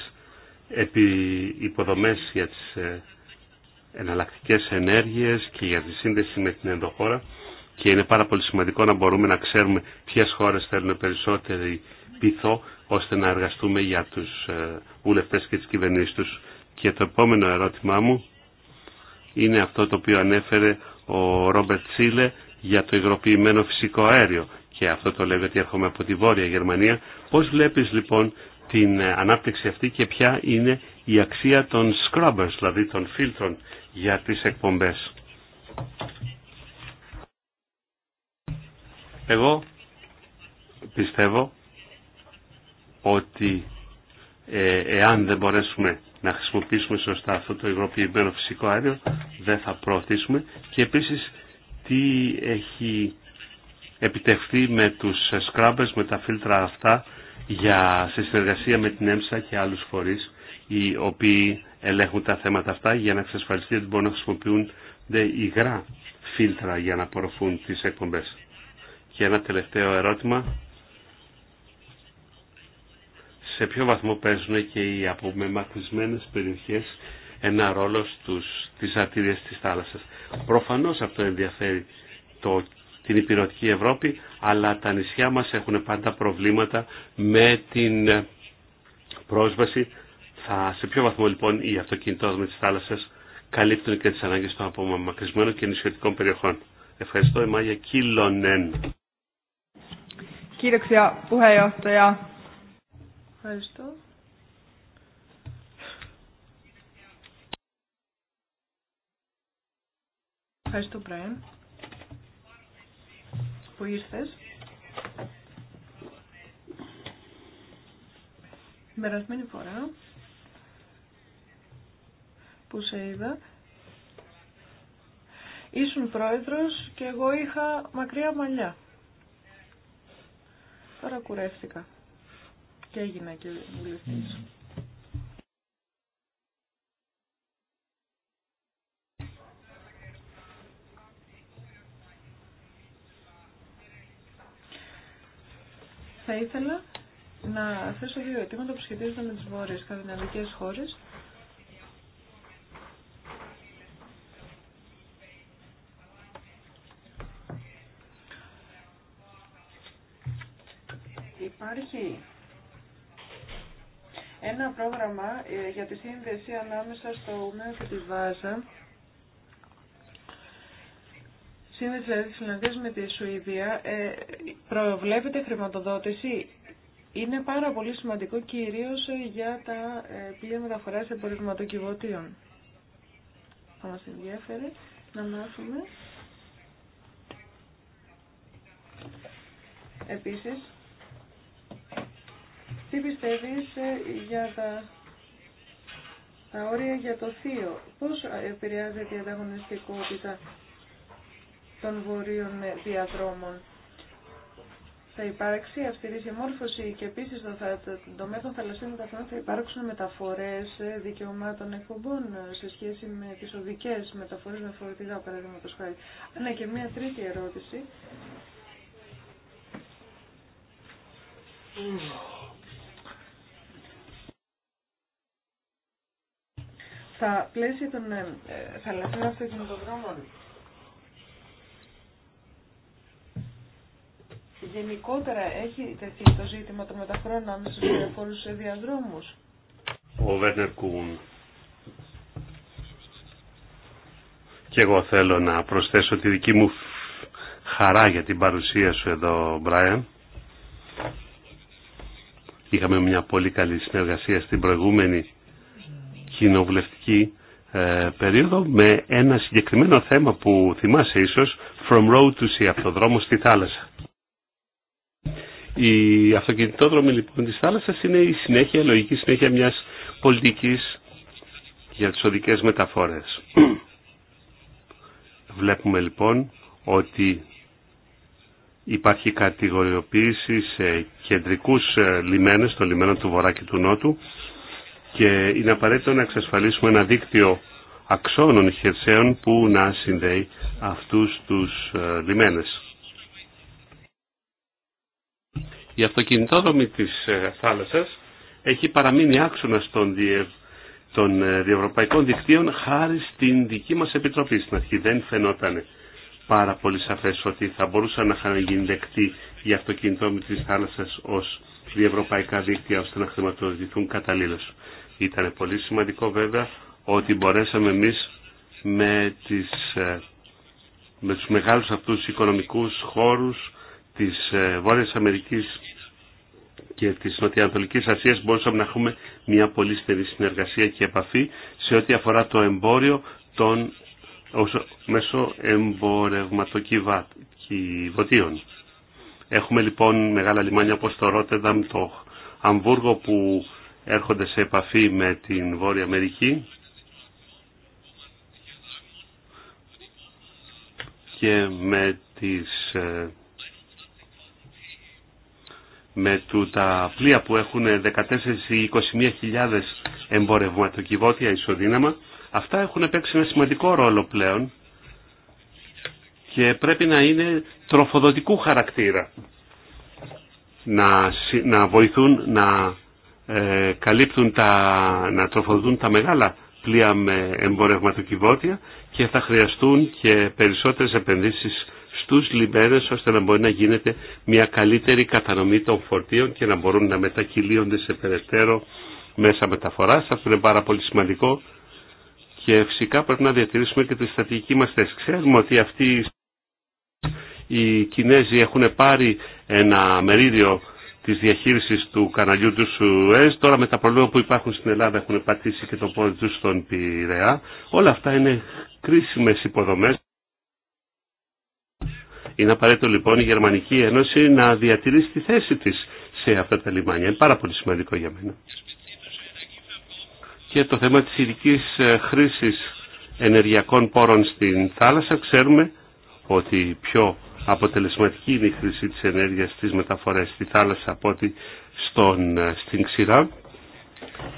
υποδομές για τις ε, εναλλακτικέ ενέργειες και για τη σύνδεση με την ενδοχώρα και είναι πάρα πολύ σημαντικό να μπορούμε να ξέρουμε ποιες χώρες θέλουν περισσότερη πειθό ώστε να εργαστούμε για τους ε, βουλευτές και τις κυβερνήσεις τους. Και το επόμενο ερώτημά μου είναι αυτό το οποίο ανέφερε ο Ρόμπερτ Σίλε για το υγροποιημένο φυσικό αέριο και αυτό το λέω ότι έρχομαι από τη Βόρεια Γερμανία. Πώς βλέπεις λοιπόν την ε, ανάπτυξη αυτή και ποια είναι η αξία των scrubbers, δηλαδή των φίλτρων για τις εκπομπές. Εγώ πιστεύω ότι ε, εάν δεν μπορέσουμε να χρησιμοποιήσουμε σωστά αυτό το υγροποιημένο φυσικό αέριο, δεν θα προωθήσουμε. Και επίσης, τι έχει επιτευχθεί με τους scrubbers, με τα φίλτρα αυτά, για, σε συνεργασία με την ΕΜΣΑ και άλλους φορείς, οι οποίοι ελέγχουν τα θέματα αυτά για να εξασφαλιστεί ότι μπορούν να χρησιμοποιούν υγρά φίλτρα για να απορροφούν τις εκπομπές. Και ένα τελευταίο ερώτημα. Σε ποιο βαθμό παίζουν και οι απομεμακρυσμένες περιοχές ένα ρόλο στους, στις αρτηρίες της θάλασσας. Προφανώς αυτό ενδιαφέρει το την υπηρετική Ευρώπη, αλλά τα νησιά μας έχουν πάντα προβλήματα με την πρόσβαση. Θα, σε ποιο βαθμό λοιπόν οι αυτοκινητόδρομοι της θάλασσας καλύπτουν και τις ανάγκες των απομακρυσμένων και νησιωτικών περιοχών. Ευχαριστώ, Εμάγια Κίλονεν. Κύριε Ευχαριστώ. Ευχαριστώ, πρεμ που ήρθες. Την περασμένη φορά που σε είδα, ήσουν πρόεδρος και εγώ είχα μακριά μαλλιά. Τώρα κουρεύτηκα και έγινα και βουλευτής. θα ήθελα να θέσω δύο ερωτήματα που σχετίζονται με τις βόρειες σκανδιναβικές χώρες. Υπάρχει ένα πρόγραμμα ε, για τη σύνδεση ανάμεσα στο ΟΜΕΟ και τη ΒΑΖΑ σύνδεση δηλαδή, της με τη Σουηδία ε, προβλέπεται χρηματοδότηση. Είναι πάρα πολύ σημαντικό κυρίως ε, για τα ε, πλοία μεταφοράς εμπορευματοκιβωτίων. Θα μας ενδιαφέρει να μάθουμε. Επίσης, τι πιστεύεις ε, για τα, τα όρια για το θείο. Πώς επηρεάζεται η ανταγωνιστικότητα των βορείων διαδρόμων. Θα υπάρξει αυστηρή συμμόρφωση και επίση το, το των θαλασσίων μεταφορών θα υπάρξουν μεταφορέ δικαιωμάτων εκπομπών σε σχέση με τι οδικέ μεταφορέ με φορτηγά, παραδείγματο χάρη. Ναι, και μία τρίτη ερώτηση. Στα πλαίσια των ε, ε θαλασσίων αυτοκινητοδρόμων, γενικότερα έχει τεθεί το ζήτημα των μεταφορών ανάμεσα στους διαφόρους διαδρόμους. Ο Βέρνερ Κούν. Και εγώ θέλω να προσθέσω τη δική μου χαρά για την παρουσία σου εδώ, Μπράιαν. Είχαμε μια πολύ καλή συνεργασία στην προηγούμενη κοινοβουλευτική ε, περίοδο με ένα συγκεκριμένο θέμα που θυμάσαι ίσως From Road to Sea, από το δρόμο στη θάλασσα. Η αυτοκινητόδρομοι λοιπόν της θάλασσας είναι η συνέχεια, η λογική συνέχεια μιας πολιτικής για τις οδικές μεταφορές. Βλέπουμε λοιπόν ότι υπάρχει κατηγοριοποίηση σε κεντρικούς ε, λιμένες, το λιμένο του Βορρά και του Νότου και είναι απαραίτητο να εξασφαλίσουμε ένα δίκτυο αξώνων χερσαίων που να συνδέει αυτούς τους ε, λιμένες. Η αυτοκινητόδομη της ε, θάλασσας έχει παραμείνει άξονα των, ε, διευρωπαϊκών δικτύων χάρη στην δική μας επιτροπή. Στην αρχή δεν φαινόταν πάρα πολύ σαφές ότι θα μπορούσαν να είχαν γίνει δεκτοί οι αυτοκινητόδρομοι της θάλασσας ως διευρωπαϊκά δίκτυα ώστε να χρηματοδοτηθούν καταλήλως. Ήταν πολύ σημαντικό βέβαια ότι μπορέσαμε εμείς με, τις, ε, με τους μεγάλους αυτούς οικονομικούς χώρους της ε, Βόρειας Αμερικής και της Νοτιοανατολικής Ασίας μπορούσαμε να έχουμε μια πολύ στενή συνεργασία και επαφή σε ό,τι αφορά το εμπόριο των μέσω εμπορευματοκιβωτίων. Έχουμε λοιπόν μεγάλα λιμάνια όπως το Ρότερνταμ, το Αμβούργο που έρχονται σε επαφή με την Βόρεια Αμερική και με τις ε, με του, τα πλοία που έχουν 14 ή 21.000 εμπορευματοκιβώτια ισοδύναμα, αυτά έχουν παίξει ένα σημαντικό ρόλο πλέον και πρέπει να είναι τροφοδοτικού χαρακτήρα. Να, να βοηθούν να ε, καλύπτουν τα, να τροφοδοτούν τα μεγάλα πλοία με εμπορευματοκιβώτια και θα χρειαστούν και περισσότερες επενδύσεις τους λιμένες ώστε να μπορεί να γίνεται μια καλύτερη κατανομή των φορτίων και να μπορούν να μετακυλίονται σε περαιτέρω μέσα μεταφοράς. Αυτό είναι πάρα πολύ σημαντικό και φυσικά πρέπει να διατηρήσουμε και τη στατική μας θέση. Ξέρουμε ότι αυτοί οι Κινέζοι έχουν πάρει ένα μερίδιο της διαχείρισης του καναλιού του Σουέζ. Τώρα με τα προβλήματα που υπάρχουν στην Ελλάδα έχουν πατήσει και το πόδι του στον Πειραιά. Όλα αυτά είναι κρίσιμες υποδομές είναι απαραίτητο λοιπόν η Γερμανική Ένωση να διατηρήσει τη θέση της σε αυτά τα λιμάνια. Είναι πάρα πολύ σημαντικό για μένα. Και το θέμα της ειδική ε, χρήσης ενεργειακών πόρων στην θάλασσα ξέρουμε ότι πιο αποτελεσματική είναι η χρήση της ενέργειας της μεταφορές στη θάλασσα από ότι στον, ε, στην ξηρά.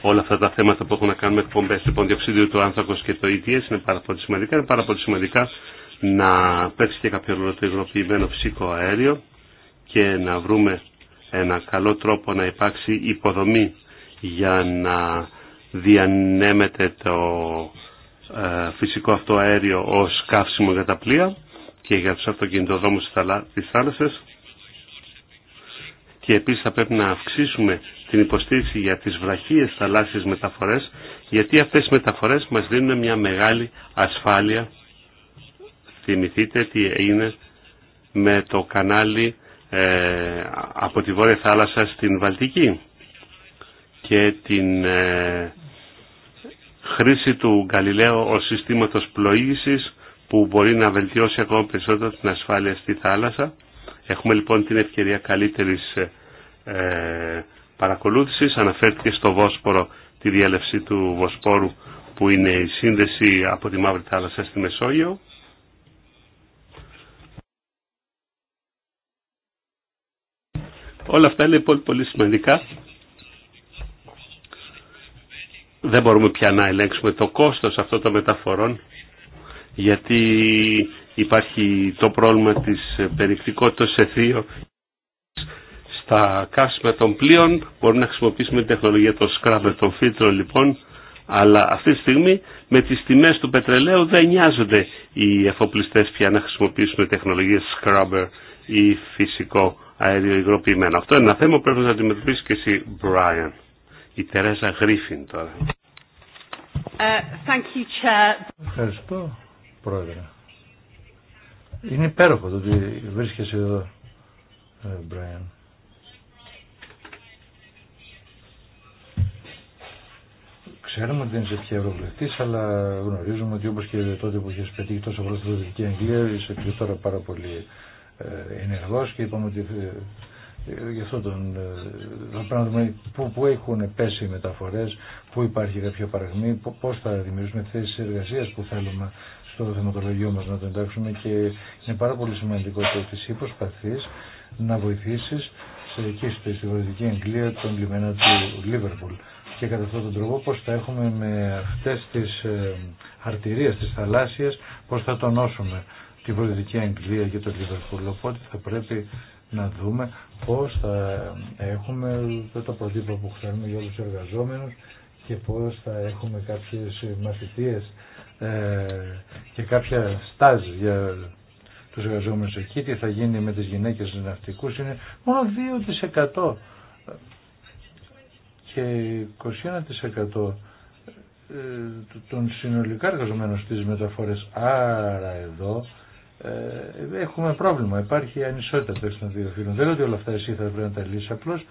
Όλα αυτά τα θέματα που έχουν να κάνουν με εκπομπέ λοιπόν διοξιδίου του άνθρακο και το ETS είναι πάρα πολύ σημαντικά. Είναι πάρα πολύ σημαντικά να παίξει και κάποιο ρόλο φυσικό αέριο και να βρούμε ένα καλό τρόπο να υπάρξει υποδομή για να διανέμεται το ε, φυσικό αυτό αέριο ως καύσιμο για τα πλοία και για τους αυτοκινητοδρόμους της θάλασσας και επίσης θα πρέπει να αυξήσουμε την υποστήριξη για τις βραχίες θαλάσσιες μεταφορές γιατί αυτές οι μεταφορές μας δίνουν μια μεγάλη ασφάλεια Θυμηθείτε τι είναι με το κανάλι ε, από τη Βόρεια Θάλασσα στην Βαλτική και την ε, χρήση του Γκαλιλαίου ως συστήματος πλοήγησης που μπορεί να βελτιώσει ακόμα περισσότερο την ασφάλεια στη θάλασσα. Έχουμε λοιπόν την ευκαιρία καλύτερης ε, ε παρακολούθησης. Αναφέρθηκε στο Βόσπορο τη διέλευση του Βοσπόρου που είναι η σύνδεση από τη Μαύρη Θάλασσα στη Μεσόγειο. Όλα αυτά είναι πολύ, πολύ σημαντικά. Δεν μπορούμε πια να ελέγξουμε το κόστος αυτών των μεταφορών γιατί υπάρχει το πρόβλημα της περιεκτικότητας σε θείο. Στα κάσμα των πλοίων μπορούμε να χρησιμοποιήσουμε την τεχνολογία των scrubber, των φίλτρων λοιπόν, αλλά αυτή τη στιγμή με τις τιμές του πετρελαίου δεν νοιάζονται οι εφοπλιστές πια να χρησιμοποιήσουμε τεχνολογίες scrubber ή φυσικό αεριγροποιημένα. Αυτό είναι ένα θέμα που πρέπει να αντιμετωπίσει και εσύ, Brian. Η Τερέζα Γρίφιν τώρα. Ε, Ευχαριστώ, Πρόεδρε. Είναι υπέροχο το ότι βρίσκεσαι εδώ, Μπράιαν. Ε, Ξέρουμε ότι δεν είσαι πια ευρωβουλευτή, αλλά γνωρίζουμε ότι όπω και τότε που είχε πετύχει τόσο πολλά στην Δυτική Αγγλία, είσαι και τώρα πάρα πολύ ε, ενεργός και είπαμε ότι ε, ε, γι' αυτό τον, πρέπει να δούμε πού, πού έχουν πέσει οι μεταφορές, πού υπάρχει κάποια παραγμή, πώς θα δημιουργήσουμε θέσεις εργασίας που εχουν πεσει οι μεταφορες που υπαρχει καποια παραγμη πως θα δημιουργησουμε θεσεις εργασιας που θελουμε στο θεματολογιό μας να το εντάξουμε και είναι πάρα πολύ σημαντικό το ότι εσύ προσπαθείς να βοηθήσεις σε εκεί στη βορειοδυτική Αγγλία τον λιμένα του Λίβερπουλ και κατά αυτόν τον τρόπο πώς θα έχουμε με αυτές τις αρτηρίες, της θαλάσσιες, πώς θα τονώσουμε την Προεδρική Αγγλία και το Λιβερπούλ. Οπότε θα πρέπει να δούμε πώ θα ε, έχουμε τα προτύπα που ξέρουμε για όλου του εργαζόμενου και πώ θα έχουμε κάποιες μαθητείες ε, και κάποια στάζ για του εργαζόμενου εκεί, τι θα γίνει με τις γυναίκες ναυτικού είναι μόνο 2% και 21% ε, των συνολικά εργαζομένων στις μεταφορές. Άρα εδώ ε, έχουμε πρόβλημα. Υπάρχει ανισότητα μεταξύ των δύο φύλων. Δεν λέω ότι όλα αυτά εσύ θα πρέπει να τα λύσει. Απλώ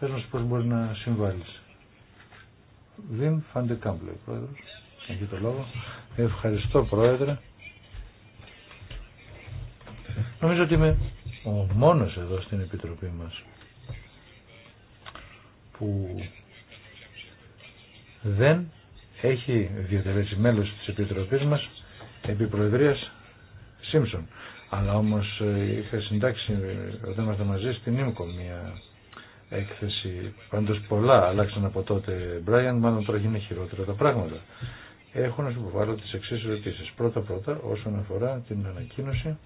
πε μα πώ μπορεί να συμβάλλει. Δεν Φαντεκάμπλε, πρόεδρο. Έχει το λόγο. Ευχαριστώ, πρόεδρε. Νομίζω ότι είμαι ο μόνος εδώ στην Επιτροπή μας που δεν έχει διατελέσει μέλος της Επιτροπής μας επί Προεδρίας Σίμψον. Αλλά όμω ε, είχα συντάξει ε, όταν ήμασταν μαζί στην ΙΜΚΟ μια έκθεση. Πάντως πολλά αλλάξαν από τότε, Μπράιαν, μάλλον τώρα χειρότερα τα πράγματα. Έχω να σου υποβάλω τις εξή ερωτήσεις. Πρώτα-πρώτα όσον αφορά την ανακοίνωση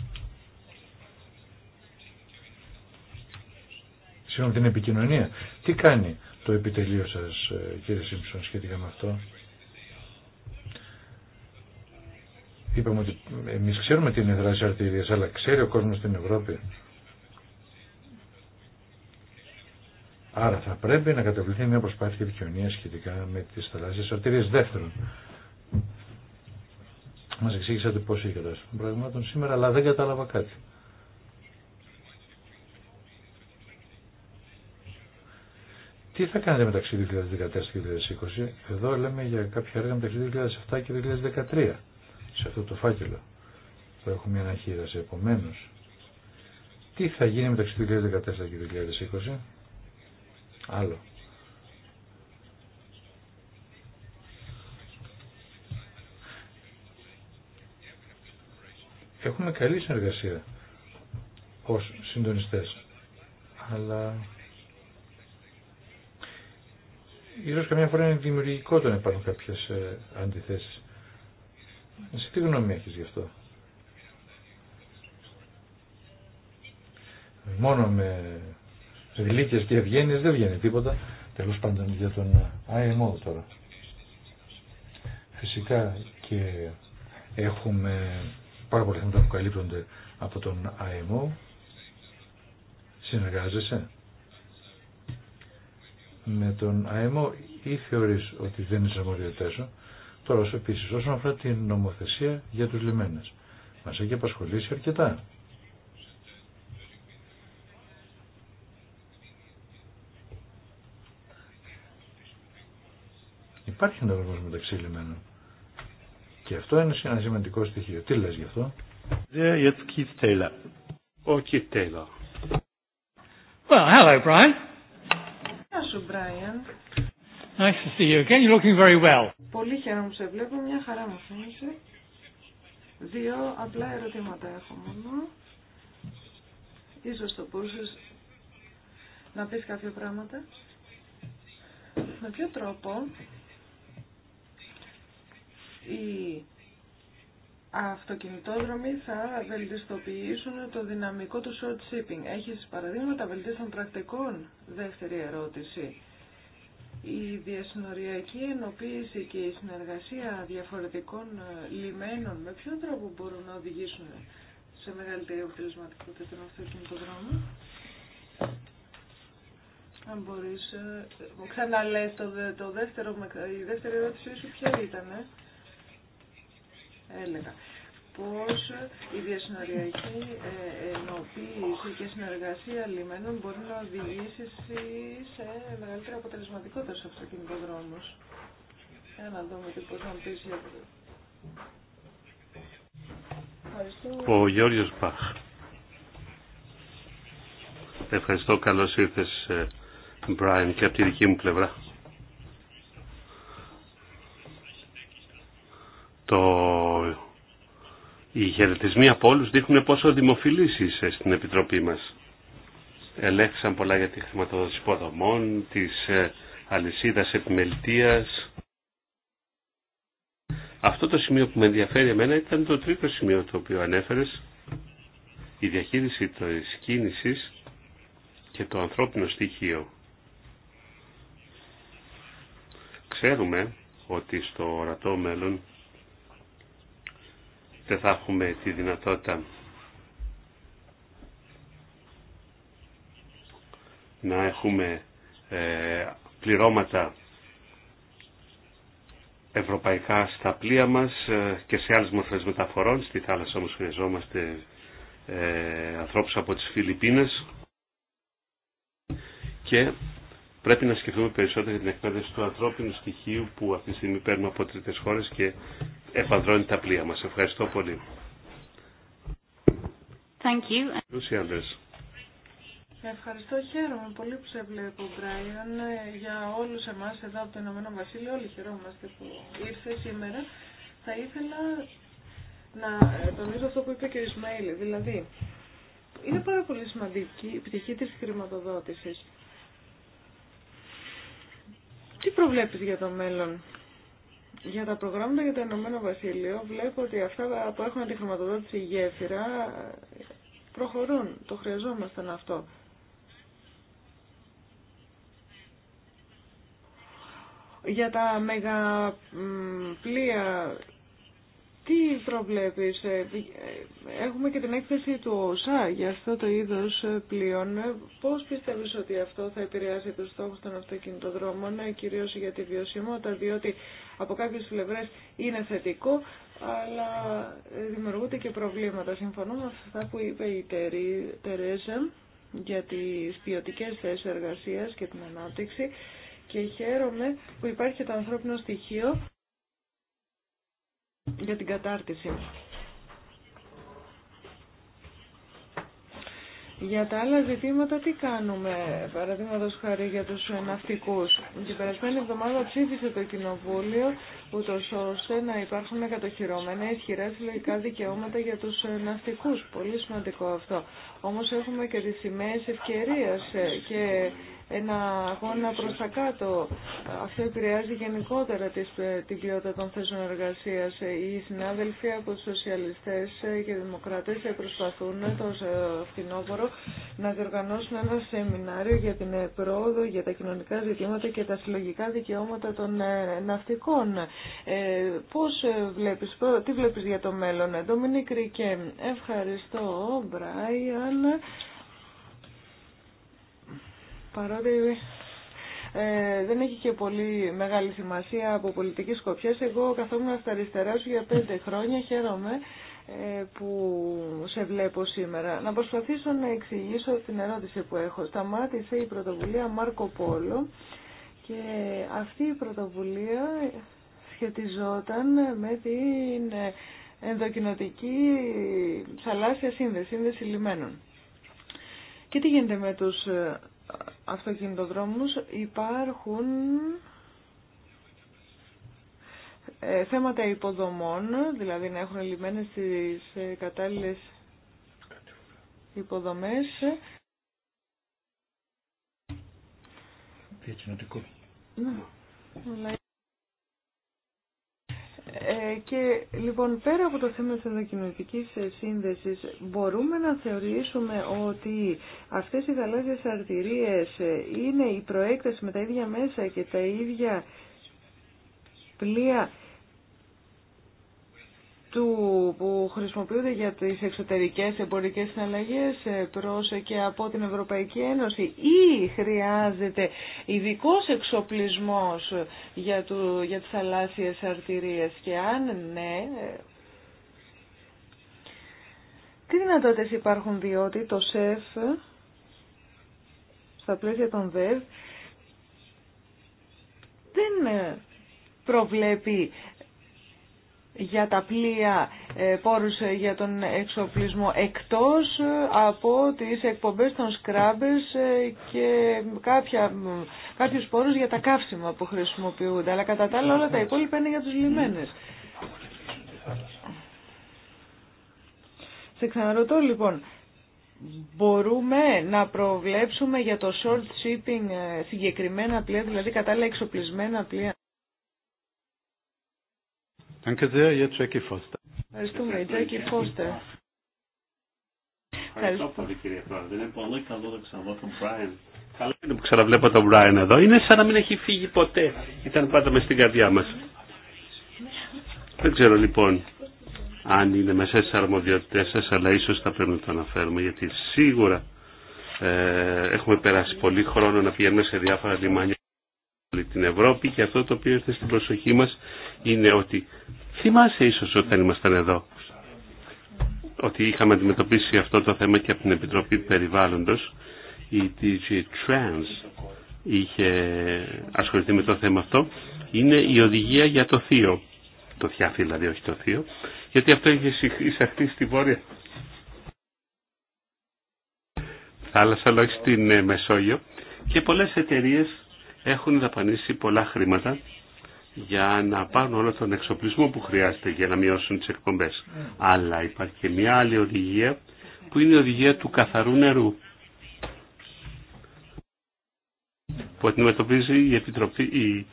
συγγνώμη την επικοινωνία. Τι κάνει το επιτελείο σα ε, κύριε Σίμψον σχετικά με αυτό. Είπαμε ότι εμείς ξέρουμε τι είναι δράση αρτηρίας, αλλά ξέρει ο κόσμος στην Ευρώπη. Άρα θα πρέπει να κατευθυνθεί μια προσπάθεια επικοινωνία σχετικά με τις θαλάσσιες αρτηρίες. Δεύτερον, μας εξήγησατε πώς έχει κατάσταση των πραγμάτων σήμερα, αλλά δεν κατάλαβα κάτι. Τι θα κάνετε μεταξύ 2014 και 2020, εδώ λέμε για κάποια έργα μεταξύ 2007 και 2013 σε αυτό το φάκελο. Θα έχουμε αναχείραση. Επομένω, τι θα γίνει μεταξύ του 2014 και του 2020. Άλλο. Έχουμε καλή συνεργασία ως συντονιστές, αλλά ίσως καμιά φορά είναι δημιουργικό το να υπάρχουν κάποιες ε, αντιθέσεις. Εσύ τι γνώμη έχεις γι' αυτό. Μόνο με γλύκες και ευγένειες δεν βγαίνει τίποτα. Τέλος πάντων για τον IMO τώρα. Φυσικά και έχουμε πάρα πολλά θέματα που καλύπτονται από τον IMO. Συνεργάζεσαι με τον ΑΕΜΟ ή θεωρείς ότι δεν είναι αρμοδιότητά Τώρα επίσης όσον αφορά την νομοθεσία για τους λιμένες. Μας έχει απασχολήσει αρκετά. Υπάρχει ανταγωνισμός μεταξύ λιμένων. Και αυτό είναι ένα σημαντικό στοιχείο. Τι λες γι' αυτό. Yeah, it's Keith Taylor. Oh, Keith Taylor. Well, hello, Brian. Γεια σου, Brian. Nice to see you again. You're looking very well. Πολύ χαίρομαι που σε βλέπω, μια χαρά μου φαίνεται. Δύο απλά ερωτήματα έχω μόνο. Ίσως το μπορούσες να πεις κάποια πράγματα. Με ποιο τρόπο οι αυτοκινητόδρομοι θα βελτιστοποιήσουν το δυναμικό του short shipping. Έχεις παραδείγματα βελτίστων πρακτικών. Δεύτερη ερώτηση. Η διασυνοριακή ενοποίηση και η συνεργασία διαφορετικών ε, λιμένων με ποιον τρόπο μπορούν να οδηγήσουν σε μεγαλύτερη αποτελεσματικότητα των δρόμων. Αν μπορείς, μου ε, ξαναλες το, το δεύτερο, η δεύτερη ερώτησή σου ποια ήταν, έλεγα πώς η διασυνοριακή ε, ενοποίηση και συνεργασία λιμένων μπορεί να οδηγήσει σε μεγαλύτερη αποτελεσματικότητα στους αυτοκινητοδρόμους. Για να δούμε τι πώς να πεις για το... Ο Γιώργος Μπαχ. Ευχαριστώ. Καλώς ήρθες, ε, Μπράιν, και από τη δική μου πλευρά. Το οι χαιρετισμοί από όλου δείχνουν πόσο δημοφιλή είσαι στην Επιτροπή μας. Ελέγχθησαν πολλά για τη χρηματοδότηση υποδομών, της ε, αλυσίδα επιμελτίας. Αυτό το σημείο που με ενδιαφέρει εμένα ήταν το τρίτο σημείο το οποίο ανέφερες, η διαχείριση τη κίνηση και το ανθρώπινο στοιχείο. Ξέρουμε ότι στο ορατό μέλλον δεν θα έχουμε τη δυνατότητα να έχουμε ε, πληρώματα ευρωπαϊκά στα πλοία μας ε, και σε άλλες μορφές μεταφορών. Στη θάλασσα όμως χρειαζόμαστε ε, ανθρώπους από τις Φιλιππίνες και πρέπει να σκεφτούμε περισσότερο για την εκπαίδευση του ανθρώπινου στοιχείου που αυτή τη στιγμή παίρνουμε από τρίτες χώρες και επανδρώνει τα πλοία μας. Ευχαριστώ πολύ. Thank you. Ευχαριστώ, χαίρομαι πολύ που σε βλέπω, Μπράιον. Ε, για όλους εμάς εδώ από το Ηνωμένο Βασίλειο, όλοι χαιρόμαστε που ήρθε σήμερα. Θα ήθελα να ε, τονίζω αυτό που είπε και ο Ισμαήλ, δηλαδή είναι πάρα πολύ σημαντική η πτυχή της χρηματοδότησης. Τι προβλέπεις για το μέλλον για τα προγράμματα για το Ηνωμένο Βασίλειο βλέπω ότι αυτά που έχουν τη χρηματοδότηση γέφυρα προχωρούν. Το χρειαζόμαστε αυτό. Για τα μεγαπλοία τι προβλέπεις, ε, ε, έχουμε και την έκθεση του ΟΣΑ για αυτό το είδος ε, πλοίων. Πώς πιστεύεις ότι αυτό θα επηρεάσει τους στόχους των αυτοκινητοδρόμων, κυρίως για τη βιωσιμότητα, διότι από κάποιες πλευρές είναι θετικό, αλλά δημιουργούνται και προβλήματα. Συμφωνώ με αυτά που είπε η Τερέζα για τις ποιοτικέ θέσεις εργασίας και την ανάπτυξη και χαίρομαι που υπάρχει και το ανθρώπινο στοιχείο για την κατάρτιση. Για τα άλλα ζητήματα τι κάνουμε, παραδείγματος χάρη για τους ναυτικούς. Την περασμένη εβδομάδα ψήφισε το Κοινοβούλιο ούτω ώστε να υπάρχουν κατοχυρώμενα ισχυρά συλλογικά δικαιώματα για τους ναυτικούς. Πολύ σημαντικό αυτό. Όμως έχουμε και τις σημαίες ευκαιρίας ε, και ένα αγώνα προ τα κάτω. Αυτό επηρεάζει γενικότερα ε, την ποιότητα των θέσεων εργασία. Οι συνάδελφοι από του σοσιαλιστές και δημοκράτες προσπαθούν το φθινόπωρο να διοργανώσουν ένα σεμινάριο για την πρόοδο, για τα κοινωνικά ζητήματα και τα συλλογικά δικαιώματα των ε, ναυτικών. Ε, πώς βλέπεις, τι βλέπει για το μέλλον, Ντομινίκ και Ευχαριστώ, Μπράιαν παρότι ε, δεν έχει και πολύ μεγάλη σημασία από πολιτική σκοπιά. Εγώ καθόμουν στα αριστερά σου για πέντε χρόνια. Χαίρομαι ε, που σε βλέπω σήμερα. Να προσπαθήσω να εξηγήσω την ερώτηση που έχω. Σταμάτησε η πρωτοβουλία Μάρκο Πόλο και αυτή η πρωτοβουλία σχετιζόταν με την ενδοκινοτική θαλάσσια σύνδεση, σύνδεση λιμένων. Και τι γίνεται με τους αυτοκινητοδρόμους υπάρχουν ε, θέματα υποδομών, δηλαδή να έχουν λυμμένες τις ε, κατάλληλες υποδομές. Ε, και λοιπόν πέρα από το θέμα της ενδοκινητικής ε, σύνδεσης μπορούμε να θεωρήσουμε ότι αυτές οι γαλάζιες αρτηρίες ε, είναι η προέκταση με τα ίδια μέσα και τα ίδια πλοία του που χρησιμοποιούνται για τις εξωτερικές εμπορικές συναλλαγές ε, προς και από την Ευρωπαϊκή Ένωση ή χρειάζεται ειδικό εξοπλισμός για, του, για τις θαλάσσιες αρτηρίες και αν ναι, ε, τι δυνατότητες υπάρχουν διότι το ΣΕΦ στα πλαίσια των ΔΕΒ δεν ε, προβλέπει για τα πλοία, ε, πόρους ε, για τον εξοπλισμό εκτός ε, από τις εκπομπές των σκράμπες και κάποια, κάποιους πόρους για τα καύσιμα που χρησιμοποιούνται. Αλλά κατά τα άλλα όλα τα υπόλοιπα είναι για τους λιμένες. Σε ξαναρωτώ λοιπόν, μπορούμε να προβλέψουμε για το short shipping συγκεκριμένα πλοία, δηλαδή κατάλληλα εξοπλισμένα πλοία. Ευχαριστούμε, Τζέκη Φώστερ. Ευχαριστώ πολύ κύριε Πρόεδρε. Είναι πολύ καλό να που ξαναβλέπω τον Brian εδώ. Είναι σαν να μην έχει φύγει ποτέ. Ήταν πάντα με στην καρδιά μας. Δεν ξέρω λοιπόν αν είναι μέσα στις αρμοδιότητες σας, αλλά ίσως θα πρέπει να το αναφέρουμε, γιατί σίγουρα ε, έχουμε περάσει πολύ χρόνο να πηγαίνουμε σε διάφορα λιμάνια την Ευρώπη και αυτό το οποίο ήρθε στην προσοχή μας είναι ότι θυμάσαι ίσως όταν ήμασταν εδώ ότι είχαμε αντιμετωπίσει αυτό το θέμα και από την Επιτροπή Περιβάλλοντος η DG Trans είχε ασχοληθεί με το θέμα αυτό είναι η οδηγία για το θείο το θιάφι δηλαδή όχι το θείο γιατί αυτό είχε εισαχθεί στη Βόρεια θάλασσα αλλά όχι στην ε, Μεσόγειο και πολλές εταιρείες έχουν δαπανίσει πολλά χρήματα για να πάρουν όλο τον εξοπλισμό που χρειάζεται για να μειώσουν τις εκπομπές. Αλλά υπάρχει και μια άλλη οδηγία που είναι η οδηγία του καθαρού νερού που αντιμετωπίζει η, Επιτροπή, η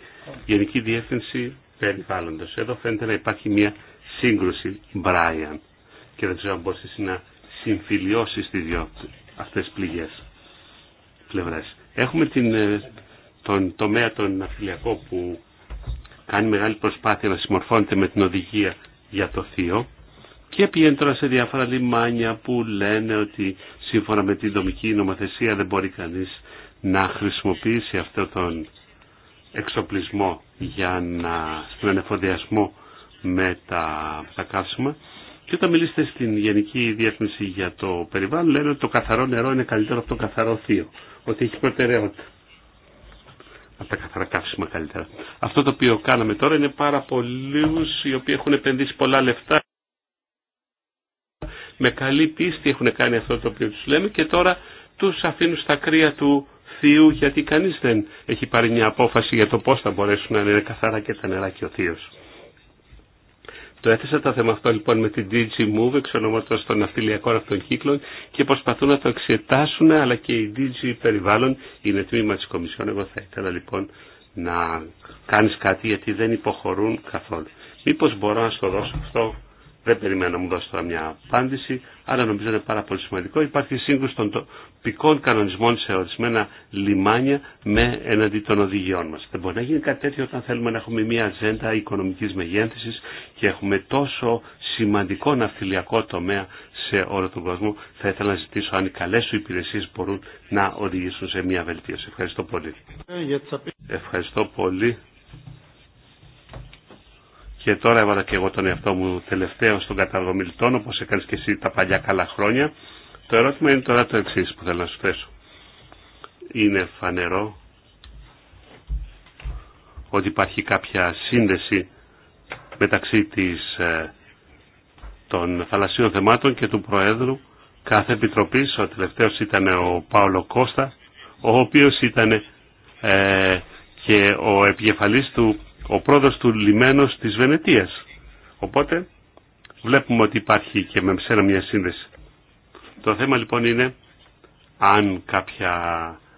Γενική Διεύθυνση Περιβάλλοντος. Εδώ φαίνεται να υπάρχει μια σύγκρουση, μπράιαν και δεν ξέρω αν μπορείς να συμφιλιώσεις τις δυο αυτές τις πληγές Έχουμε την ε, τον τομέα τον αφιλιακό που κάνει μεγάλη προσπάθεια να συμμορφώνεται με την οδηγία για το θείο και πηγαίνει τώρα σε διάφορα λιμάνια που λένε ότι σύμφωνα με την δομική νομοθεσία δεν μπορεί κανείς να χρησιμοποιήσει αυτόν τον εξοπλισμό για να, στον ανεφοδιασμό με τα, τα καύσιμα. Και όταν μιλήσετε στην Γενική Διεύθυνση για το περιβάλλον λένε ότι το καθαρό νερό είναι καλύτερο από το καθαρό θείο, ότι έχει προτεραιότητα από τα καθαρά καύσιμα καλύτερα. Αυτό το οποίο κάναμε τώρα είναι πάρα πολλούς οι οποίοι έχουν επενδύσει πολλά λεφτά με καλή πίστη έχουν κάνει αυτό το οποίο τους λέμε και τώρα τους αφήνουν στα κρύα του θείου γιατί κανείς δεν έχει πάρει μια απόφαση για το πώς θα μπορέσουν να είναι καθαρά και τα νερά και ο θείος. Το έθεσα το θέμα αυτό λοιπόν με την DG Move εξ ονόματο των αυτιλιακών αυτών κύκλων και προσπαθούν να το εξετάσουν αλλά και η DG Περιβάλλον είναι τμήμα τη Κομισιόν. Εγώ θα ήθελα λοιπόν να κάνει κάτι γιατί δεν υποχωρούν καθόλου. Μήπω μπορώ να σου δώσω αυτό δεν περιμένω να μου δώσετε μια απάντηση, αλλά νομίζω είναι πάρα πολύ σημαντικό. Υπάρχει σύγκρουση των τοπικών κανονισμών σε ορισμένα λιμάνια με εναντί των οδηγιών μα. Δεν μπορεί να γίνει κάτι τέτοιο όταν θέλουμε να έχουμε μια ατζέντα οικονομική μεγέθυνση και έχουμε τόσο σημαντικό ναυτιλιακό τομέα σε όλο τον κόσμο. Θα ήθελα να ζητήσω αν οι καλέ σου υπηρεσίε μπορούν να οδηγήσουν σε μια βελτίωση. Ευχαριστώ πολύ. Ε, Ευχαριστώ πολύ και τώρα έβαλα και εγώ τον εαυτό μου τελευταίο στον κατάλογο μιλητών, όπως έκανες και εσύ τα παλιά καλά χρόνια. Το ερώτημα είναι τώρα το εξής που θέλω να σου θέσω. Είναι φανερό ότι υπάρχει κάποια σύνδεση μεταξύ της, ε, των θαλασσίων θεμάτων και του Προέδρου κάθε επιτροπής. Ο τελευταίος ήταν ο Πάολο Κώστα, ο οποίος ήταν ε, και ο επικεφαλής του ο πρόεδρος του λιμένος της Βενετίας. Οπότε βλέπουμε ότι υπάρχει και με ψένα μια σύνδεση. Το θέμα λοιπόν είναι αν κάποια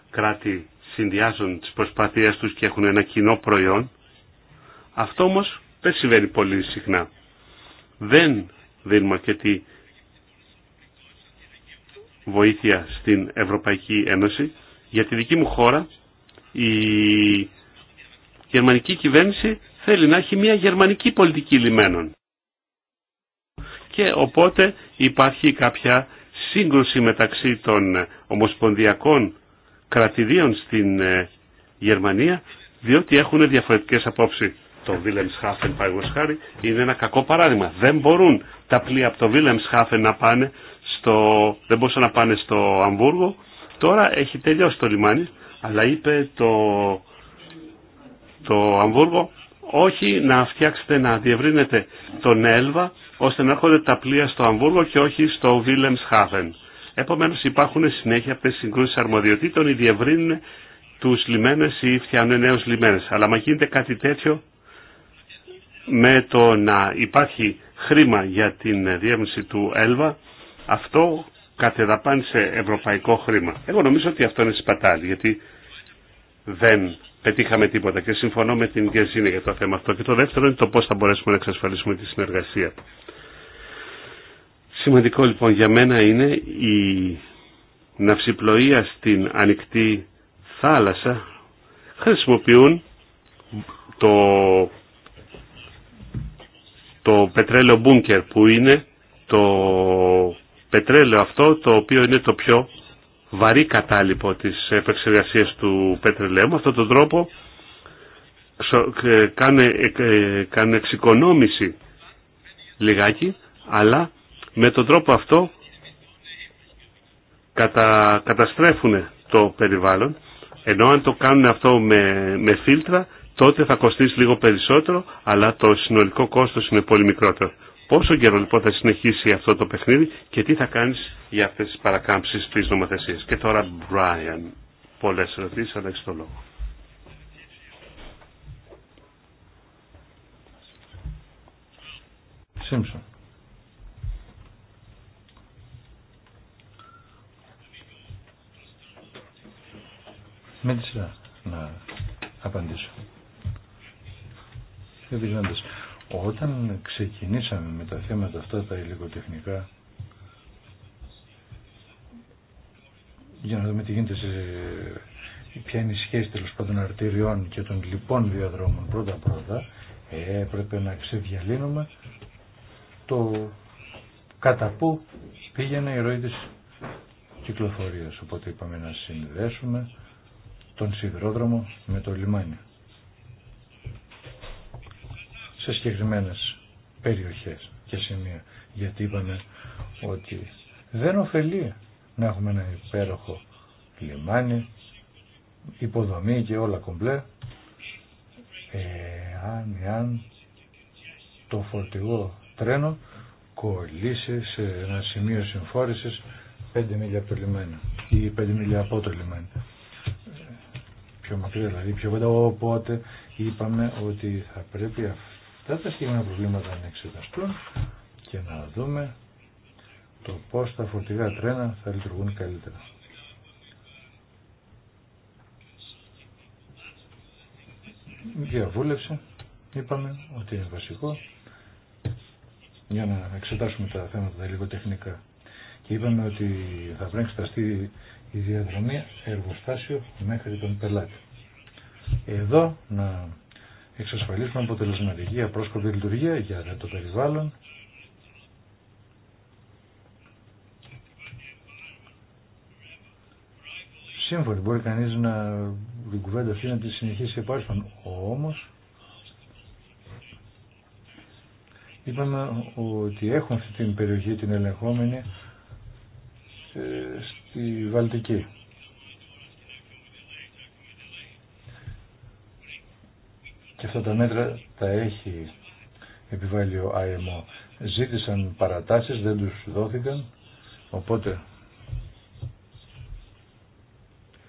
κράτη συνδυάζουν τις προσπάθειές τους και έχουν ένα κοινό προϊόν. Αυτό όμως δεν συμβαίνει πολύ συχνά. Δεν δίνουμε αρκετή βοήθεια στην Ευρωπαϊκή Ένωση. Για τη δική μου χώρα η γερμανική κυβέρνηση θέλει να έχει μια γερμανική πολιτική λιμένων. Και οπότε υπάρχει κάποια σύγκρουση μεταξύ των ομοσπονδιακών κρατηδίων στην ε, Γερμανία, διότι έχουν διαφορετικές απόψεις. Το Wilhelmshaven, χάρη είναι ένα κακό παράδειγμα. Δεν μπορούν τα πλοία από το Wilhelmshaven να πάνε στο, δεν να πάνε στο Αμβούργο. Τώρα έχει τελειώσει το λιμάνι, αλλά είπε το το Αμβούργο, όχι να φτιάξετε να διευρύνετε τον Έλβα ώστε να έρχονται τα πλοία στο Αμβούργο και όχι στο Βίλεμς Χάβεν. Επομένως υπάρχουν συνέχεια αυτές τις συγκρούσεις αρμοδιοτήτων ή διευρύνουν τους λιμένες ή φτιάχνουν νέους λιμένες. Αλλά μα γίνεται κάτι τέτοιο με το να υπάρχει χρήμα για την διεύρυνση του ΕΛΒΑ, αυτό κατεδαπάνει σε ευρωπαϊκό χρήμα. Εγώ νομίζω ότι αυτό είναι σπατάλι γιατί δεν πετύχαμε τίποτα και συμφωνώ με την Γεζίνη για το θέμα αυτό. Και το δεύτερο είναι το πώς θα μπορέσουμε να εξασφαλίσουμε τη συνεργασία. Σημαντικό λοιπόν για μένα είναι η ναυσιπλοεία στην ανοιχτή θάλασσα χρησιμοποιούν το, το πετρέλαιο μπούνκερ που είναι το πετρέλαιο αυτό το οποίο είναι το πιο βαρύ κατάλοιπο της επεξεργασίας του πετρελαίου. Με αυτόν τον τρόπο ε, ε, ε, κάνε εξοικονόμηση λιγάκι, αλλά με τον τρόπο αυτό κατα, καταστρέφουν το περιβάλλον, ενώ αν το κάνουν αυτό με, με φίλτρα, τότε θα κοστίσει λίγο περισσότερο, αλλά το συνολικό κόστος είναι πολύ μικρότερο. Πόσο καιρό λοιπόν θα συνεχίσει αυτό το παιχνίδι και τι θα κάνεις για αυτές τις παρακάμψεις της νομοθεσίας. Και τώρα Brian, πολλές ερωτήσεις, αλλά έχεις το λόγο. Simpson. Με σειρά να απαντήσω. Όταν ξεκινήσαμε με τα θέματα αυτά τα υλικοτεχνικά, για να δούμε τι γίνεται σε ποια είναι η σχέση τέλο πάντων αρτηριών και των λοιπών διαδρόμων πρώτα πρώτα, ε, να ξεδιαλύνουμε το κατά πού πήγαινε η ροή της κυκλοφορίας. Οπότε είπαμε να συνδέσουμε τον σιδηρόδρομο με το λιμάνι σε συγκεκριμένες περιοχές και σημεία. Γιατί είπαμε ότι δεν ωφελεί να έχουμε ένα υπέροχο λιμάνι, υποδομή και όλα κομπλέ, εάν, εάν το φορτηγό τρένο κολλήσει σε ένα σημείο συμφόρησης 5 μίλια από το λιμάνι ή 5 μίλια από το λιμάνι. Ε, πιο μακριά δηλαδή, πιο κοντά. Οπότε είπαμε ότι θα πρέπει αυτό αυτά τα συγκεκριμένα προβλήματα να εξεταστούν και να δούμε το πώς τα φορτηγά τρένα θα λειτουργούν καλύτερα. Διαβούλευση, είπαμε ότι είναι βασικό για να εξετάσουμε τα θέματα τα λίγο τεχνικά. Και είπαμε ότι θα πρέπει να εξεταστεί η διαδρομή εργοστάσιο μέχρι τον πελάτη. Εδώ να εξασφαλίσουμε αποτελεσματική απρόσκοπη λειτουργία για το περιβάλλον Σύμφωνα, μπορεί κανείς να την κουβέντα αυτή να τη συνεχίσει επάρχον. Όμως, είπαμε ότι έχουν αυτή την περιοχή την ελεγχόμενη ε, στη Βαλτική. και αυτά τα μέτρα τα έχει επιβάλλει ο ΑΕΜΟ. Ζήτησαν παρατάσεις, δεν τους δόθηκαν, οπότε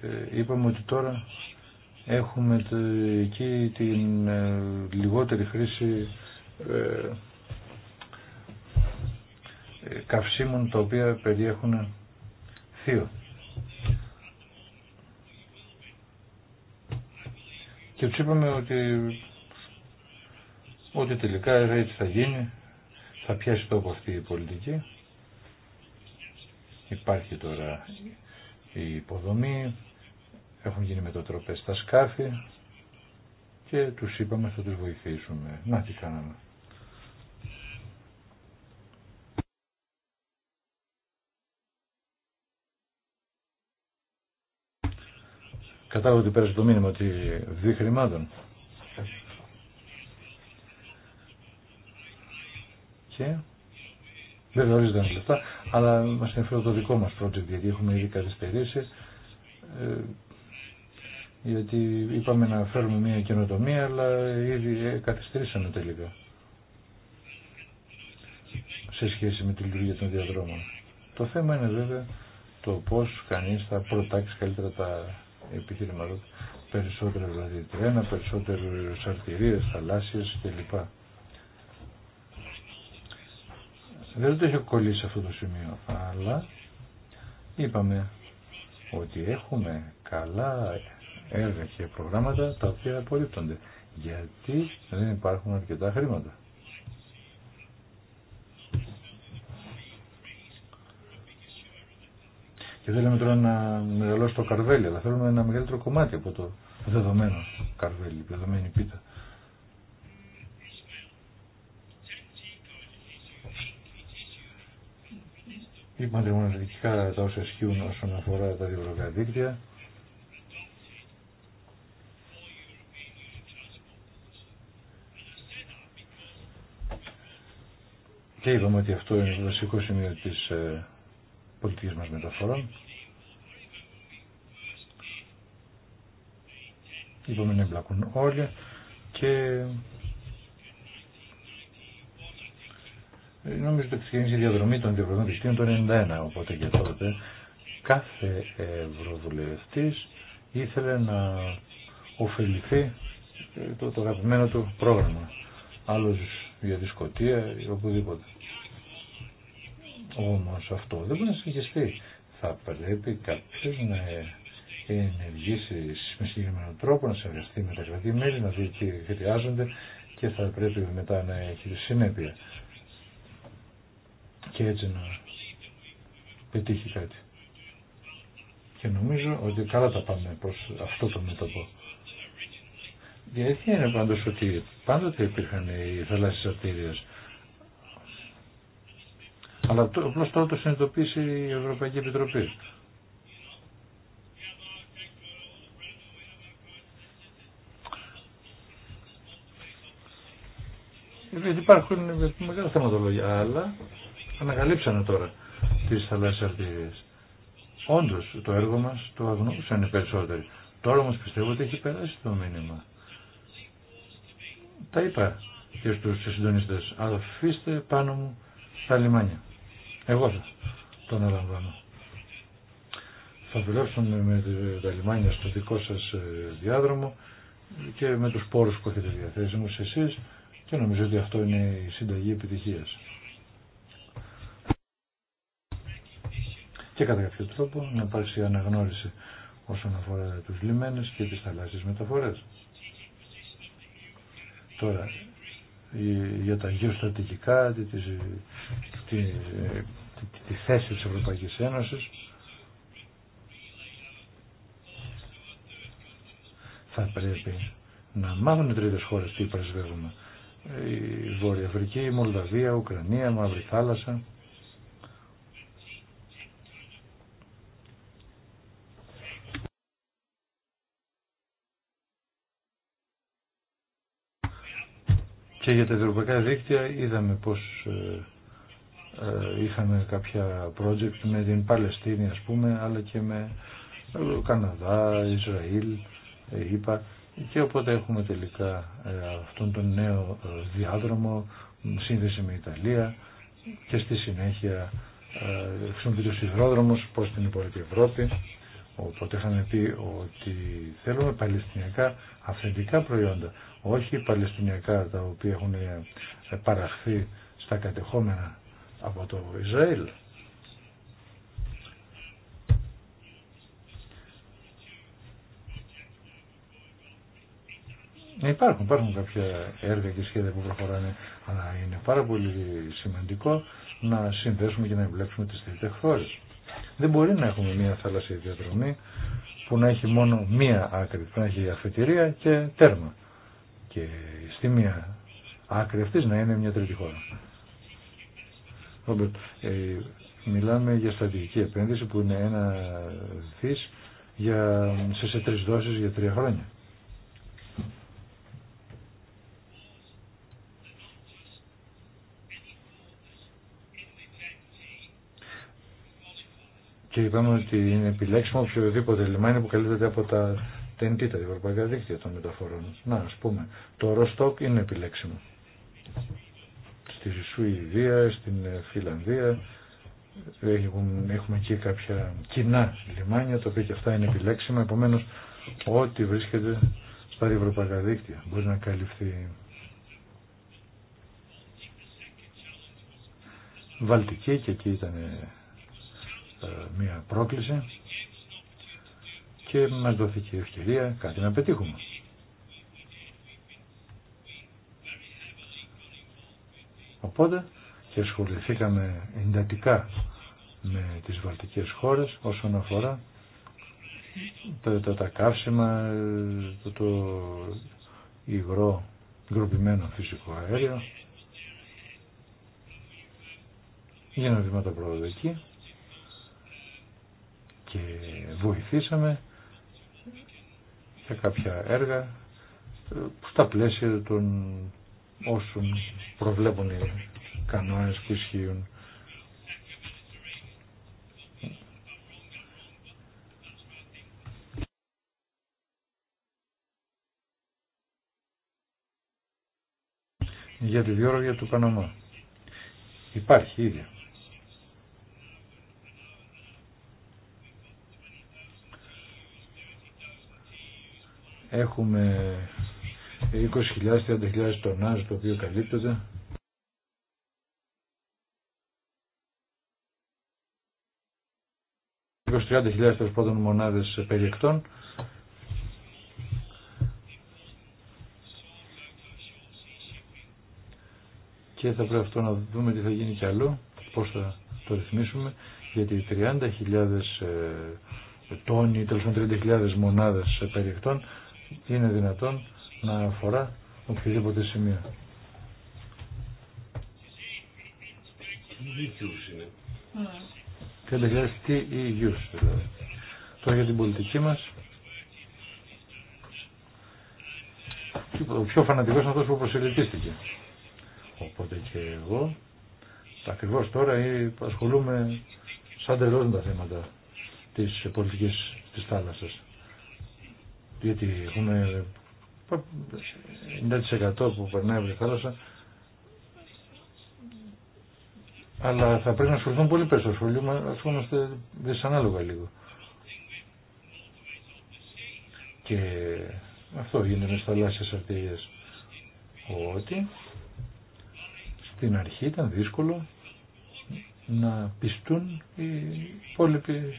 ε, είπαμε ότι τώρα έχουμε εκεί την ε, λιγότερη χρήση ε, καυσίμων τα οποία περιέχουν θείο. και τους είπαμε ότι, ότι τελικά έτσι θα γίνει, θα πιάσει τόπο αυτή η πολιτική. Υπάρχει τώρα η υποδομή, έχουν γίνει μετατροπές στα σκάφη και τους είπαμε θα τους βοηθήσουμε. Να τι κάναμε. Κατάλαβα ότι πέρασε το μήνυμα ότι δύο χρημάτων. Και δεν γνωρίζετε αν λεφτά, αλλά μας ενδιαφέρει το δικό μας project, γιατί έχουμε ήδη καθυστερήσει, ε, γιατί είπαμε να φέρουμε μια καινοτομία, αλλά ήδη ε, καθυστερήσαμε τελικά σε σχέση με τη λειτουργία των διαδρόμων. Το θέμα είναι βέβαια το πώς κανείς θα προτάξει καλύτερα τα επιχειρηματότητα. Περισσότερα δηλαδή τρένα, περισσότερες αρτηρίες, θαλάσσιες κλπ. Δεν το έχω κολλήσει αυτό το σημείο, αλλά είπαμε ότι έχουμε καλά έργα και προγράμματα τα οποία απορρίπτονται. Γιατί δεν υπάρχουν αρκετά χρήματα. Και δεν λέμε τώρα να μεγαλώσει το καρβέλι, αλλά θέλουμε ένα μεγαλύτερο κομμάτι από το δεδομένο καρβέλι, δεδομένη πίτα. Είπατε ειδικά τα όσα ισχύουν όσον αφορά τα διευρωπαϊκά δίκτυα. Και είπαμε ότι αυτό είναι το βασικό σημείο της ε, πολιτικές μας μεταφορών. Είπαμε να εμπλακούν όλοι και νομίζω ότι ξεκίνησε η διαδρομή των διαδρομών δικτύων το 1991, οπότε και τότε κάθε ευρωβουλευτής ήθελε να ωφεληθεί το, το αγαπημένο του πρόγραμμα. Άλλος για δισκοτία ή οπουδήποτε. Όμως αυτό δεν μπορεί να συνεχιστεί. Θα πρέπει κάποιο να ενεργήσει με συγκεκριμένο τρόπο, να συνεργαστεί με τα κρατή μέλη, να δει τι χρειάζονται και θα πρέπει μετά να έχει συνέπεια. Και έτσι να πετύχει κάτι. Και νομίζω ότι καλά τα πάμε προς αυτό το μέτωπο. Η είναι πάντως ότι πάντοτε υπήρχαν οι θαλάσσιες αρτήριες αλλά απλώ τώρα το συνειδητοποίησε η Ευρωπαϊκή Επιτροπή. Γιατί υπάρχουν μεγάλα θεματολόγια, αλλά ανακαλύψανε τώρα τι θαλάσσιες αρτηρίε. Όντω το έργο μας το αγνούσαν οι περισσότεροι. Τώρα όμω πιστεύω ότι έχει περάσει το μήνυμα. Τα είπα και στους συντονιστές. Αφήστε πάνω μου τα λιμάνια. Εγώ σας το αναλαμβάνω. Θα βιώσουμε με τα λιμάνια στο δικό σας ε, διάδρομο και με τους πόρους που έχετε διαθέσιμους εσείς και νομίζω ότι αυτό είναι η συνταγή επιτυχίας. Και κατά κάποιο τρόπο να υπάρξει αναγνώριση όσον αφορά τους λιμένες και τις θαλάσσιες μεταφορές. Τώρα, ε, για τα γεωστρατηγικά, τη, ε, τη, τη, ε, τη θέση της Ευρωπαϊκής Ένωσης. Θα πρέπει να μάθουν οι τρίτες χώρες τι πρεσβεύουμε. Η Βόρεια Αφρική, η Μολδαβία, η Ουκρανία, η Μαύρη Θάλασσα. Και για τα ευρωπαϊκά δίκτυα είδαμε πως ε, ε, είχαμε κάποια project με την Παλαιστίνη ας πούμε, αλλά και με Καναδά, Ισραήλ, ΙΠΑ ε, και οπότε έχουμε τελικά αυτόν τον νέο διάδρομο, σύνδεση με Ιταλία και στη συνέχεια χρησιμοποιείται ο σιδηρόδρομος προς την υπόλοιπη Ευρώπη Οπότε είχαμε πει ότι θέλουμε παλαιστινιακά αυθεντικά προϊόντα, όχι παλαιστινιακά τα οποία έχουν ε, παραχθεί στα κατεχόμενα από το Ισραήλ. Υπάρχουν, υπάρχουν κάποια έργα και σχέδια που προχωράνε, αλλά είναι πάρα πολύ σημαντικό να συνδέσουμε και να εμπλέξουμε τις τρίτες χώρες. Δεν μπορεί να έχουμε μία θαλασσία διαδρομή που να έχει μόνο μία άκρη, που να έχει αφετηρία και τέρμα. Και στη μία άκρη αυτής να είναι μια ακρη αυτη να χώρα. χωρα ε, μιλάμε για στρατηγική επένδυση που είναι ένα δις για, σε, σε τρεις δόσεις για τρία χρόνια. και είπαμε ότι είναι επιλέξιμο οποιοδήποτε λιμάνι που καλύπτεται από τα TNT, τα ευρωπαϊκά δίκτυα των μεταφορών. Να, ας πούμε, το Ροστόκ είναι επιλέξιμο. Στη Σουηδία, στην Φιλανδία, έχουμε, έχουμε εκεί κάποια κοινά λιμάνια, τα οποία και αυτά είναι επιλέξιμα, επομένως ό,τι βρίσκεται στα ευρωπαϊκά δίκτυα μπορεί να καλυφθεί. Βαλτική και εκεί ήταν ε, μια πρόκληση και μας δόθηκε η ευκαιρία κάτι να πετύχουμε. Οπότε και ασχοληθήκαμε εντατικά με τις βαλτικές χώρες όσον αφορά τα, τα, καύσιμα, το, το υγρό, γκροπημένο φυσικό αέριο. να βήματα τα προοδοτική βοηθήσαμε σε κάποια έργα στα πλαίσια των όσων προβλέπουν οι κανόνες που ισχύουν. Για τη διόρρογια του Παναμά. Υπάρχει ίδια. έχουμε 20.000-30.000 τονάζ το οποίο καλύπτεται. τέλο πάντων μονάδες περιεκτών και θα πρέπει αυτό να δούμε τι θα γίνει κι αλλού πώς θα το ρυθμίσουμε γιατί 30.000 ε, τόνοι, τέλος πάντων 30.000 μονάδες περιεκτών είναι δυνατόν να αφορά οποιοδήποτε σημείο. Τι είναι. Και τι δηλαδή. Τώρα για την πολιτική μας. Ο πιο φανατικός είναι αυτός που προσελκύστηκε. Οπότε και εγώ ακριβώ τώρα ε, ασχολούμαι σαν τελώς τα θέματα της πολιτικής της θάλασσας γιατί έχουμε 90% που περνάει από τη θάλασσα αλλά θα πρέπει να ασχοληθούν πολύ περισσότερο. Ασχολούμαστε, ασχολούμαστε δυσανάλογα λίγο. Και αυτό γίνεται με θαλάσσιες αρτηρίες. Ότι στην αρχή ήταν δύσκολο να πιστούν οι υπόλοιποι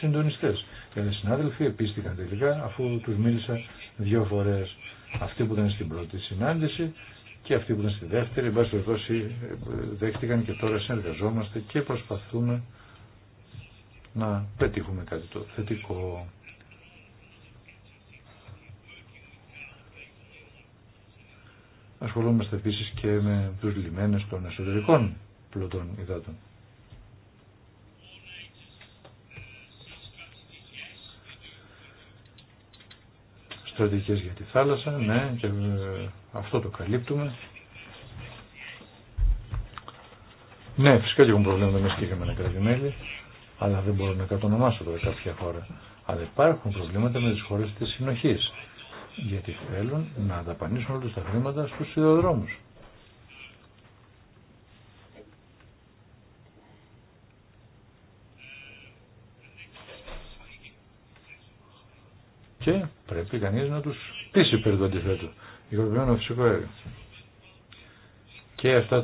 συντονιστές. Πολλοί συνάδελφοι επίστηκαν τελικά αφού του μίλησα δύο φορές. Αυτοί που ήταν στην πρώτη συνάντηση και αυτοί που ήταν στη δεύτερη, εν πάση περιπτώσει δέχτηκαν και τώρα συνεργαζόμαστε και προσπαθούμε να πετύχουμε κάτι το θετικό. Ασχολούμαστε επίσης και με τους λιμένες των εσωτερικών πλωτών υδάτων. στρατηγικές για τη θάλασσα, ναι, και ε, αυτό το καλύπτουμε. Ναι, φυσικά και έχουν προβλήματα με ένα κρατημέλη, αλλά δεν μπορώ να κατονομάσω τώρα κάποια χώρα. Αλλά υπάρχουν προβλήματα με τις χώρες της συνοχής, γιατί θέλουν να δαπανίσουν όλα τα χρήματα στους σιδηροδρόμους. Και Πρέπει κανεί να τους πείσει περί του αντιθέτου. φυσικό αέριο. Και αυτά ε,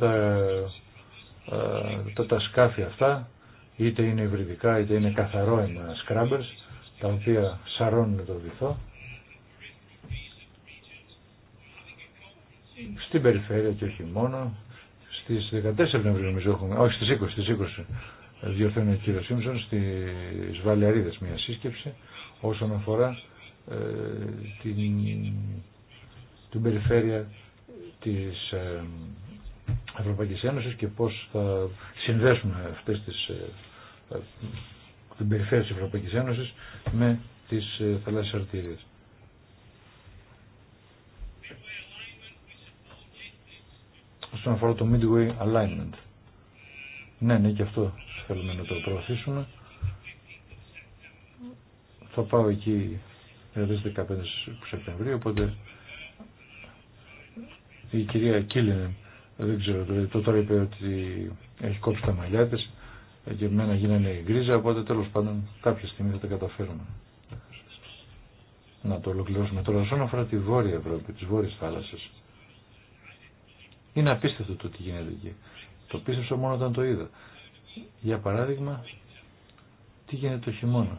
τα, τα, σκάφη αυτά, είτε είναι υβριδικά είτε είναι καθαρό ένα σκράμπερς, τα οποία σαρώνουν το βυθό, στην περιφέρεια και όχι μόνο, στις 14 Νευρίου νομίζω έχουμε, όχι στις 20, στις 20 διορθώνει ο κύριος Σίμψον στις Βαλιαρίδες μια σύσκεψη όσον αφορά ε, την, την περιφέρεια της ε, Ευρωπαϊκής Ένωσης και πώς θα συνδέσουμε αυτές τις, ε, την περιφέρεια της Ευρωπαϊκής Ένωσης με τις θαλάσσιες αρτήριες. Στον αφορά το Midway Alignment. Ναι, ναι, και αυτό θέλουμε να το προωθήσουμε. Θα πάω εκεί δηλαδή 15 Σεπτεμβρίου, οπότε η κυρία Κίλινεν, δεν ξέρω, δηλαδή, το τώρα είπε ότι έχει κόψει τα μαλλιά της και εμένα γίνανε η γκρίζα, οπότε τέλος πάντων κάποια στιγμή θα τα καταφέρουμε. Να το ολοκληρώσουμε τώρα όσον αφορά τη Βόρεια Ευρώπη, τις Βόρειες θάλασσες. Είναι απίστευτο το τι γίνεται εκεί. Το πίστεψα μόνο όταν το είδα. Για παράδειγμα, τι γίνεται το χειμώνα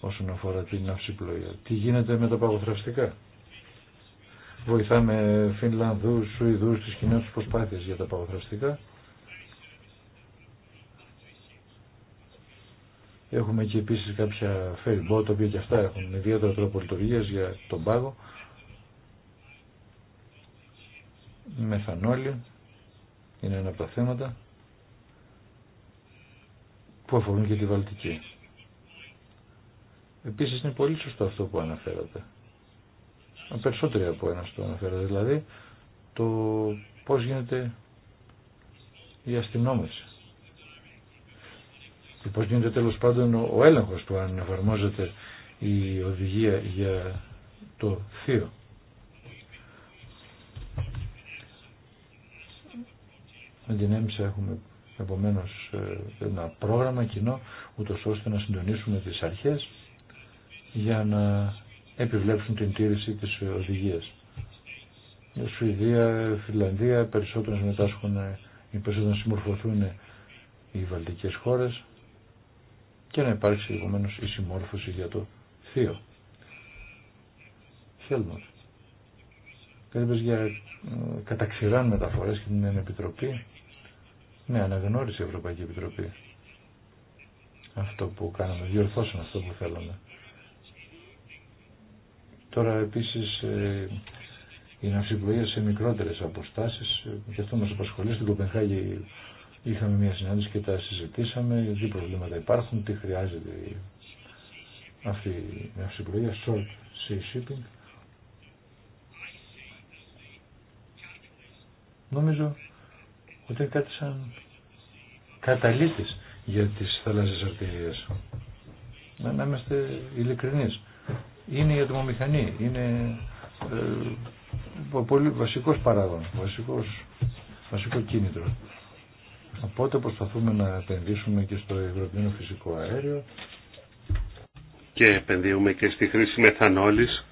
όσον αφορά την ναυσιπλοεία. Τι γίνεται με τα παγωθραυστικά. Βοηθάμε Φινλανδούς, Σουηδούς, τις κοινές του προσπάθειες για τα παγωθραυστικά. Έχουμε και επίσης κάποια φεριμπό, τα οποία και αυτά έχουν ιδιαίτερο τρόπο λειτουργίας για τον πάγο. Μεθανόλη είναι ένα από τα θέματα που αφορούν και τη Βαλτική. Επίσης είναι πολύ σωστό αυτό που αναφέρατε. Περισσότεροι από ένα το αναφέρατε. Δηλαδή το πώς γίνεται η αστυνόμευση. Και πώς γίνεται τέλος πάντων ο έλεγχος του αν εφαρμόζεται η οδηγία για το θείο. Με έχουμε επομένως ε, ένα πρόγραμμα κοινό ούτως ώστε να συντονίσουμε τις αρχές για να επιβλέψουν την τήρηση της οδηγίας. Η Σουηδία, Φιλανδία, περισσότερο συμμετάσχουν, οι περισσότερο να συμμορφωθούν οι βαλτικές χώρες και να υπάρξει επομένω η συμμόρφωση για το θείο. Χέλμοντ. Κάτι για ε, καταξηράν μεταφορές και την Επιτροπή. Ναι, αναγνώρισε η Ευρωπαϊκή Επιτροπή αυτό που κάναμε, διορθώσαμε αυτό που θέλαμε. Τώρα επίσης ε, η ναυσιπλοεία σε μικρότερες αποστάσεις ε, και αυτό μας απασχολεί στην Κοπενχάγη είχαμε μια συνάντηση και τα συζητήσαμε τι προβλήματα υπάρχουν, τι χρειάζεται αυτή η ναυσιπλοεία short sea shipping νομίζω ότι είναι κάτι σαν καταλήτης για τις θαλάσσιες αρτηρίες να, να είμαστε ειλικρινείς είναι η ατομομηχανή, είναι ε, πολύ βασικός παράγον, βασικός, βασικό κίνητρο. Οπότε προσπαθούμε να επενδύσουμε και στο ευρωπαϊκό φυσικό αέριο. Και επενδύουμε και στη χρήση μεθανόλης.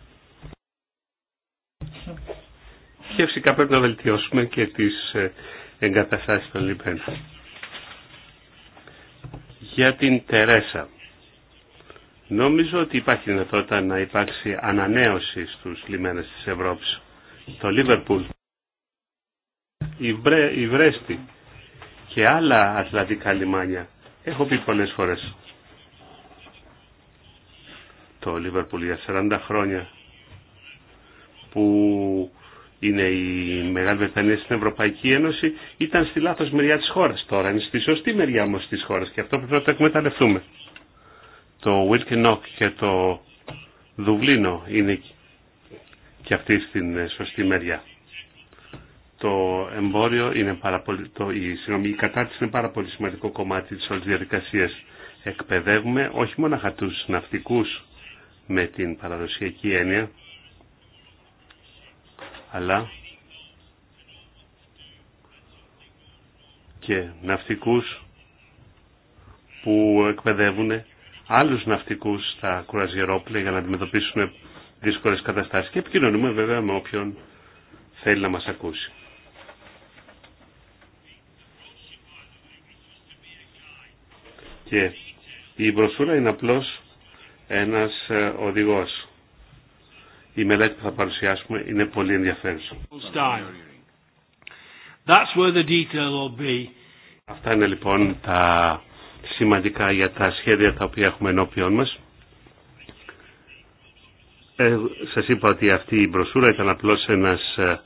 Και φυσικά πρέπει να βελτιώσουμε και τις ε, εγκαταστάσεις των λιπέν. Για την Τερέσα. Νομίζω ότι υπάρχει δυνατότητα να υπάρξει ανανέωση στους λιμένες της Ευρώπης. Το Λίβερπουλ, η, Βρέστη και άλλα ατλαντικά λιμάνια. Έχω πει πολλές φορές. Το Λίβερπουλ για 40 χρόνια που είναι η Μεγάλη Βρετανία στην Ευρωπαϊκή Ένωση ήταν στη λάθος μεριά της χώρας. Τώρα είναι στη σωστή μεριά όμως της χώρας και αυτό πρέπει να το εκμεταλλευτούμε το Wilkenock και το Δουβλίνο είναι και αυτή στην ε, σωστή μεριά. Το εμπόριο είναι πάρα πολύ, το, η, κατάρτιση είναι πάρα πολύ σημαντικό κομμάτι της όλης διαδικασίας. Εκπαιδεύουμε όχι μόνο τους ναυτικούς με την παραδοσιακή έννοια, αλλά και ναυτικούς που εκπαιδεύουν άλλους ναυτικούς στα κουραζιερόπλαια για να αντιμετωπίσουν δύσκολες καταστάσεις και επικοινωνούμε βέβαια με όποιον θέλει να μας ακούσει. Και η μπροσούρα είναι απλώς ένας ε, οδηγός. Η μελέτη που θα παρουσιάσουμε είναι πολύ ενδιαφέρουσα. That's where the detail will be. Αυτά είναι λοιπόν τα σημαντικά για τα σχέδια τα οποία έχουμε ενώπιον μας. Ε, σας είπα ότι αυτή η μπροσούρα ήταν απλώς ένας ε,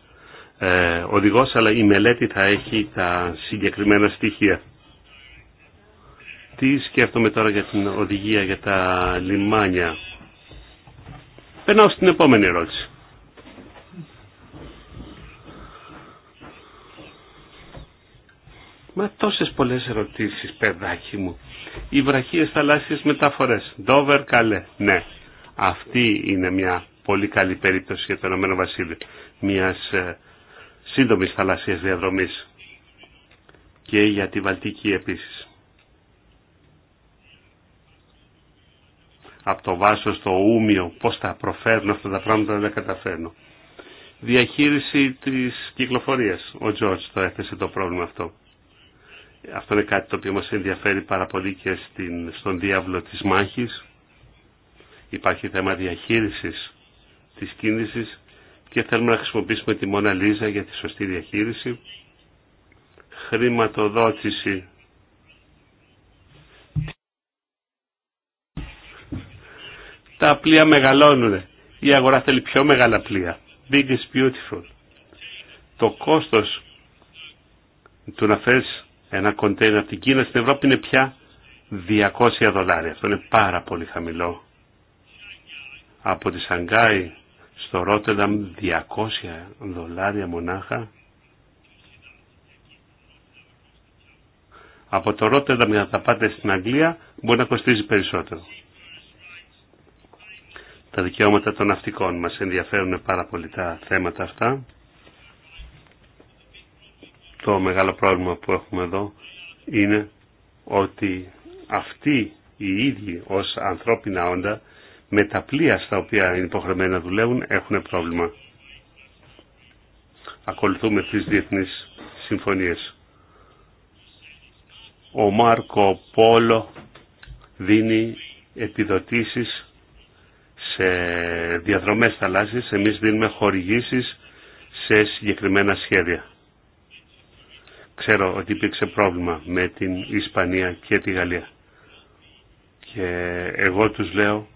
ε, οδηγός, αλλά η μελέτη θα έχει τα συγκεκριμένα στοιχεία. Τι σκέφτομαι τώρα για την οδηγία για τα λιμάνια. Περνάω στην επόμενη ερώτηση. Μα τόσες πολλές ερωτήσεις, παιδάκι μου. Οι βραχίες θαλάσσιες μεταφορές. Ντόβερ καλέ. Ναι. Αυτή είναι μια πολύ καλή περίπτωση για το Ηνωμένο Βασίλειο. Μιας ε, σύντομης θαλασσίας διαδρομής. Και για τη Βαλτική επίσης. Από το Βάσο στο Ούμιο, πώς τα προφέρνω αυτά τα πράγματα δεν τα καταφέρνω. Διαχείριση της κυκλοφορίας. Ο Τζόρτς το έθεσε το πρόβλημα αυτό. Αυτό είναι κάτι το οποίο μας ενδιαφέρει πάρα πολύ και στον διάβλο της μάχης. Υπάρχει θέμα διαχείρισης της κίνησης και θέλουμε να χρησιμοποιήσουμε τη Μόνα Λίζα για τη σωστή διαχείριση. Χρηματοδότηση. Τα πλοία μεγαλώνουν. Η αγορά θέλει πιο μεγάλα πλοία. Big is beautiful. Το κόστος του να φέρεις ένα κοντέινερ από την Κίνα στην Ευρώπη είναι πια 200 δολάρια. Αυτό είναι πάρα πολύ χαμηλό. Από τη Σανγκάη στο Ρότερνταμ 200 δολάρια μονάχα. Από το Ρότερνταμ για να τα πάτε στην Αγγλία μπορεί να κοστίζει περισσότερο. Τα δικαιώματα των ναυτικών μας ενδιαφέρουν πάρα πολύ τα θέματα αυτά το μεγάλο πρόβλημα που έχουμε εδώ είναι ότι αυτοί οι ίδιοι ως ανθρώπινα όντα με τα πλοία στα οποία είναι υποχρεωμένοι να δουλεύουν έχουν πρόβλημα. Ακολουθούμε τις διεθνείς συμφωνίες. Ο Μάρκο Πόλο δίνει επιδοτήσεις σε διαδρομές θαλάσσης. εμείς δίνουμε χορηγήσεις σε συγκεκριμένα σχέδια. Ξέρω ότι υπήρξε πρόβλημα με την Ισπανία και τη Γαλλία. Και εγώ τους λέω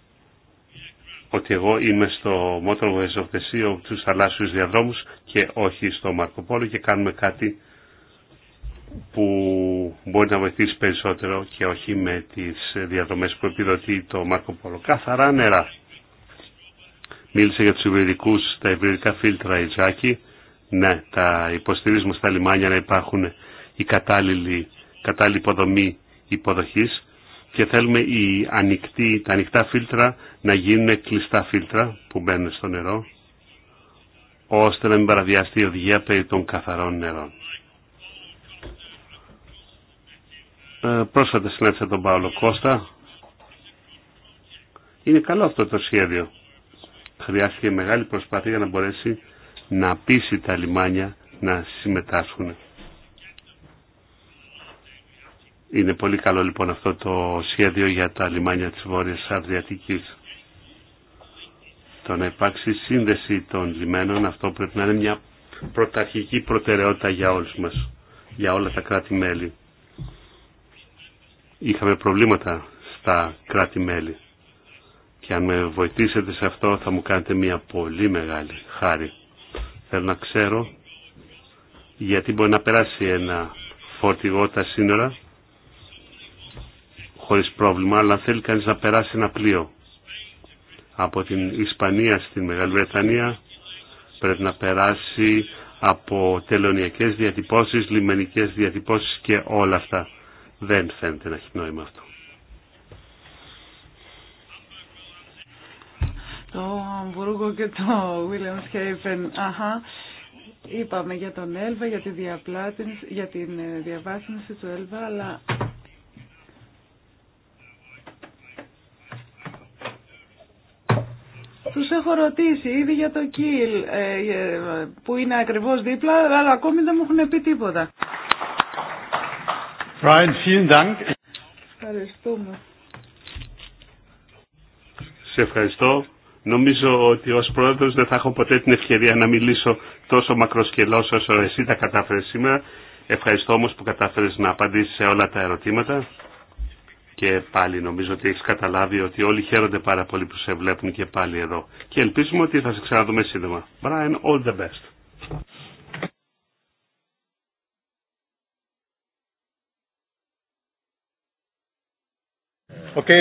ότι εγώ είμαι στο Motorways of the Sea, τους θαλάσσιους διαδρόμους και όχι στο Μαρκοπόλο και κάνουμε κάτι που μπορεί να βοηθήσει περισσότερο και όχι με τις διαδρομές που επιδοτεί το Μαρκοπόλο. Καθαρά νερά. Μίλησε για τους υβριδικούς, τα υβριδικά φίλτρα η Τζάκη. Ναι, τα υποστηρίζουμε στα λιμάνια να υπάρχουν η κατάλληλη, κατάλληλη υποδομή υποδοχής και θέλουμε οι ανοιχτοί, τα ανοιχτά φίλτρα να γίνουν κλειστά φίλτρα που μπαίνουν στο νερό ώστε να μην παραδιαστεί η οδηγία περί των καθαρών νερών. Ε, πρόσφατα συνάντησα τον Παύλο Κώστα. Είναι καλό αυτό το σχέδιο. Χρειάστηκε μεγάλη προσπάθεια για να μπορέσει να πείσει τα λιμάνια να συμμετάσχουν. Είναι πολύ καλό λοιπόν αυτό το σχέδιο για τα λιμάνια της Βόρειας Αυδιατικής. Το να υπάρξει σύνδεση των λιμένων αυτό πρέπει να είναι μια πρωταρχική προτεραιότητα για όλους μας, για όλα τα κράτη-μέλη. Είχαμε προβλήματα στα κράτη-μέλη και αν με βοηθήσετε σε αυτό θα μου κάνετε μια πολύ μεγάλη χάρη. Θέλω να ξέρω γιατί μπορεί να περάσει ένα φορτηγό τα σύνορα χωρίς πρόβλημα, αλλά θέλει κανείς να περάσει ένα πλοίο από την Ισπανία στην Μεγάλη Βρετανία πρέπει να περάσει από τελωνιακές διατυπώσεις, λιμενικές διατυπώσεις και όλα αυτά. Δεν φαίνεται να έχει νόημα αυτό. το Αμβούργο και το Βίλιαμ Σχέιφεν. Αχα. Είπαμε για τον Έλβα, για, τη διαπλάτηση, για την ε, διαβάθμιση του Έλβα, αλλά Τους έχω ρωτήσει ήδη για το Κιλ ε, ε, που είναι ακριβώς δίπλα, αλλά ακόμη δεν μου έχουν πει τίποτα. Ευχαριστούμε. Σε ευχαριστώ. Νομίζω ότι ως πρόεδρος δεν θα έχω ποτέ την ευκαιρία να μιλήσω τόσο μακροσκελός όσο εσύ τα κατάφερες σήμερα. Ευχαριστώ όμως που κατάφερες να απαντήσεις σε όλα τα ερωτήματα. Και πάλι νομίζω ότι έχεις καταλάβει ότι όλοι χαίρονται πάρα πολύ που σε βλέπουν και πάλι εδώ. Και ελπίζουμε ότι θα σε ξαναδούμε σύντομα. Brian, all the best. Okay,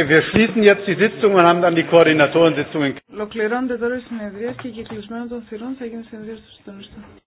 Ολοκληρώνεται τώρα η συνεδρία και κυκλισμένο των θυρών θα γίνει συνεδρία στο συντονιστό.